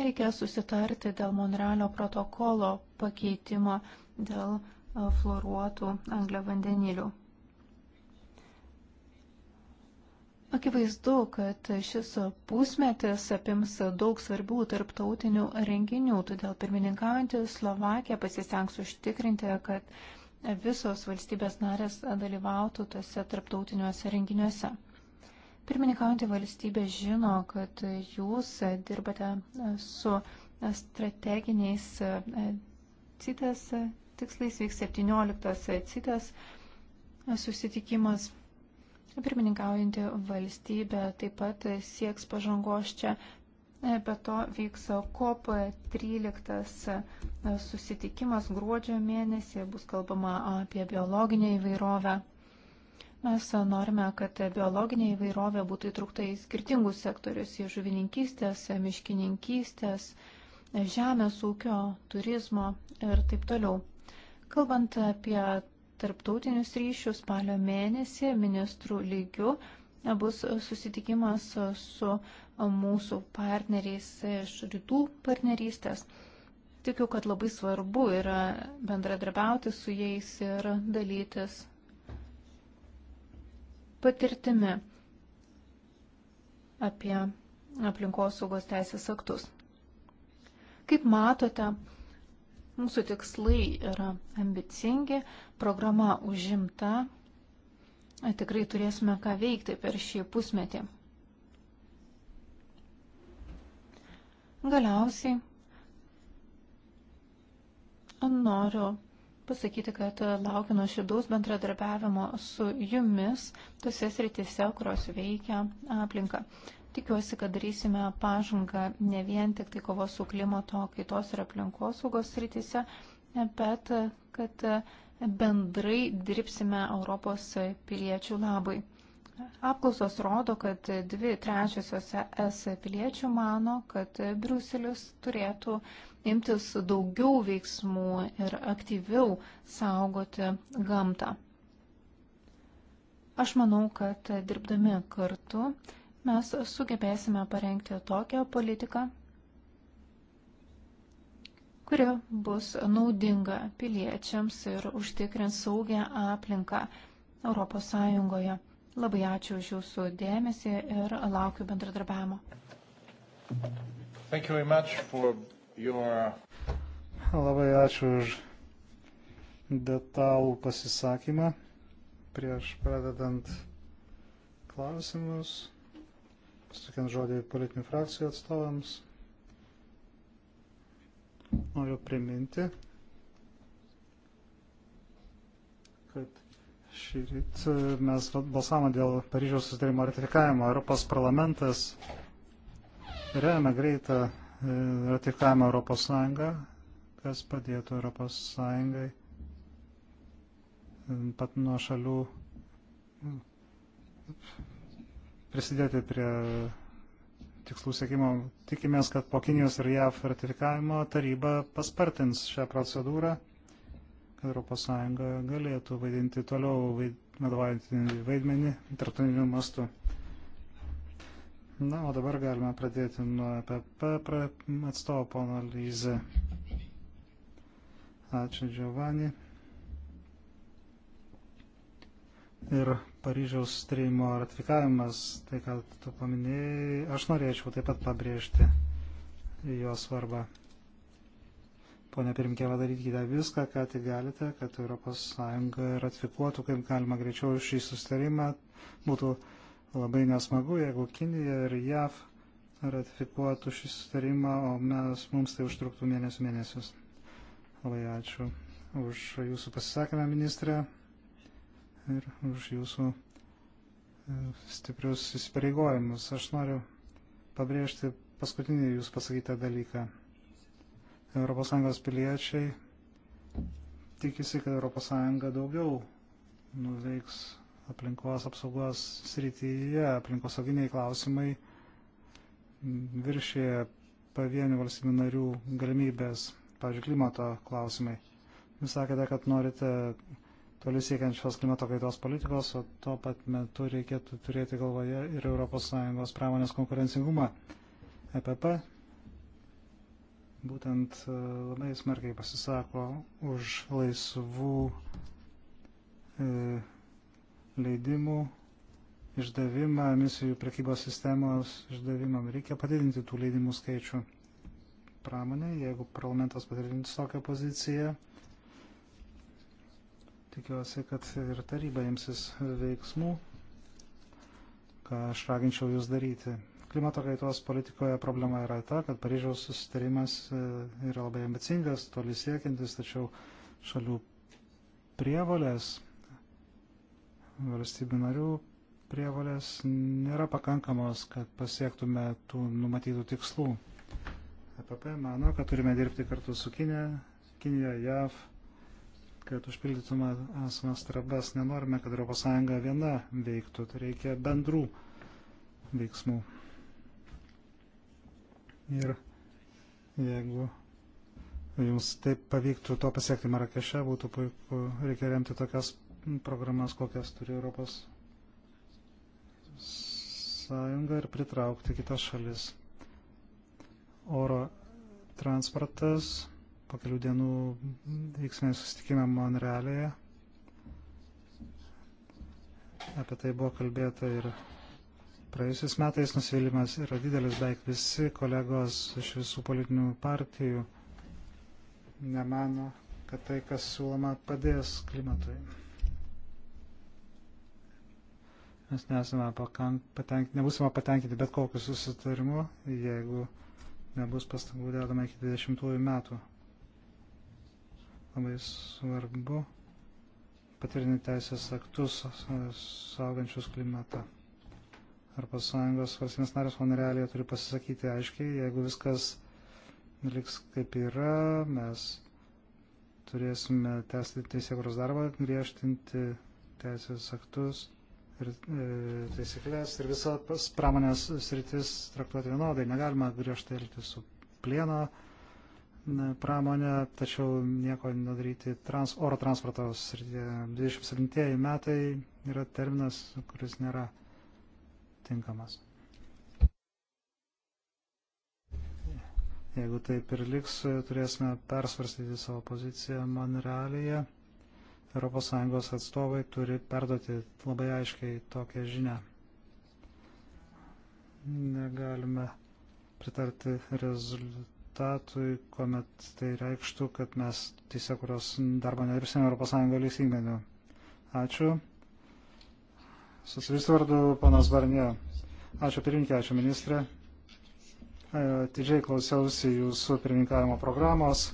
reikės susitarti dėl Monrealio protokolo pakeitimo, dėl fluoruotų angliavandenilių. Akivaizdu, kad šis pusmetis apims daug svarbių tarptautinių renginių, todėl pirmininkaujantį Slovakiją pasistengs užtikrinti, kad visos valstybės narės dalyvautų tose tarptautiniuose renginiuose. Pirmininkaujantį valstybę žino, kad jūs dirbate su strateginiais e, CITES tikslais vyks 17 CITES susitikimas. Pirmininkaujantį valstybę taip pat sieks pažangos čia. Be to vyks COP13 susitikimas gruodžio mėnesį, bus kalbama apie biologinę įvairovę. Mes norime, kad biologinė įvairovė būtų įtraukta į skirtingus sektorius - į žuvininkystės, miškininkystės, žemės ūkio, turizmo ir taip toliau. Kalbant apie tarptautinius ryšius, spalio mėnesį ministrų lygių bus susitikimas su mūsų partneriais iš rytų partnerystės. Tikiu, kad labai svarbu yra bendradarbiauti su jais ir dalytis patirtimi apie aplinkosaugos teisės aktus. Kaip matote, Mūsų tikslai yra ambicingi, programa užimta, tikrai turėsime ką veikti per šį pusmetį. Galiausiai noriu pasakyti, kad laukiu nuoširdaus bendradarbiavimo su jumis tose sritise, kurios veikia aplinką. Tikiuosi, kad darysime pažangą ne vien tik tai kovos su klimato kaitos ir aplinkosaugos rytise, bet kad bendrai dirbsime Europos piliečių labai. Apklausos rodo, kad dvi trečiosios es piliečių mano, kad Briuselis turėtų imtis daugiau veiksmų ir aktyviau saugoti gamtą. Aš manau, kad dirbdami kartu mes sugebėsime parengti tokią politiką, kuri bus naudinga piliečiams ir užtikrins saugę aplinką ES. Labai ačiū už Jūsų dėmesį ir laukiu bendradarbiavimo. Your... Labai ačiū už detalų pasisakymą prieš pradedant klausimus sutikiant žodį politinių frakcijų atstovams. Noriu priminti, kad šį rytą mes balsavome dėl Paryžiaus susitarimo ratifikavimo. Europos parlamentas remia greitą e, ratifikavimą Europos Sąjungą, kas padėtų Europos Sąjungai e, pat nuo šalių prisidėti prie tikslų sėkimo. Tikimės, kad po Kinijos ir JAV ratifikavimo taryba paspartins šią procedūrą, kad ES galėtų vaidinti toliau vadovaujantį vaidmenį tarptautiniu mastu. Na, o dabar galime pradėti nuo EPP atstovo pono Lyze. Ačiū, Giovanni. ir Paryžiaus streimo ratifikavimas, tai ką tu paminėjai, aš norėčiau taip pat pabrėžti jo svarbą. Pone pirmkė, padarykite viską, ką tik galite, kad ES ratifikuotų kaip galima greičiau šį sustarimą. Būtų labai nesmagu, jeigu Kinija ir JAV ratifikuotų šį sustarimą, o mes, mums tai užtruktų mėnesių mėnesius. Labai ačiū už jūsų pasisakymą, ministrė ir už jūsų e, stiprius įsipareigojimus. Aš noriu pabrėžti paskutinį jūs pasakytą dalyką. ES piliečiai tikisi, kad ES daugiau nuveiks aplinkos apsaugos srityje, aplinkosauginiai klausimai viršėje pavienių valstybių narių galimybės, pavyzdžiui, klimato klausimai. Jūs sakėte, kad norite toli siekiančios klimato kaitos politikos, o tuo pat metu reikėtų turėti galvoje ir ES pramonės konkurencingumą. EPP būtent e, labai smarkiai pasisako už laisvų e, leidimų išdavimą, emisijų prekybos sistemos išdavimam. Reikia padidinti tų leidimų skaičių pramonė, jeigu parlamentas patvirtins tokią poziciją Tikiuosi, kad ir taryba imsis veiksmų, ką aš raginčiau jūs daryti. Klimato kaitos politikoje problema yra ta, kad Paryžiaus susitarimas e, yra labai ambicingas, toli siekiantis, tačiau šalių prievolės, valstybių narių prievolės nėra pakankamos, kad pasiektume tų numatytų tikslų. EPP mano, kad turime dirbti kartu su Kinė, Kinija, JAV kad užpildytume esamas trabas. Nenorime, kad ES viena veiktų, tai reikia bendrų veiksmų. Ir jeigu jums taip pavyktų to pasiekti Marakeše, būtų puiku, reikia remti tokias programas, kokias turi Europos Sąjunga ir pritraukti kitas šalis. Oro transportas po kelių dienų vyksime susitikimą Monrealėje. Apie tai buvo kalbėta ir praėjusiais metais nusivylimas yra didelis, beveik visi kolegos iš visų politinių partijų nemano, kad tai, kas siūloma, padės klimatui. Mes nesame patenkinti, nebusime patenkinti bet kokiu susitarimu, jeigu nebus pastangų dedama iki 20 metų labai svarbu patvirtinti teisės aktus saugančius klimatą. Europos Sąjungos valstybės narės monerealėje turi pasisakyti aiškiai, jeigu viskas liks kaip yra, mes turėsime tęsti teisėkuros darbą, griežtinti teisės aktus ir e, taisyklės ir visas pramonės sritis traktuoti vienodai. Negalima griežtai elgtis su plieno pramonę, tačiau nieko nedaryti trans, oro transporto srityje. 27 metai yra terminas, kuris nėra tinkamas. Jeigu taip ir liks, turėsime persvarstyti savo poziciją Monrealyje. ES atstovai turi perduoti labai aiškiai tokią žinę. Negalime pritarti rezultatą rezultatui, kuomet tai reikštų, kad mes tiesiog kurios darbo nedirbsime Europos Sąjungos lygmeniu. Ačiū. Socialistų vardu panas Barnė. Ačiū pirmininkė, ačiū ministrė. E, Tidžiai klausiausi jūsų pirmininkavimo programos,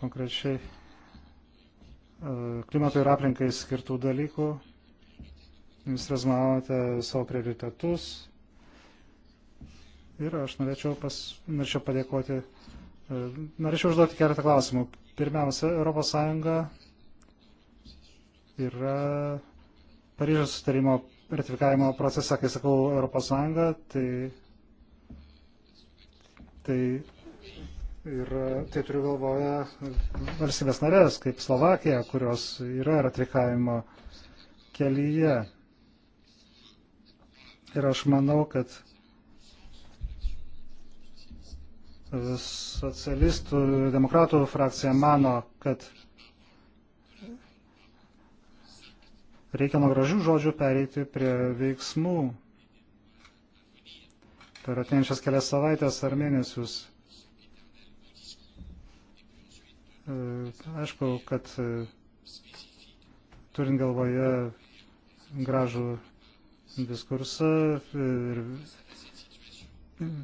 konkrečiai e, klimato ir aplinkai skirtų dalykų. Jūs rezumavote savo prioritetus, Ir aš norėčiau, pas, norėčiau padėkoti, e, norėčiau užduoti keletą klausimų. Pirmiausia, ES yra Paryžiaus sustarimo ratifikavimo procese, kai sakau ES, tai, tai, ir, tai turiu galvoje valstybės narės, kaip Slovakija, kurios yra ratifikavimo kelyje. Ir aš manau, kad Socialistų demokratų frakcija mano, kad reikia nuo gražių žodžių pereiti prie veiksmų per atėjančias kelias savaitės ar mėnesius. E, aišku, kad e, turint galvoje gražų diskursą ir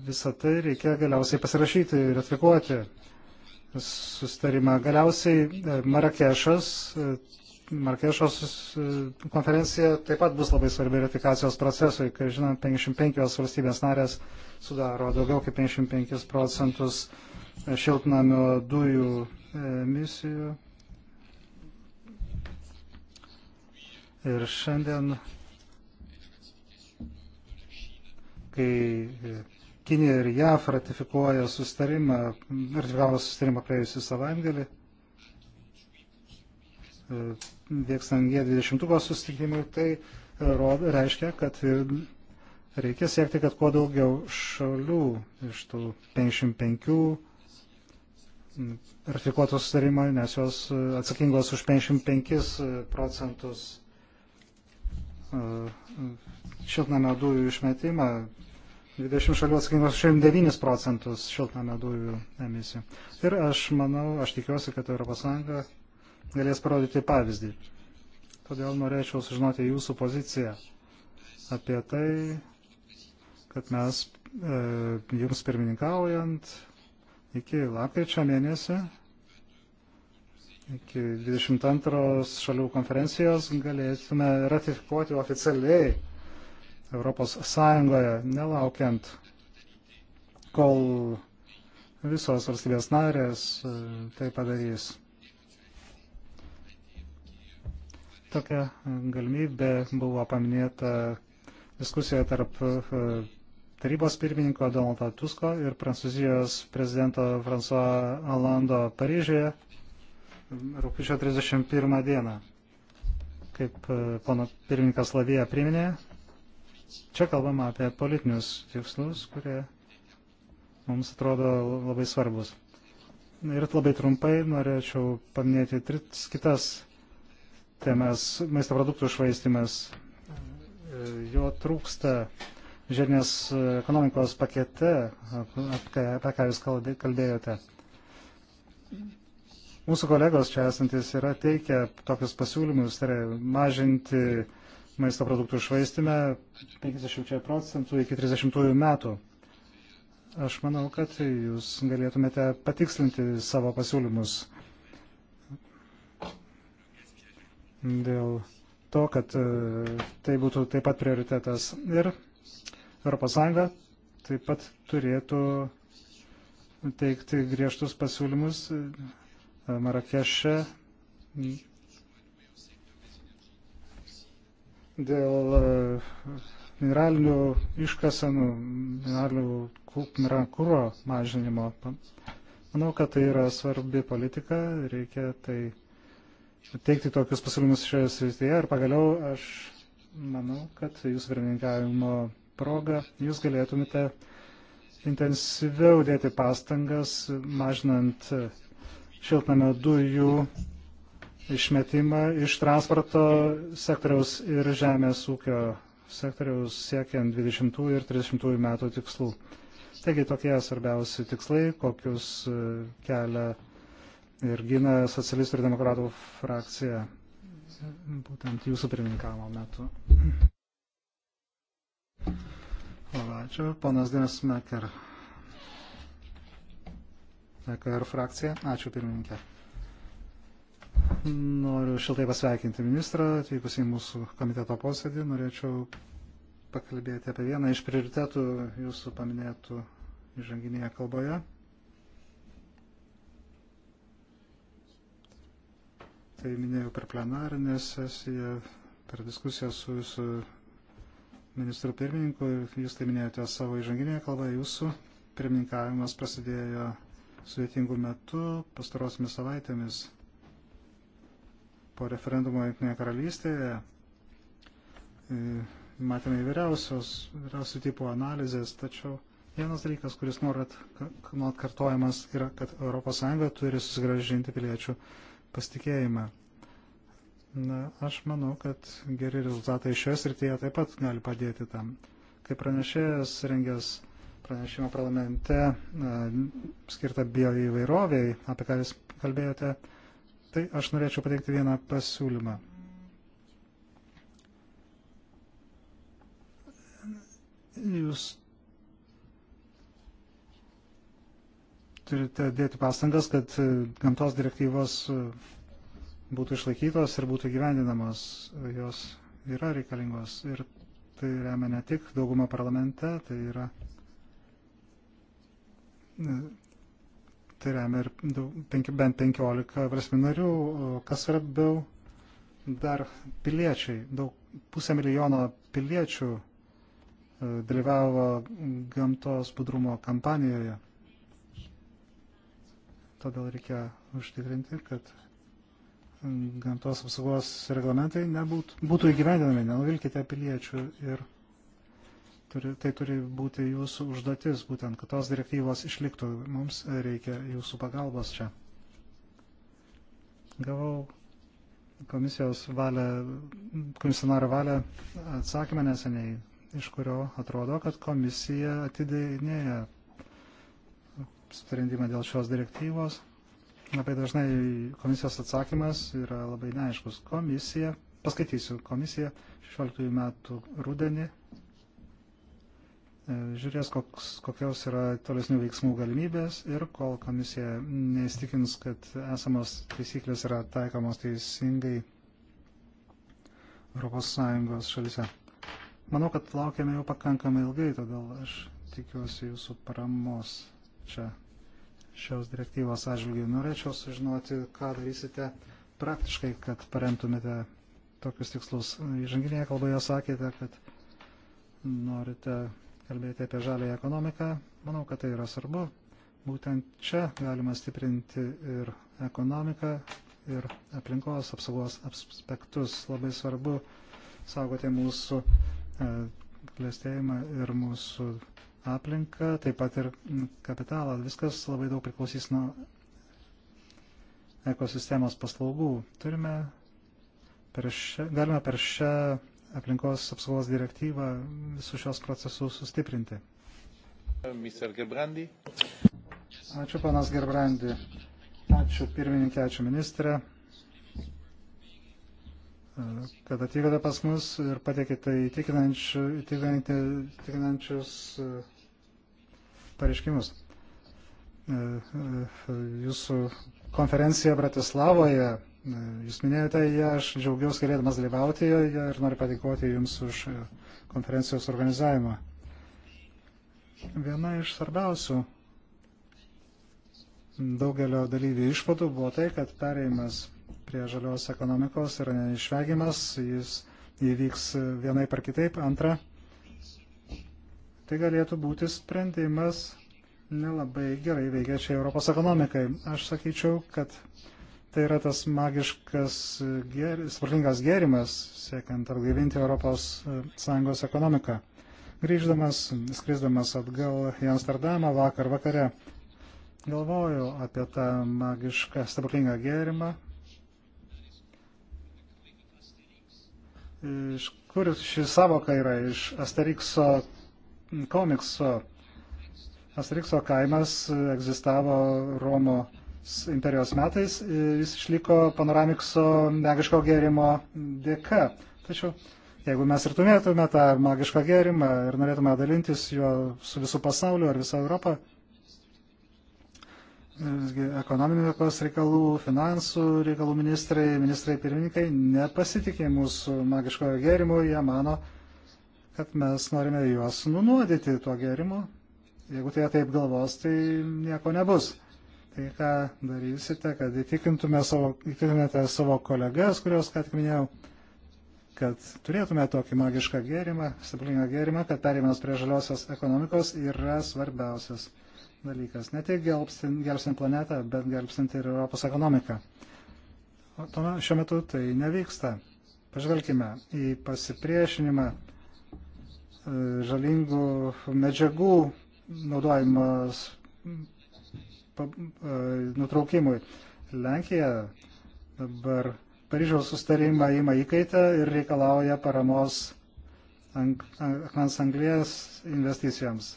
visą tai reikia galiausiai pasirašyti ir atlikuoti sustarimą. Galiausiai e, Marakešas, e, Marakešos e, konferencija taip pat bus labai svarbi ratifikacijos procesui, kai žinom, 55 valstybės narės sudaro daugiau kaip 55 procentus šiltnamio dujų emisijų. Ir šiandien, kai Kinija ir JAF ratifikuoja sustarimą, ratifikavo sustarimą praėjusį savaitgalį. E, Vykstant G20 sustikimui, tai e, reiškia, kad reikia siekti, kad kuo daugiau šalių iš tų 55 ratifikuotų sustarimą, nes jos e, atsakingos už 55 procentus šiltnamio dujų išmetimą 20 šalių atsakingos 69 procentus šiltnamio dujų emisijų. Ir aš manau, aš tikiuosi, kad ES galės parodyti pavyzdį. Todėl norėčiau sužinoti jūsų poziciją apie tai, kad mes e, jums pirmininkaujant iki lapkričio mėnesio, iki 22 šalių konferencijos galėtume ratifikuoti oficialiai Europos Sąjungoje, nelaukiant, kol visos valstybės narės e, tai padarys. Tokia galimybė buvo paminėta diskusijoje tarp e, tarybos pirmininko Donaldo Tusko ir prancūzijos prezidento François Hollando Paryžėje rūpiučio 31 dieną. Kaip e, pono pirmininkas Lavija priminė, Čia kalbama apie politinius tikslus, kurie mums atrodo labai svarbus. Ir labai trumpai norėčiau paminėti tris kitas temas. Maisto produktų švaistimas. Jo trūksta žiedinės ekonomikos pakete, apie, apie ką jūs kalbėjote. Mūsų kolegos čia esantis yra teikę tokius pasiūlymus, tai yra mažinti maisto produktų išvaistime 50 procentų iki 30 metų. Aš manau, kad jūs galėtumėte patikslinti savo pasiūlymus dėl to, kad e, tai būtų taip pat prioritetas. Ir ES taip pat turėtų teikti griežtus pasiūlymus e, Marakeše dėl e, mineralinių iškasenų, mineralinių kūro mažinimo. Manau, kad tai yra svarbi politika, reikia tai teikti tokius pasiūlymus šioje srityje ir pagaliau aš manau, kad jūs verininkavimo proga jūs galėtumėte intensyviau dėti pastangas, mažinant šiltnamio dujų išmetimą iš transporto sektoriaus ir žemės ūkio sektoriaus siekiant 20 ir 30 metų tikslų. Taigi tokie svarbiausi tikslai, kokius e, kelia ir gina socialistų ir demokratų frakcija būtent jūsų pirmininkavimo metu. Labai ačiū. Ponas Dienas Meker. EKR frakcija. Ačiū pirmininkė. Noriu šiltai pasveikinti ministrą, atvykus į mūsų komiteto posėdį. Norėčiau pakalbėti apie vieną iš prioritetų jūsų paminėtų įžanginėje kalboje. Tai minėjau per plenarinę sesiją, per diskusiją su jūsų ministru pirmininku. Jūs tai minėjote savo įžanginėje kalboje. Jūsų pirmininkavimas prasidėjo sudėtingų metų pastarosiamis savaitėmis po referendumo Junktinėje karalystėje e, matėme įvairiausios, įvairiausių tipų analizės, tačiau vienas dalykas, kuris nuolat kartojamas, yra, kad ES turi susigražinti piliečių pasitikėjimą. Na, aš manau, kad geri rezultatai šioje srityje taip pat gali padėti tam. Kaip pranešėjas rengęs pranešimą parlamente skirtą bioįvairoviai, apie ką jūs kalbėjote, tai aš norėčiau pateikti vieną pasiūlymą. Jūs turite dėti pastangas, kad gamtos direktyvos būtų išlaikytos ir būtų gyvendinamos. Jos yra reikalingos ir tai remia ne tik dauguma parlamente, tai yra tai remia ir penki, bent 15 valstybių narių, kas svarbiau, dar piliečiai, daug pusę milijono piliečių e, dalyvavo gamtos budrumo kampanijoje. Todėl reikia užtikrinti, kad gamtos apsaugos reglamentai nebūtų, būtų įgyvendinami, nenuvilkite piliečių ir turi, tai turi būti jūsų užduotis, būtent, kad tos direktyvos išliktų. Mums reikia jūsų pagalbos čia. Gavau komisijos valią, komisionaro valią atsakymą neseniai, iš kurio atrodo, kad komisija atidėinėja sprendimą dėl šios direktyvos. Labai dažnai komisijos atsakymas yra labai neaiškus. Komisija, paskaitysiu, komisija 16 metų rudenį E, žiūrės, koks, kokios yra tolesnių veiksmų galimybės ir kol komisija neįstikins, kad esamos taisyklės yra taikomos teisingai ES šalise. Manau, kad laukiame jau pakankamai ilgai, todėl aš tikiuosi jūsų paramos čia šios direktyvos atžvilgių. Norėčiau sužinoti, ką darysite praktiškai, kad paremtumėte tokius tikslus. Įžanginėje kalboje sakėte, kad norite kalbėti apie žalę ekonomiką. Manau, kad tai yra svarbu. Būtent čia galima stiprinti ir ekonomiką, ir aplinkos apsaugos aspektus. Labai svarbu saugoti mūsų e, klėstėjimą ir mūsų aplinką, taip pat ir kapitalą. Viskas labai daug priklausys nuo ekosistemos paslaugų. Turime per šią, galime per šią aplinkos apsaugos direktyvą visus šios procesus sustiprinti. Ačiū, panas Gerbrandi. Ačiū pirmininkė, ačiū ministrė, kad atvykote pas mus ir pateikite įtikinančius e, pareiškimus. E, e, jūsų konferencija Bratislavoje Jūs minėjote ją, aš džiaugiausi galėdamas dalyvauti joje ir noriu padėkoti Jums už e, konferencijos organizavimą. Viena iš svarbiausių daugelio dalyvių išvadų buvo tai, kad pereimas prie žalios ekonomikos yra neišvegimas, jis įvyks vienai par kitaip. Antra, tai galėtų būti sprendimas nelabai gerai veikiačiai Europos ekonomikai. Aš sakyčiau, kad Tai yra tas magiškas, gėri, svartingas gėrimas, siekiant atgaivinti ES e, ekonomiką. Grįždamas, skrisdamas atgal į Amsterdamą vakar vakare, galvojau apie tą magišką, stebuklingą gėrimą. Iš kur ši savoka yra? Iš Asterikso komikso. Asterikso kaimas e, egzistavo Romo imperijos metais jis išliko panoramikso magiško gėrimo dėka. Tačiau jeigu mes ir turėtume tą magišką gėrimą ir norėtume dalintis juo su visų pasauliu ar visą Europą, ekonomikos reikalų, finansų reikalų ministrai, ministrai pirmininkai nepasitikė mūsų magiškojo gėrimu, jie mano, kad mes norime juos nunuodyti tuo gėrimu. Jeigu tai taip galvos, tai nieko nebus. Tai ką darysite, kad įtikintume savo, įtikintumėte savo kolegas, kuriuos ką tik minėjau, kad turėtume tokį magišką gėrimą, stebuklingą gėrimą, kad perėjimas prie žaliosios ekonomikos yra svarbiausias dalykas. Ne tik gelbstint, gelbstint planetą, bet gelbstint ir Europos ekonomiką. O tuome, šiuo metu tai nevyksta. Pažvelkime į pasipriešinimą e, žalingų medžiagų naudojimas E, nutraukimui. Lenkija dabar Paryžiaus sustarimą įma įkaitę ir reikalauja paramos akmens ang, ang, anglės investicijoms.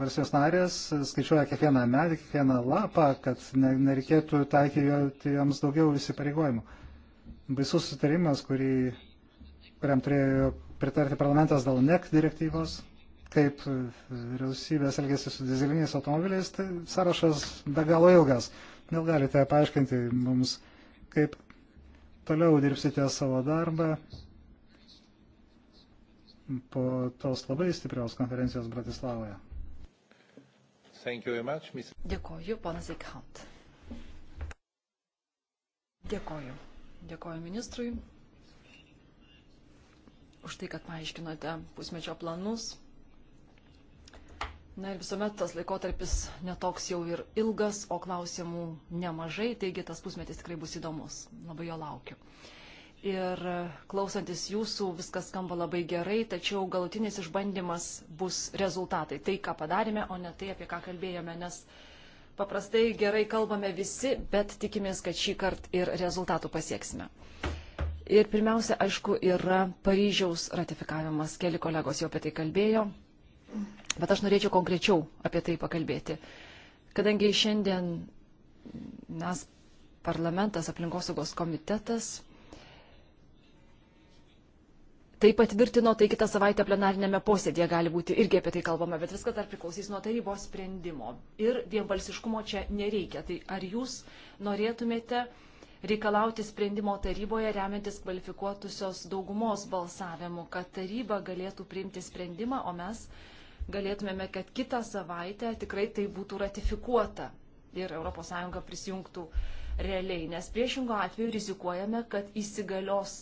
Varsijos narės skaičiuoja kiekvieną medį, kiekvieną lapą, kad ne, nereikėtų taikyti joms daugiau įsipareigojimų. Baisus sutarimas, kurį, kuriam turėjo pritarti parlamentas dėl NEC direktyvos, kaip vyriausybės elgesi su dizeliniais automobiliais, tai sąrašas be galo ilgas. Gal galite paaiškinti mums, kaip toliau dirbsite savo darbą po tos labai stiprios konferencijos Bratislavoje. Much, Ms... Dėkoju, ponas Eikhaut. Dėkoju. Dėkoju ministrui už tai, kad paaiškinote pusmečio planus Na ir visuomet tas laikotarpis netoks jau ir ilgas, o klausimų nemažai, taigi tas pusmetis tikrai bus įdomus. Labai jo laukiu. Ir e, klausantis jūsų, viskas skamba labai gerai, tačiau galutinis išbandymas bus rezultatai. Tai, ką padarėme, o ne tai, apie ką kalbėjome, nes paprastai gerai kalbame visi, bet tikimės, kad šį kartą ir rezultatų pasieksime. Ir pirmiausia, aišku, yra Paryžiaus ratifikavimas. Keli kolegos jau apie tai kalbėjo. Bet aš norėčiau konkrečiau apie tai pakalbėti. Kadangi šiandien mes parlamentas, aplinkosaugos komitetas, tai patvirtino, tai kitą savaitę plenarinėme posėdėje gali būti irgi apie tai kalbama, bet viskas dar priklausys nuo tarybos sprendimo. Ir vienbalsiškumo čia nereikia. Tai ar jūs norėtumėte reikalauti sprendimo taryboje remiantis kvalifikuotusios daugumos balsavimu, kad taryba galėtų priimti sprendimą, o mes galėtumėme, kad kitą savaitę tikrai tai būtų ratifikuota ir ES prisijungtų realiai, nes priešingo atveju rizikuojame, kad įsigalios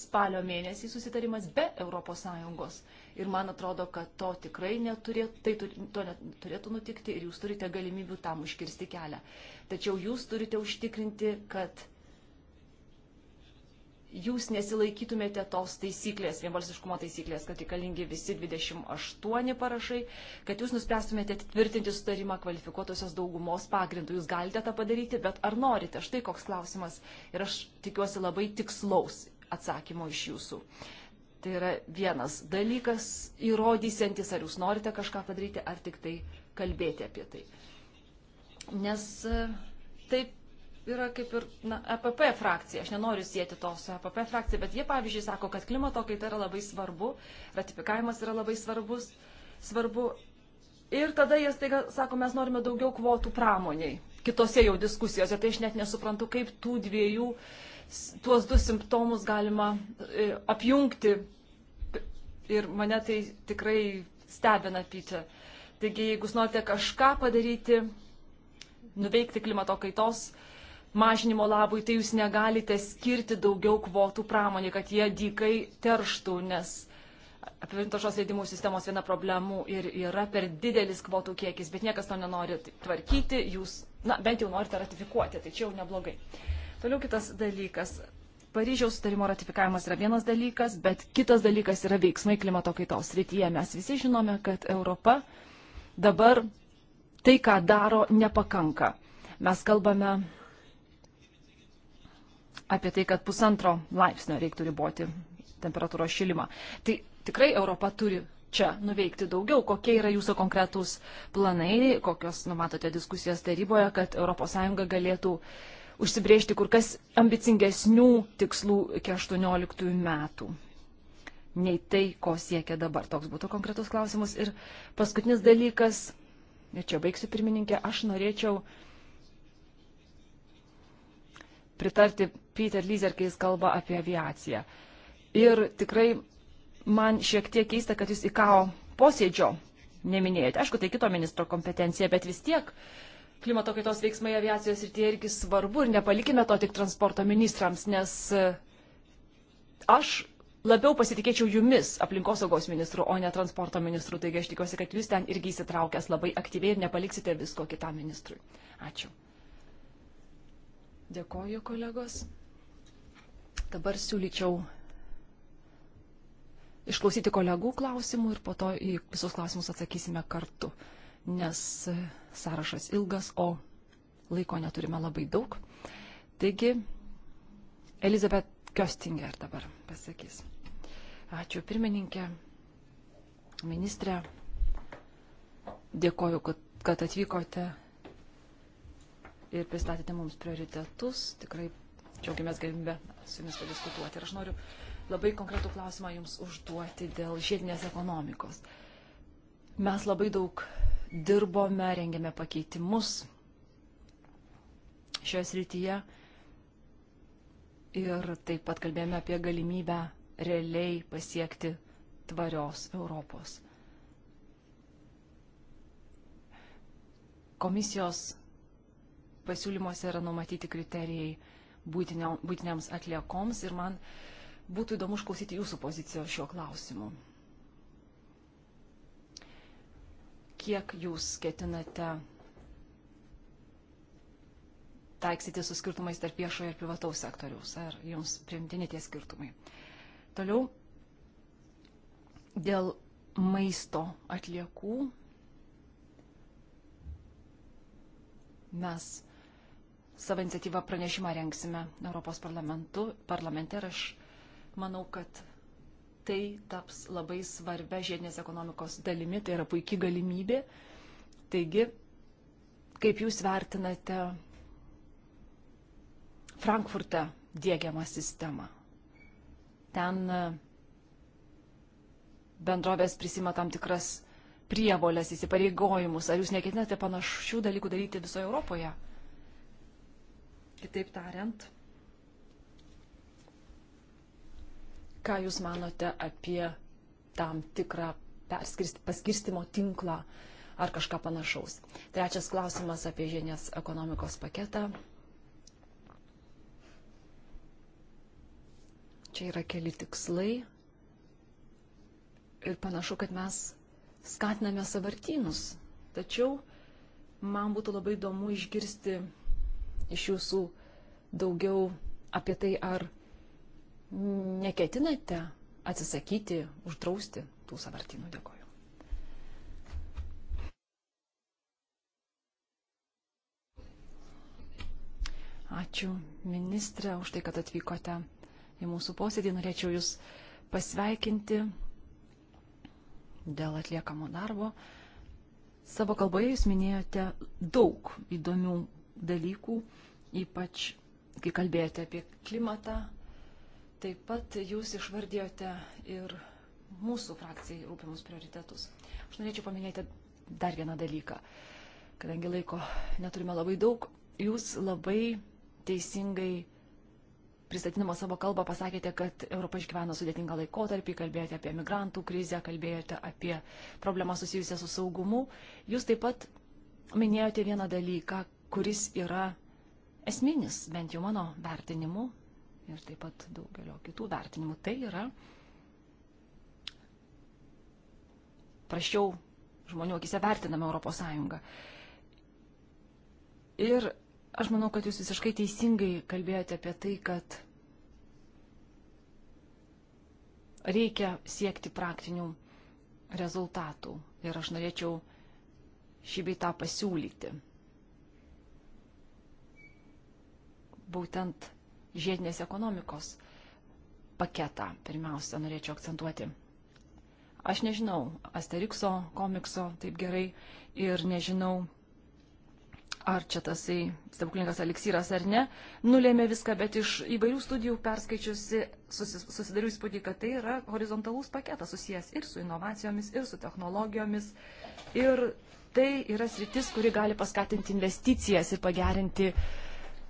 spalio mėnesį susitarimas be ES. Ir man atrodo, kad to tikrai neturėtų, tai to neturėtų nutikti ir jūs turite galimybių tam užkirsti kelią. Tačiau jūs turite užtikrinti, kad jūs nesilaikytumėte tos taisyklės, vienbalsiškumo taisyklės, kad reikalingi visi 28 parašai, kad jūs nuspręstumėte tvirtinti sutarimą kvalifikuotosios daugumos pagrindų. Jūs galite tą padaryti, bet ar norite? Štai koks klausimas. Ir aš tikiuosi labai tikslaus atsakymo iš jūsų. Tai yra vienas dalykas įrodysiantis, ar jūs norite kažką padaryti, ar tik tai kalbėti apie tai. Nes e, taip yra kaip ir na, EPP frakcija. Aš nenoriu sėti to su EPP frakcija, bet jie, pavyzdžiui, sako, kad klimato kaita yra labai svarbu, ratifikavimas yra labai svarbus, svarbu. Ir tada jie staiga sako, mes norime daugiau kvotų pramoniai. Kitose jau diskusijose, tai aš net nesuprantu, kaip tų dviejų, tuos du simptomus galima e, apjungti. Ir mane tai tikrai stebina pyčia. Taigi, jeigu norite kažką padaryti, nuveikti klimato kaitos, mažinimo labui, tai jūs negalite skirti daugiau kvotų pramonė, kad jie dykai terštų, nes apivintašos leidimų sistemos viena problemų ir yra per didelis kvotų kiekis, bet niekas to nenori tvarkyti, jūs, na, bent jau norite ratifikuoti, tai čia jau neblogai. Toliau kitas dalykas. Paryžiaus sutarimo ratifikavimas yra vienas dalykas, bet kitas dalykas yra veiksmai klimato kaitos rytyje. Mes visi žinome, kad Europa dabar tai, ką daro, nepakanka. Mes kalbame apie tai, kad pusantro laipsnio reiktų riboti temperatūros šilimą. Tai tikrai Europa turi čia nuveikti daugiau. Kokie yra jūsų konkretūs planai, kokios numatote diskusijas taryboje, kad ES galėtų užsibriežti kur kas ambicingesnių tikslų iki 18 metų nei tai, ko siekia dabar. Toks būtų konkretus klausimas. Ir paskutinis dalykas, ir čia baigsiu pirmininkė, aš norėčiau uh, pritarti Peter Lyzer, kai jis kalba apie aviaciją. Ir tikrai man šiek tiek keista, kad jūs į KAO posėdžio neminėjote. Aišku, tai kito ministro kompetencija, bet vis tiek klimato kaitos veiksmai aviacijos ir tie irgi svarbu ir nepalikime to tik transporto ministrams, nes e, aš labiau pasitikėčiau jumis, aplinkosaugos ministru, o ne transporto ministru, taigi aš tikiuosi, kad jūs ten irgi įsitraukęs labai aktyviai ir nepaliksite visko kitam ministrui. Ačiū. Dėkoju, kolegos. Dabar siūlyčiau išklausyti kolegų klausimų ir po to į visus klausimus atsakysime kartu, nes sąrašas ilgas, o laiko neturime labai daug. Taigi, Elizabeth Köstinger dabar pasakys. Ačiū pirmininkė, ministrė. Dėkoju, kad, kad atvykote ir pristatėte mums prioritetus. Tikrai džiaugiamės galimybę su jumis padiskutuoti. Ir aš noriu labai konkretų klausimą jums užduoti dėl žiedinės ekonomikos. Mes labai daug dirbome, rengėme pakeitimus šioje srityje ir taip pat kalbėjome apie galimybę realiai pasiekti tvarios Europos. Komisijos pasiūlymuose yra numatyti kriterijai būtinio, būtiniams atliekoms ir man būtų įdomu išklausyti jūsų pozicijos šiuo klausimu. Kiek jūs ketinate taiksyti su skirtumais tarp viešojo ir privataus sektoriaus? Ar jums primtini tie skirtumai? Toliau, dėl maisto atliekų mes savo iniciatyvą pranešimą rengsime Europos parlamente ir aš manau, kad tai taps labai svarbia žiedinės ekonomikos dalimi, tai yra puikia galimybė. Taigi, kaip jūs vertinate Frankfurtą dėgiamą sistemą? Ten bendrovės prisima tam tikras prievolės įsipareigojimus. Ar jūs neketinate panašių dalykų daryti visoje Europoje? Kitaip tariant, ką Jūs manote apie tam tikrą paskirstimo tinklą ar kažką panašaus? Trečias klausimas apie žienės ekonomikos paketą. Čia yra keli tikslai ir panašu, kad mes skatiname savartynus. Tačiau man būtų labai įdomu išgirsti iš jūsų daugiau apie tai, ar neketinate atsisakyti, uždrausti tų savartynų. Dėkoju. Ačiū ministrė už tai, kad atvykote į mūsų posėdį. Norėčiau Jūs pasveikinti dėl atliekamo darbo. Savo kalboje Jūs minėjote daug įdomių dalykų, ypač kai kalbėjote apie klimatą. Taip pat jūs išvardėjote ir mūsų frakcijai rūpimus prioritetus. Aš norėčiau paminėti dar vieną dalyką, kadangi laiko neturime labai daug. Jūs labai teisingai pristatydama savo kalbą pasakėte, kad Europa išgyveno sudėtingą laikotarpį, kalbėjote apie migrantų krizę, kalbėjote apie problemą susijusią su saugumu. Jūs taip pat minėjote vieną dalyką, kuris yra esminis, bent jau mano vertinimu ir taip pat daugelio kitų vertinimų. Tai yra prašiau žmonių akise vertiname Europos Sąjungą. Ir aš manau, kad jūs visiškai teisingai kalbėjote apie tai, kad reikia siekti praktinių rezultatų. Ir aš norėčiau šį beitą pasiūlyti. būtent žiedinės ekonomikos paketą pirmiausia norėčiau akcentuoti. Aš nežinau Asterikso komikso taip gerai ir nežinau, ar čia tasai stebuklingas eliksyras ar ne, nulėmė viską, bet iš įvairių studijų perskaičiusi susidariu įspūdį, kad tai yra horizontalus paketas susijęs ir su inovacijomis, ir su technologijomis, ir tai yra sritis, kuri gali paskatinti investicijas ir pagerinti uh,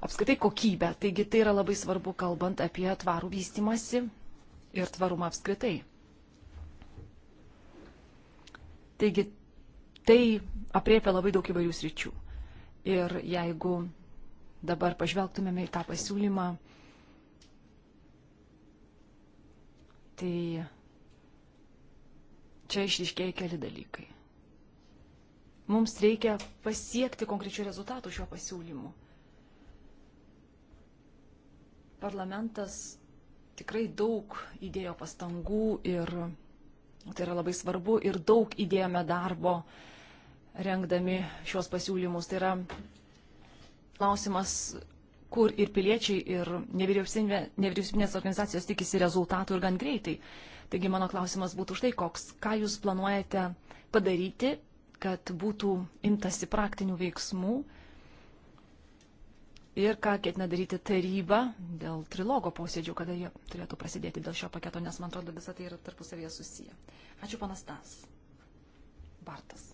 apskaitai kokybę. Taigi tai yra labai svarbu, kalbant apie tvarų vystimasi ir tvarumą apskritai. Taigi tai apriepia labai daug įvairių sričių. Ir jeigu dabar pažvelgtumėme į tą pasiūlymą, tai čia išriškėja keli dalykai. Mums reikia pasiekti konkrečių rezultatų šiuo pasiūlymu. Parlamentas tikrai daug įdėjo pastangų ir tai yra labai svarbu ir daug įdėjome darbo rengdami šios pasiūlymus. Tai yra klausimas, kur ir piliečiai, ir nevyriausybinės organizacijos tikisi rezultatų ir gan greitai. Taigi mano klausimas būtų štai koks. Ką jūs planuojate padaryti, kad būtų imtasi praktinių veiksmų? ir ką ketina daryti taryba dėl trilogo posėdžių, kada jie turėtų prasidėti dėl šio paketo, nes man atrodo visą tai yra tarpusavėje susiję. Ačiū panas Tas. Bartas.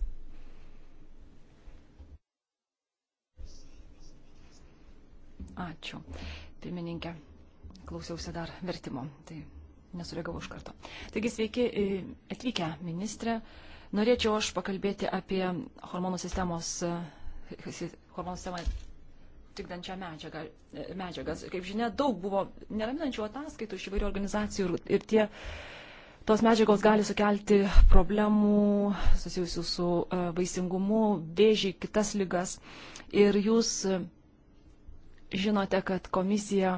Ačiū. Pirmininkė, klausiausi dar vertimo, tai nesureagavau iš karto. Taigi sveiki e, atvykę, ministrė. Norėčiau aš pakalbėti apie hormonų sistemos e, hormonų sistemą tikdančią medžiagą, medžiagas. Kaip žinia, daug buvo neraminančių ataskaitų iš įvairių organizacijų ir, ir tie, tos medžiagos gali sukelti problemų susijusių su e, vaisingumu, vėžį, kitas lygas. Ir jūs e, žinote, kad komisija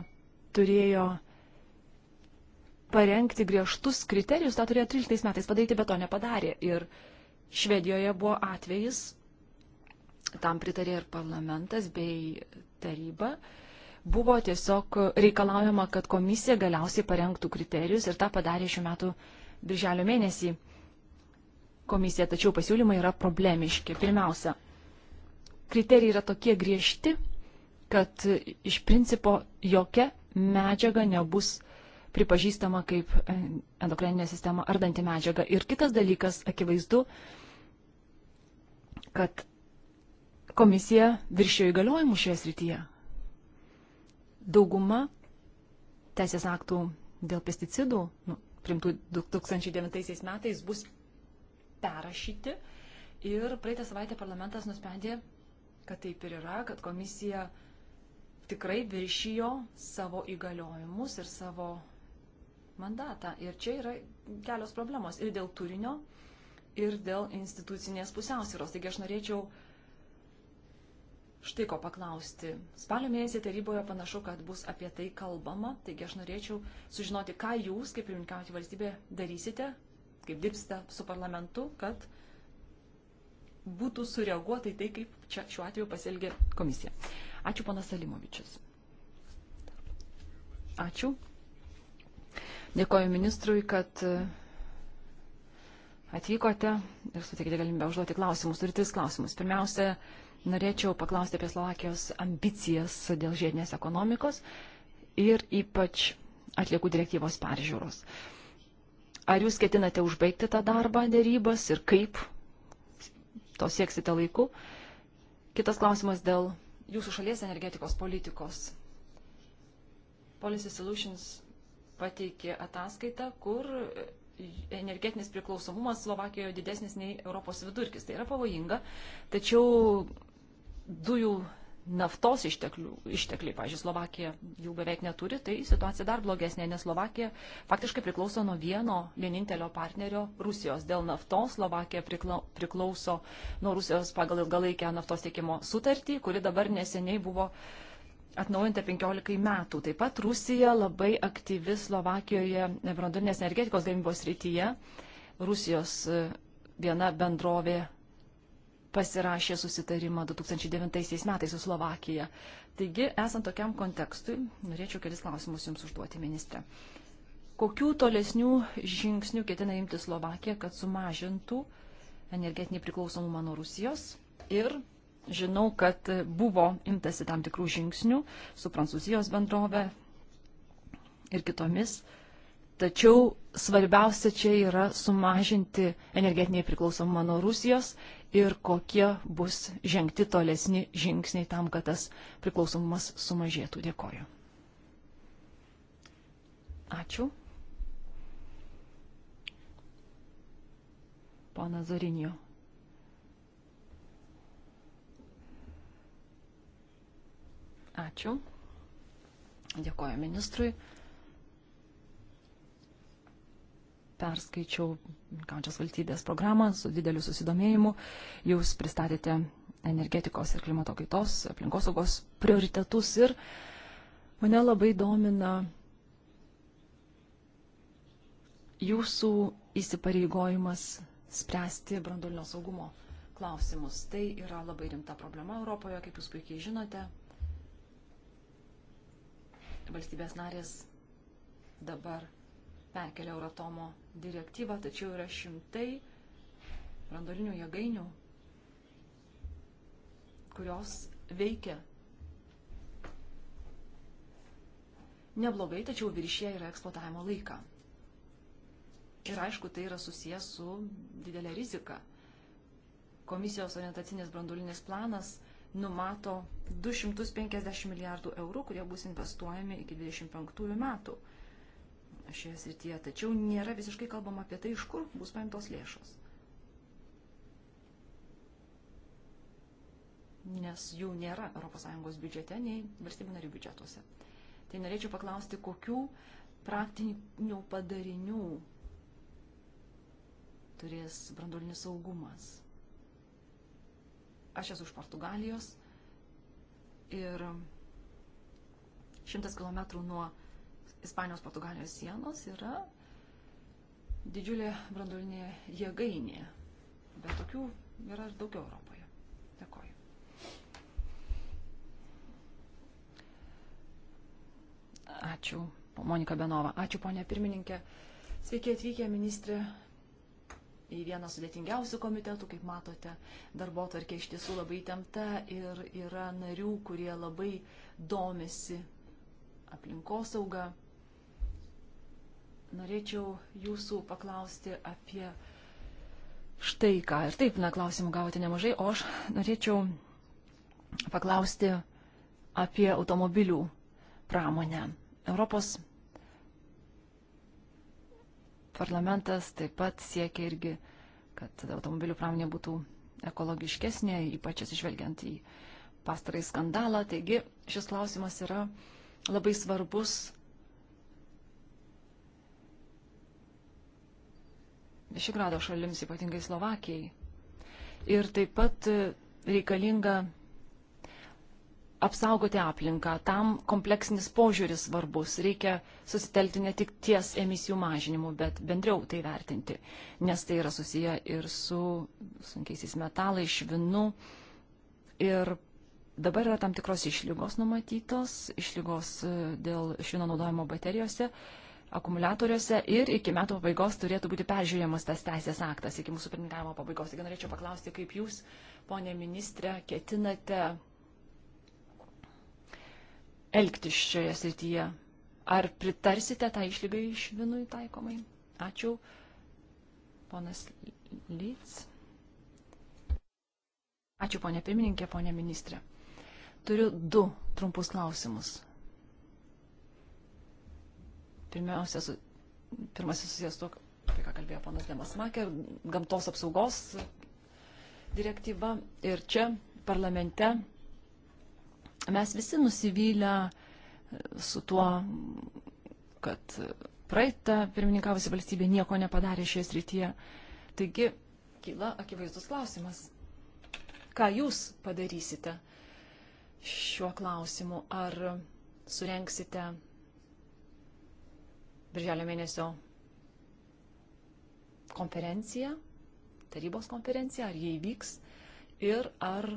turėjo parengti griežtus kriterijus, tą turėjo 13 metais padaryti, bet to nepadarė. Ir Švedijoje buvo atvejis, tam pritarė ir parlamentas bei taryba, buvo tiesiog reikalaujama, kad komisija galiausiai parengtų kriterijus ir tą padarė šiuo metu birželio mėnesį komisija, tačiau pasiūlymai yra problemiški. Pirmiausia, kriterijai yra tokie griežti, kad iš principo jokia medžiaga nebus pripažįstama kaip endokrininė sistema ardanti medžiaga. Ir kitas dalykas, akivaizdu, kad komisija viršėjo įgaliojimų šioje srityje. Dauguma teisės aktų dėl pesticidų, nu, primtų 2009 metais, bus perrašyti. Ir praeitą savaitę parlamentas nusprendė, kad taip ir yra, kad komisija tikrai viršijo savo įgaliojimus ir savo mandatą. Ir čia yra kelios problemos ir dėl turinio, ir dėl institucinės pusiausvyros. Taigi aš norėčiau uh, štai ko paklausti. Spalio mėnesį taryboje panašu, kad bus apie tai kalbama, taigi aš norėčiau sužinoti, ką jūs, kaip pirmininkaujantį valstybę, darysite, kaip dirbsite su parlamentu, kad būtų sureaguota į tai, kaip čia šiuo atveju pasielgė komisija. Ačiū, panas Salimovičius. Ačiū. Dėkoju ministrui, kad atvykote ir suteikite galimybę užduoti klausimus. Turiu tris klausimus. Pirmiausia, Norėčiau paklausti apie Slovakijos ambicijas dėl žiedinės ekonomikos ir ypač atliekų direktyvos peržiūros. Ar jūs ketinate užbaigti tą darbą dėrybas ir kaip to sieksite laiku? Kitas klausimas dėl jūsų šalies energetikos politikos. Policy Solutions pateikė ataskaitą, kur energetinis priklausomumas Slovakijoje didesnis nei Europos vidurkis. Tai yra pavojinga, tačiau dujų naftos išteklių, ištekliai, pažiūrėjau, Slovakija jų beveik neturi, tai situacija dar blogesnė, nes Slovakija faktiškai priklauso nuo vieno vienintelio partnerio Rusijos. Dėl naftos Slovakija priklauso nuo Rusijos pagal ilgalaikę naftos tiekimo sutartį, kuri dabar neseniai buvo atnaujinta 15 metų. Taip pat Rusija labai aktyvi Slovakijoje branduolinės energetikos gamybos rytyje. Rusijos e, viena bendrovė pasirašė susitarimą 2009 metais su Slovakija. Taigi, esant tokiam kontekstui, norėčiau kelis klausimus Jums užduoti, ministrė. Kokių tolesnių žingsnių ketina imti Slovakija, kad sumažintų energetinį priklausomumą nuo Rusijos? Ir žinau, kad buvo imtasi tam tikrų žingsnių su Prancūzijos bendrove ir kitomis. Tačiau svarbiausia čia yra sumažinti energetinį priklausomumą nuo Rusijos ir kokie bus žengti tolesni žingsniai tam, kad tas priklausomumas sumažėtų. Dėkoju. Ačiū. Pana Zorinio. Ačiū. Dėkoju ministrui. perskaičiau Kančios valstybės programą su dideliu susidomėjimu. Jūs pristatėte energetikos ir klimato kaitos, aplinkosaugos prioritetus ir mane labai domina jūsų įsipareigojimas spręsti brandolinio saugumo klausimus. Tai yra labai rimta problema Europoje, kaip jūs puikiai žinote. Valstybės narės dabar perkelia Euratomo direktyvą, tačiau yra šimtai brandolinių jėgainių, kurios veikia neblogai, tačiau viršė yra eksploatavimo laiką. Ir aišku, tai yra susijęs su didelė rizika. Komisijos orientacinės brandulinis planas numato 250 milijardų eurų, kurie bus investuojami iki 25 metų šioje srityje, tačiau nėra visiškai kalbama apie tai, iš kur bus paimtos lėšos. Nes jų nėra ES biudžete, nei valstybių narių biudžetuose. Tai norėčiau paklausti, kokių praktinių padarinių turės branduolinis saugumas. Aš esu iš Portugalijos ir šimtas kilometrų nuo Ispanijos-Portugalijos sienos yra didžiulė branduolinė jėgainė. Bet tokių yra ir daugiau Europoje. Dėkoju. Ačiū, Monika Benova. Ačiū, ponė pirmininkė. Sveiki atvykę, ministrė, į vieną sudėtingiausių komitetų, kaip matote, darbo tvarkė iš tiesų labai įtempta ir yra narių, kurie labai domisi aplinkosauga. Norėčiau jūsų paklausti apie štai ką. Ir taip, na, klausimų gavote nemažai, o aš norėčiau paklausti apie automobilių pramonę. Europos parlamentas taip pat siekia irgi, kad automobilių pramonė būtų ekologiškesnė, ypač atsižvelgiant į pastarąjį skandalą. Taigi šis klausimas yra labai svarbus Višigrado šalims, ypatingai Slovakijai. Ir taip pat reikalinga apsaugoti aplinką. Tam kompleksinis požiūris svarbus. Reikia susitelti ne tik ties emisijų mažinimu, bet bendriau tai vertinti, nes tai yra susiję ir su sunkiaisiais metalais, švinu. Ir dabar yra tam tikros išlygos numatytos, išlygos e, dėl švino naudojimo baterijose. Uh, akumuliatoriuose ir iki metų pabaigos turėtų būti peržiūrėjamas tas teisės aktas iki mūsų pirmininkavimo pabaigos. Taigi norėčiau paklausti, kaip jūs, ponė ministrė, ketinate elgtis šioje srityje. Ar pritarsite tą tai išlygą iš vinui taikomai? Ačiū, ponas Lyts. Ačiū, ponė pirmininkė, ponė ministrė. Turiu du trumpus klausimus. Pirmiausia, su, pirmasis susijęs to, apie ką kalbėjo panas Demasmakė, gamtos apsaugos direktyva. Ir čia parlamente mes visi nusivylę e, su tuo, kad praeitą pirmininkavusi valstybė nieko nepadarė šioje srityje. Taigi kyla akivaizdus klausimas. Ką jūs padarysite šiuo klausimu? Ar surenksite birželio mėnesio konferencija, tarybos konferencija, ar jie įvyks ir ar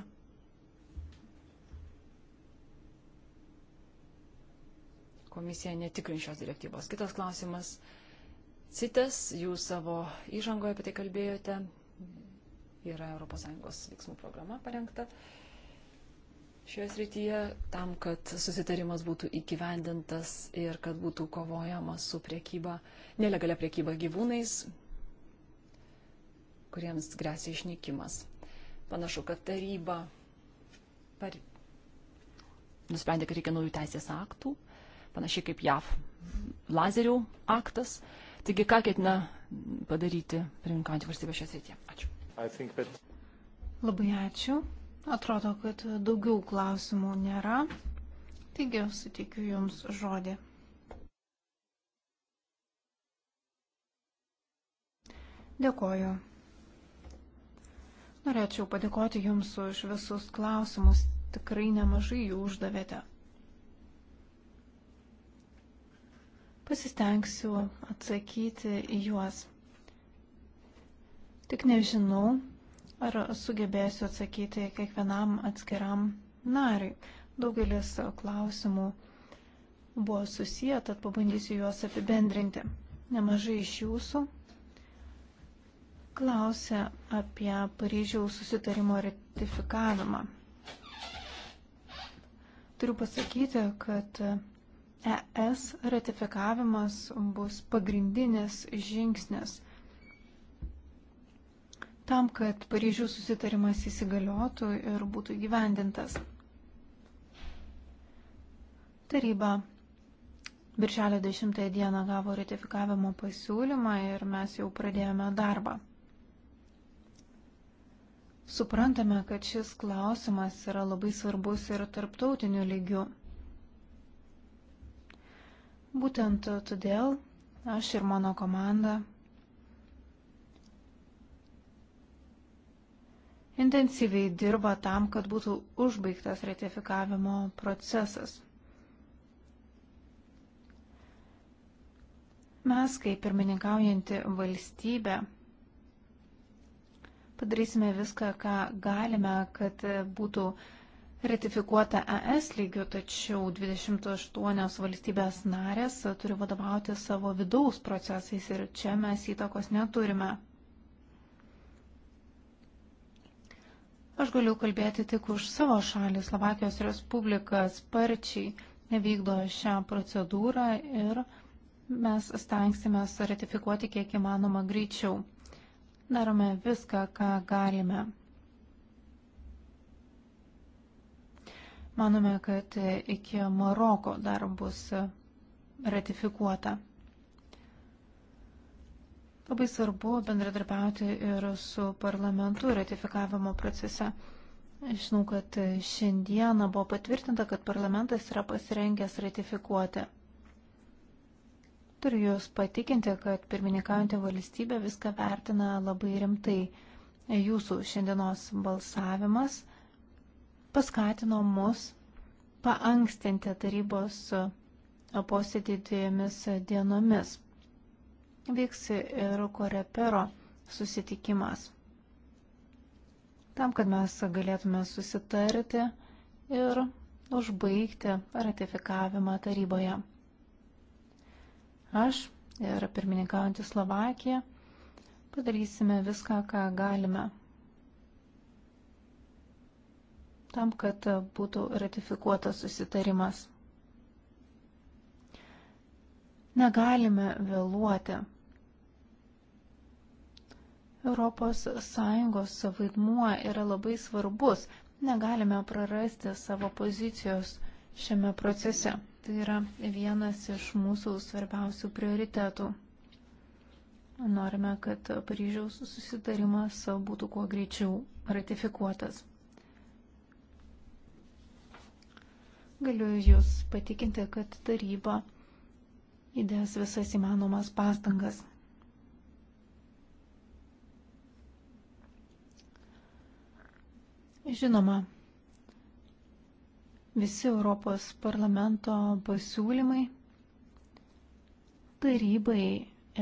komisija netikrins šios direktyvos. Kitas klausimas. CITES, jūs savo įžangoje apie tai kalbėjote, yra ES veiksmų programa parengta. Uh, šioje srityje tam, kad susitarimas būtų įgyvendintas ir kad būtų kovojama su priekyba, nelegalia priekyba gyvūnais, kuriems grėsia išnykimas. Panašu, kad taryba par... nusprendė, kad reikia naujų teisės aktų, panašiai kaip JAV lazerių aktas. Taigi, ką ketina padaryti pirmininkantį valstybę šią srityje? Ačiū. That... Labai ačiū. Atrodo, kad daugiau klausimų nėra. Taigi, suteikiu Jums žodį. Dėkoju. Norėčiau padėkoti Jums už visus klausimus. Tikrai nemažai jų uždavėte. Pasistengsiu atsakyti į juos. Tik nežinau, Ar sugebėsiu atsakyti kiekvienam atskiram nariui? Daugelis klausimų buvo susiję, tad pabandysiu juos apibendrinti. Nemažai iš jūsų klausė apie Paryžiaus susitarimo ratifikavimą. Turiu pasakyti, kad ES ratifikavimas bus pagrindinis žingsnis – tam, kad Paryžių susitarimas įsigaliotų ir būtų įgyvendintas. Taryba Birželio 10 dieną gavo ratifikavimo pasiūlymą ir mes jau pradėjome darbą. Suprantame, kad šis klausimas yra labai svarbus ir tarptautiniu lygiu. Būtent todėl aš ir mano komanda intensyviai dirba tam, kad būtų užbaigtas ratifikavimo procesas. Mes, kaip pirmininkaujanti valstybė, padarysime viską, ką galime, kad būtų ratifikuota ES lygiu, tačiau 28 valstybės narės turi vadovauti savo vidaus procesais ir čia mes įtakos neturime. Aš galiu kalbėti tik už savo šalį. Slovakijos Respublika sparčiai nevykdo šią procedūrą ir mes stengsime ratifikuoti kiek įmanoma greičiau. Darome viską, ką galime. Manome, kad iki Maroko dar bus ratifikuota. Labai svarbu bendradarbiauti ir su parlamentu ratifikavimo procese. Žinau, kad šiandieną buvo patvirtinta, kad parlamentas yra pasirengęs ratifikuoti. Turiu Jūs patikinti, kad pirmininkaujantį valstybę viską vertina labai rimtai. Jūsų šiandienos balsavimas paskatino mus paankstinti tarybos posėdį dviejomis dienomis vyks ir korepero susitikimas. Tam, kad mes galėtume susitarti ir užbaigti ratifikavimą taryboje. Aš ir pirmininkaujantį Slovakiją padarysime viską, ką galime, tam, kad būtų ratifikuotas susitarimas. Negalime vėluoti, ES vaidmuo yra labai svarbus. Negalime prarasti savo pozicijos šiame procese. Tai yra vienas iš mūsų svarbiausių prioritetų. Norime, kad Paryžiaus susitarimas būtų kuo greičiau ratifikuotas. Galiu Jūs patikinti, kad taryba įdės visas įmanomas pastangas Žinoma, visi Europos parlamento pasiūlymai tarybai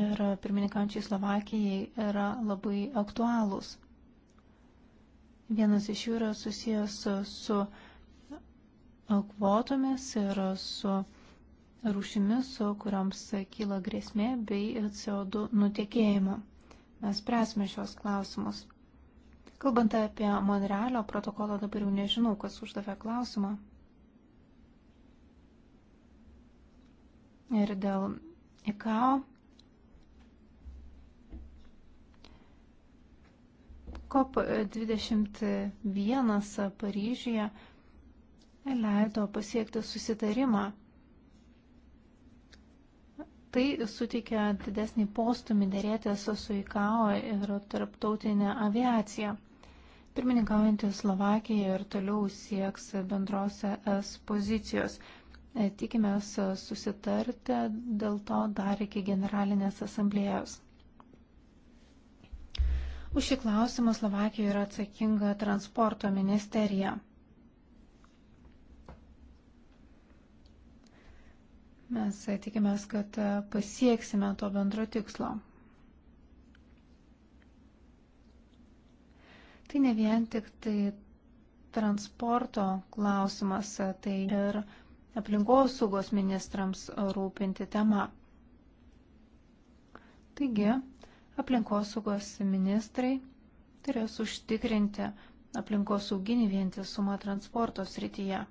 ir pirmininkančiai Slovakijai yra labai aktualūs. Vienas iš jų yra susijęs su kvotomis ir su rūšimis, su kuriams kyla grėsmė bei CO2 nutekėjimu. Mes presime šios klausimus. Kalbant apie Monrealio protokolą, dabar jau nežinau, kas uždavė klausimą. Ir dėl ICAO COP21 Paryžyje leido pasiekti susitarimą. Tai suteikia didesnį postumį dėrėtis su ICAO ir tarptautinė aviacija. Pirmininkaujantį Slovakiją ir toliau sieks bendros ES pozicijos. E, tikimės susitarti dėl to dar iki generalinės asamblėjos. Už šį klausimą Slovakijoje yra atsakinga transporto ministerija. Mes tikimės, kad pasieksime to bendro tikslo. Tai ne vien tik tai transporto klausimas, tai ir aplinkos saugos ministrams rūpinti tema. Taigi, aplinkos saugos ministrai turės užtikrinti aplinkos sauginį vientisumą transporto srityje.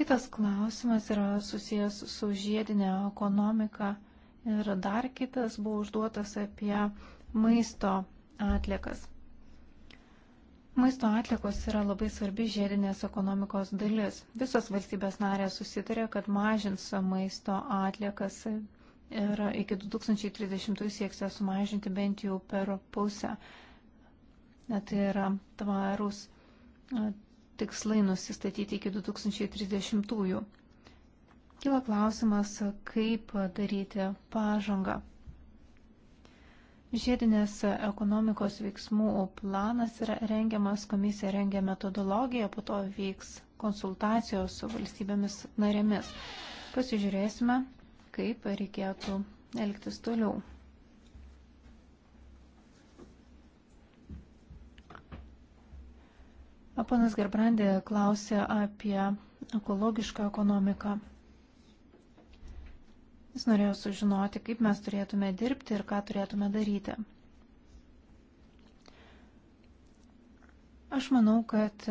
Kitas klausimas yra susijęs su žiedinė ekonomika Ir dar kitas buvo užduotas apie maisto atliekas. Maisto atlikos yra labai svarbi žiedinės ekonomikos dalis. Visos valstybės narės susitarė, kad mažins maisto atliekas ir iki 2030 sieksė sumažinti bent jau per pusę. Tai yra tvarus tikslai nusistatyti iki 2030. -ųjų kyla klausimas, kaip daryti pažangą. Žiedinės ekonomikos veiksmų planas yra rengiamas, komisija rengia metodologiją, po to vyks konsultacijos su valstybėmis narėmis. Pasižiūrėsime, kaip reikėtų elgtis toliau. Panas Gerbrandė klausė apie ekologišką ekonomiką. Jis norėjo sužinoti, kaip mes turėtume dirbti ir ką turėtume daryti. Aš manau, kad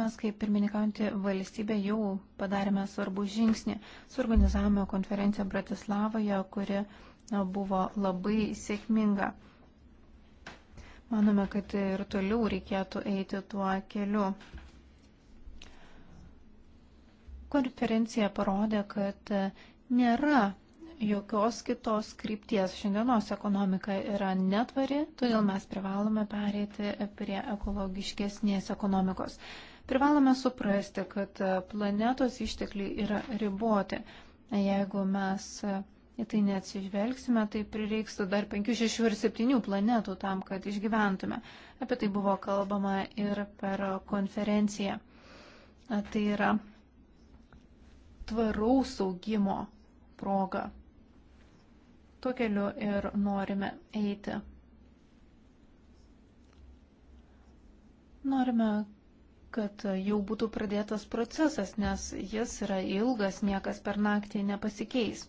mes kaip pirmininkaujantį valstybę jau padarėme svarbų žingsnį. Suorganizavome konferenciją Bratislavoje, kuri buvo labai sėkminga. Manome, kad ir toliau reikėtų eiti tuo keliu. Konferencija parodė, kad nėra jokios kitos krypties. Šiandienos ekonomika yra netvari, todėl mes privalome pereiti prie ekologiškesnės ekonomikos. Privalome suprasti, kad planetos ištekliai yra riboti. Jeigu mes į tai neatsižvelgsime, tai prireiks dar 5, 6 ir 7 planetų tam, kad išgyventume. Apie tai buvo kalbama ir per konferenciją. Tai yra tvaraus augimo proga. Tuo keliu ir norime eiti. Norime, kad jau būtų pradėtas procesas, nes jis yra ilgas, niekas per naktį nepasikeis.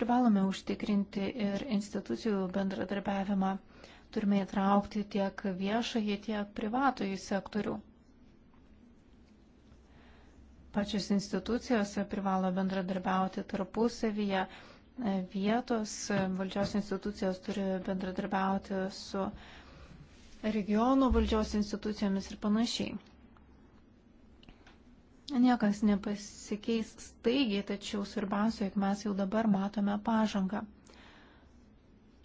Privalome užtikrinti ir institucijų bendradarbiavimą. Turime įtraukti tiek viešąjį, tiek privatojų sektorių. Pačios institucijos privalo bendradarbiauti tarpusavyje vietos valdžios institucijos turi bendradarbiauti su regionų valdžios institucijomis ir panašiai. Niekas nepasikeis staigiai, tačiau svarbiausia, jog mes jau dabar matome pažangą.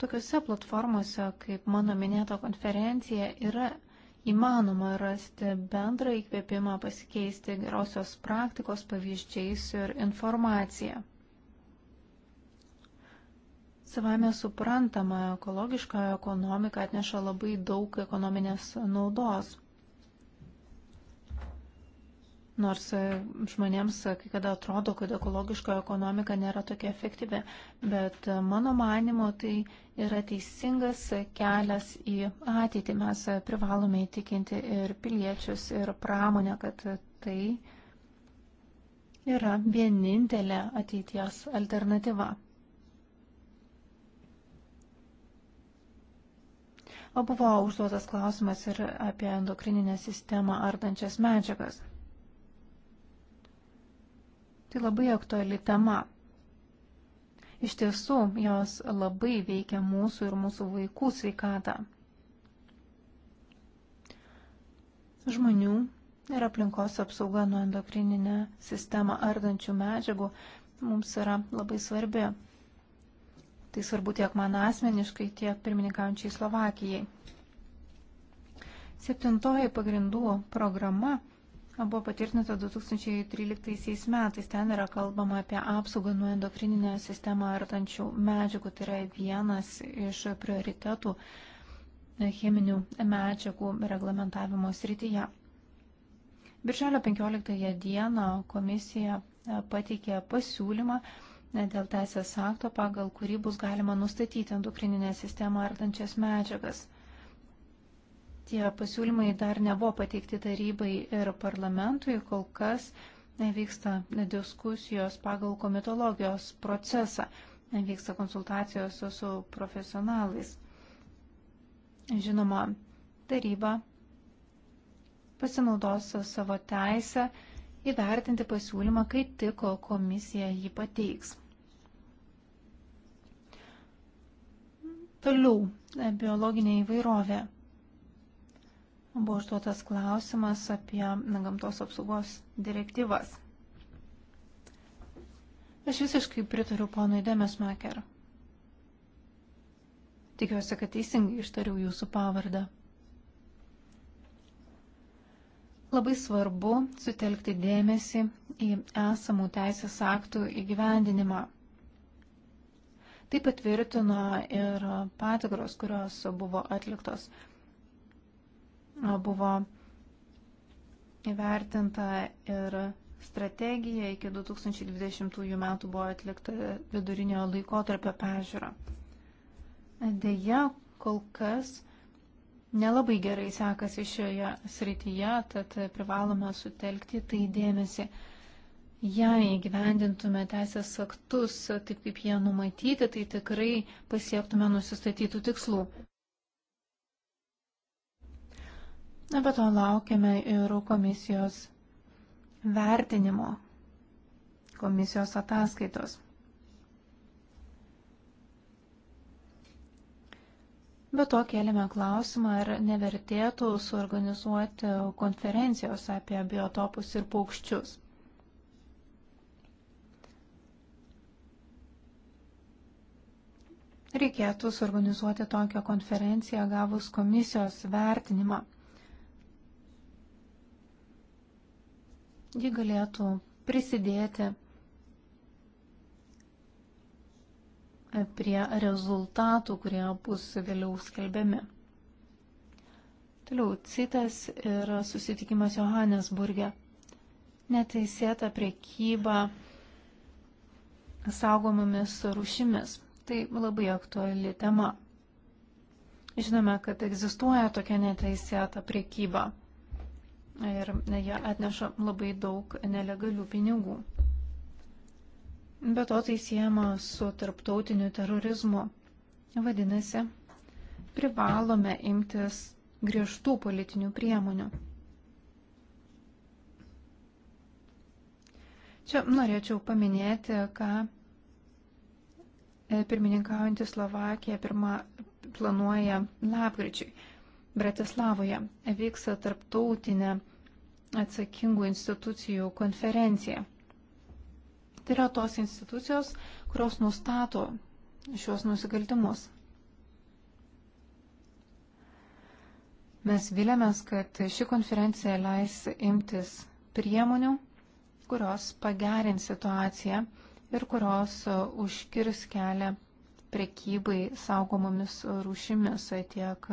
Tokiuose platformose, kaip mano minėta konferencija, yra įmanoma rasti bendrą įkvėpimą pasikeisti gerosios praktikos pavyzdžiais ir informaciją. Savame suprantama, ekologiška ekonomika atneša labai daug ekonominės naudos. Nors e, žmonėms e, kai kada atrodo, kad ekologiška ekonomika nėra tokia efektyvi, bet e, mano manimo tai yra teisingas kelias į ateitį. Mes privalome įtikinti ir piliečius, ir pramonę, kad tai yra vienintelė ateities alternatyva. O buvo užduotas klausimas ir apie endokrininę sistemą ardančias medžiagas. Tai labai aktuali tema. Iš tiesų, jos labai veikia mūsų ir mūsų vaikų sveikatą. Žmonių ir aplinkos apsauga nuo endokrininę sistemą ardančių medžiagų mums yra labai svarbi. Tai svarbu tiek man asmeniškai, tiek pirmininkaujančiai Slovakijai. Septintoji pagrindų programa buvo patvirtinta 2013 metais. Ten yra kalbama apie apsaugą nuo endokrininę sistemą artančių medžiagų. Tai yra vienas iš prioritetų cheminių medžiagų reglamentavimo srityje. Birželio 15 dieną komisija pateikė pasiūlymą dėl teisės akto, pagal kurį bus galima nustatyti endokrininę sistemą ardančias medžiagas. Tie pasiūlymai dar nebuvo pateikti tarybai ir parlamentui, kol kas vyksta diskusijos pagal komitologijos procesą, vyksta konsultacijos su profesionalais. Žinoma, taryba pasinaudos savo teisę įvertinti pasiūlymą, kai tik komisija jį pateiks. Toliau, biologinė įvairovė. Buvo užduotas klausimas apie gamtos apsaugos direktyvas. Aš visiškai pritariu ponui Demesmaker. Tikiuosi, kad teisingai ištariau jūsų pavardą. Labai svarbu sutelkti dėmesį į esamų teisės aktų įgyvendinimą. Tai patvirtino ir patikros, kurios buvo atliktos. Buvo įvertinta ir strategija, iki 2020 metų buvo atlikta vidurinio laikotarpio pežiūra. Deja, kol kas nelabai gerai sekasi šioje srityje, tad privalome sutelkti tai dėmesį. Jei gyvendintume teisės aktus taip, kaip jie numatyti, tai tikrai pasiektume nusistatytų tikslų. Na, bet to laukiame ir komisijos vertinimo, komisijos ataskaitos. Be to kėlėme klausimą, ar nevertėtų suorganizuoti konferencijos apie biotopus ir paukščius. Reikėtų suorganizuoti tokią konferenciją gavus komisijos vertinimą. Ji galėtų prisidėti prie rezultatų, kurie bus vėliau skelbiami. Toliau, citas ir susitikimas Johannesburgė. Neteisėta priekyba saugomomis rūšimis. Tai labai aktuali tema. Žinome, kad egzistuoja tokia neteisėta priekyba ir jie atneša labai daug nelegalių pinigų. Be to tai siejama su tarptautiniu terorizmu. Vadinasi, privalome imtis griežtų politinių priemonių. Čia norėčiau paminėti, ką e, pirmininkaujantį Slovakiją pirma, planuoja lapkričiai. Bratislavoje vyksta tarptautinė atsakingų institucijų konferencija. Tai yra tos institucijos, kurios nustato šios nusikaltimus. Mes vilėmės, kad ši konferencija leis imtis priemonių, kurios pagerins situaciją ir kurios užkirs kelią prekybai saugomomis rūšimis tiek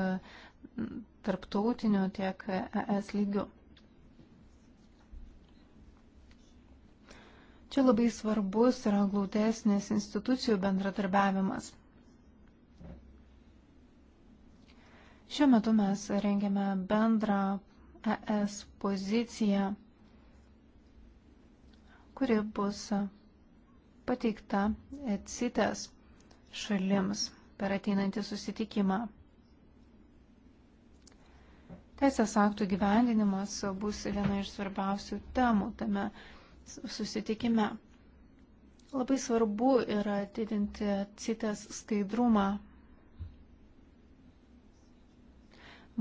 tarptautiniu, tiek ES lygiu. Čia labai svarbus yra glaudesnis institucijų bendradarbiavimas. Šiuo metu mes rengiame bendrą ES poziciją, kuri bus pateikta e CITES šalims per ateinantį susitikimą. Teisės aktų gyvendinimas bus viena iš svarbiausių temų tame susitikime. Labai svarbu yra didinti CITES skaidrumą.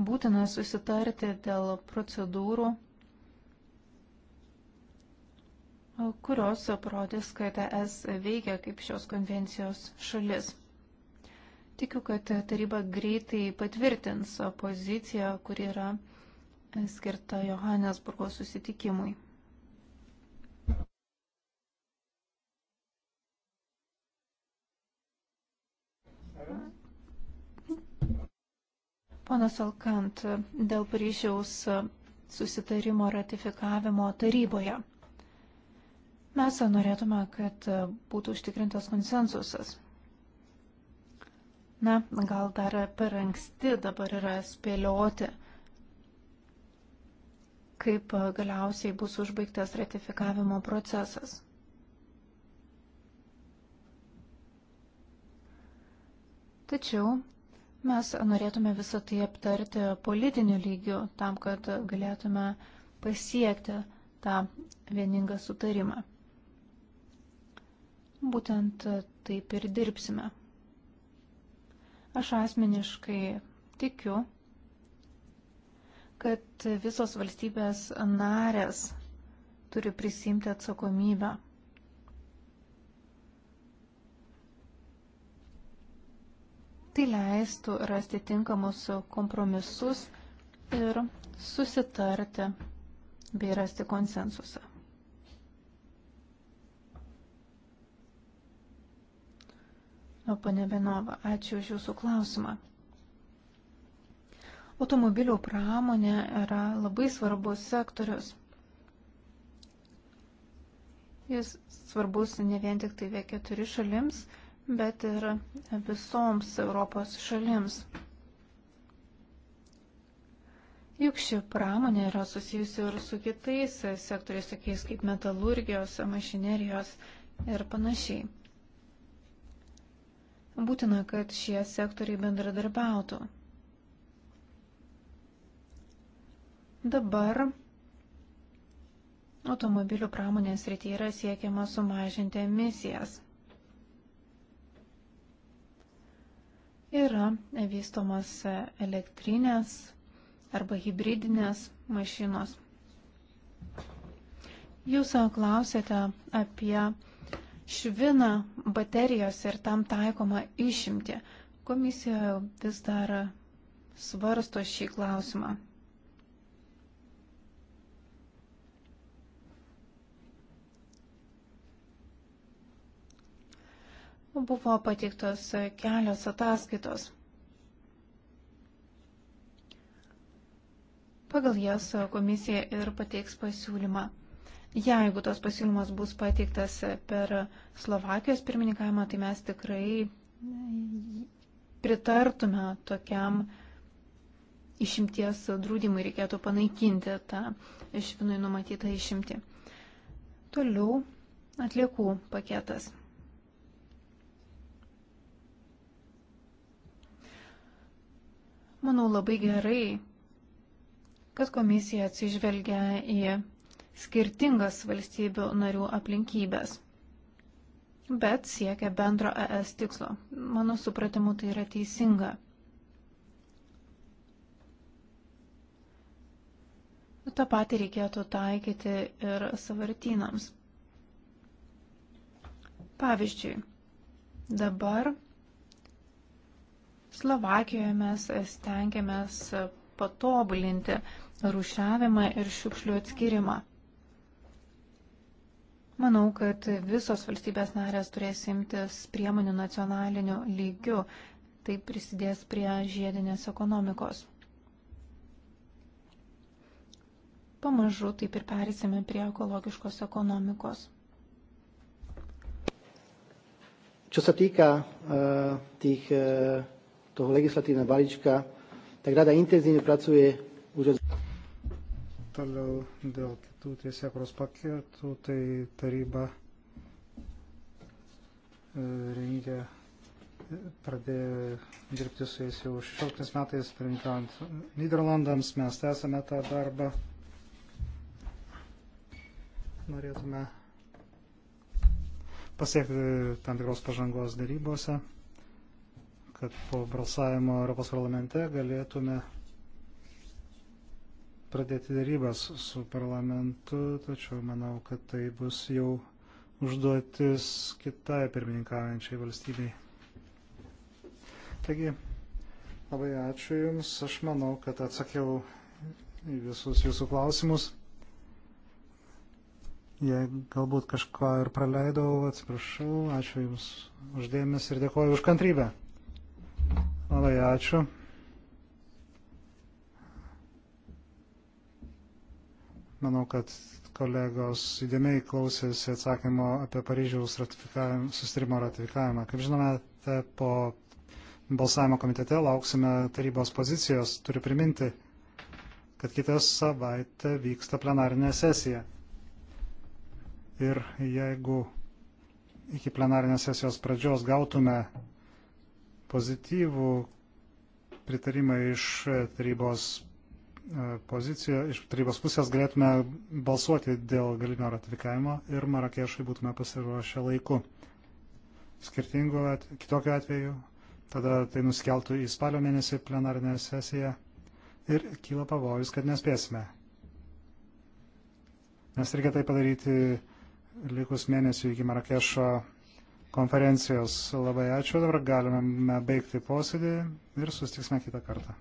Būtina susitarti dėl procedūrų, kurios parodys, kad ES veikia kaip šios konvencijos šalis. Tikiu, kad taryba greitai patvirtins poziciją, kuri yra skirta Johannesburgo susitikimui. Ponas Alkant, dėl Paryžiaus susitarimo ratifikavimo taryboje. Mes norėtume, kad būtų užtikrintas konsensusas. Na, gal dar per anksti dabar yra spėlioti, kaip galiausiai bus užbaigtas ratifikavimo procesas. Tačiau Mes norėtume visą tai aptarti politiniu lygiu, tam, kad galėtume pasiekti tą vieningą sutarimą. Būtent taip ir dirbsime. Aš asmeniškai tikiu, kad visos valstybės narės turi prisimti atsakomybę Tai leistų rasti tinkamus kompromisus ir susitarti bei rasti konsensusą. Pane Benova, ačiū už Jūsų klausimą. Automobilių pramonė yra labai svarbus sektorius. Jis svarbus ne vien tik tai V4 šalims, bet ir visoms Europos šalims. Juk ši pramonė yra susijusi ir su kitais sektoriais, tokiais kaip metalurgijos, mašinerijos ir panašiai. Būtina, kad šie sektoriai bendradarbiautų. Dabar automobilių pramonės rytyje yra siekiama sumažinti emisijas. yra vystomas elektrinės arba hybridinės mašinos. Jūs klausėte apie šviną baterijos ir tam taikoma išimti. Komisija vis dar svarsto šį klausimą. buvo pateiktos kelios ataskaitos. Pagal jas komisija ir pateiks pasiūlymą. Jeigu tos pasiūlymas bus pateiktas per Slovakijos pirmininkavimą, tai mes tikrai pritartume tokiam išimties draudimui, reikėtų panaikinti tą išvinui numatytą išimtį. Toliau atliekų paketas. Manau labai gerai, kad komisija atsižvelgia į skirtingas valstybių narių aplinkybės, bet siekia bendro ES tikslo. Mano supratimu, tai yra teisinga. Ta pati reikėtų taikyti ir savartynams. Pavyzdžiui, dabar Slovakijoje mes stengiamės patobulinti rušiavimą ir šiukšlių atskirimą. Manau, kad visos valstybės narės turės imtis priemonių nacionaliniu lygiu. Tai prisidės prie žiedinės ekonomikos. Pamažu taip ir perėsime prie ekologiškos ekonomikos. Čo sa týka uh, tých uh, toho legislatívneho balíčka, tak rada intenzívne pracuje už od... Toliau dėl kitų tiesiekros paketų, tai taryba e, rengia, e, pradėjo dirbti su jais jau 16 metais, pirminkant Niderlandams, mes tęsame tą darbą. Norėtume pasiekti e, tam tikros pažangos darybose kad po balsavimo Europos parlamente galėtume pradėti dėrybas su parlamentu, tačiau manau, kad tai bus jau užduotis kitai pirmininkaujančiai valstybei. Taigi, labai ačiū Jums, aš manau, kad atsakiau į visus Jūsų klausimus. Jei galbūt kažką ir praleidau, atsiprašau, ačiū Jums uždėmės ir dėkoju už kantrybę. Labai ačiū. Manau, kad kolegos įdėmiai klausėsi atsakymo apie Paryžiaus ratifikavim, sustarimo ratifikavimą. Kaip žinome, po balsavimo komitete lauksime tarybos pozicijos. Turiu priminti, kad kitą savaitę vyksta plenarinė sesija. Ir jeigu iki plenarinės sesijos pradžios gautume pozityvų pritarimą iš e, tarybos e, poziciją, iš tarybos pusės galėtume balsuoti dėl galinio ratifikavimo ir Marakešai būtume pasiruošę laiku. Skirtingų, at, kitokiu atveju, tada tai nuskeltų į spalio mėnesį plenarinę sesiją ir kyla pavojus, kad nespėsime. Nes reikia tai padaryti likus mėnesių iki Marakešo konferencijos. Labai ačiū, dabar galime baigti posėdį ir sustiksime kitą kartą.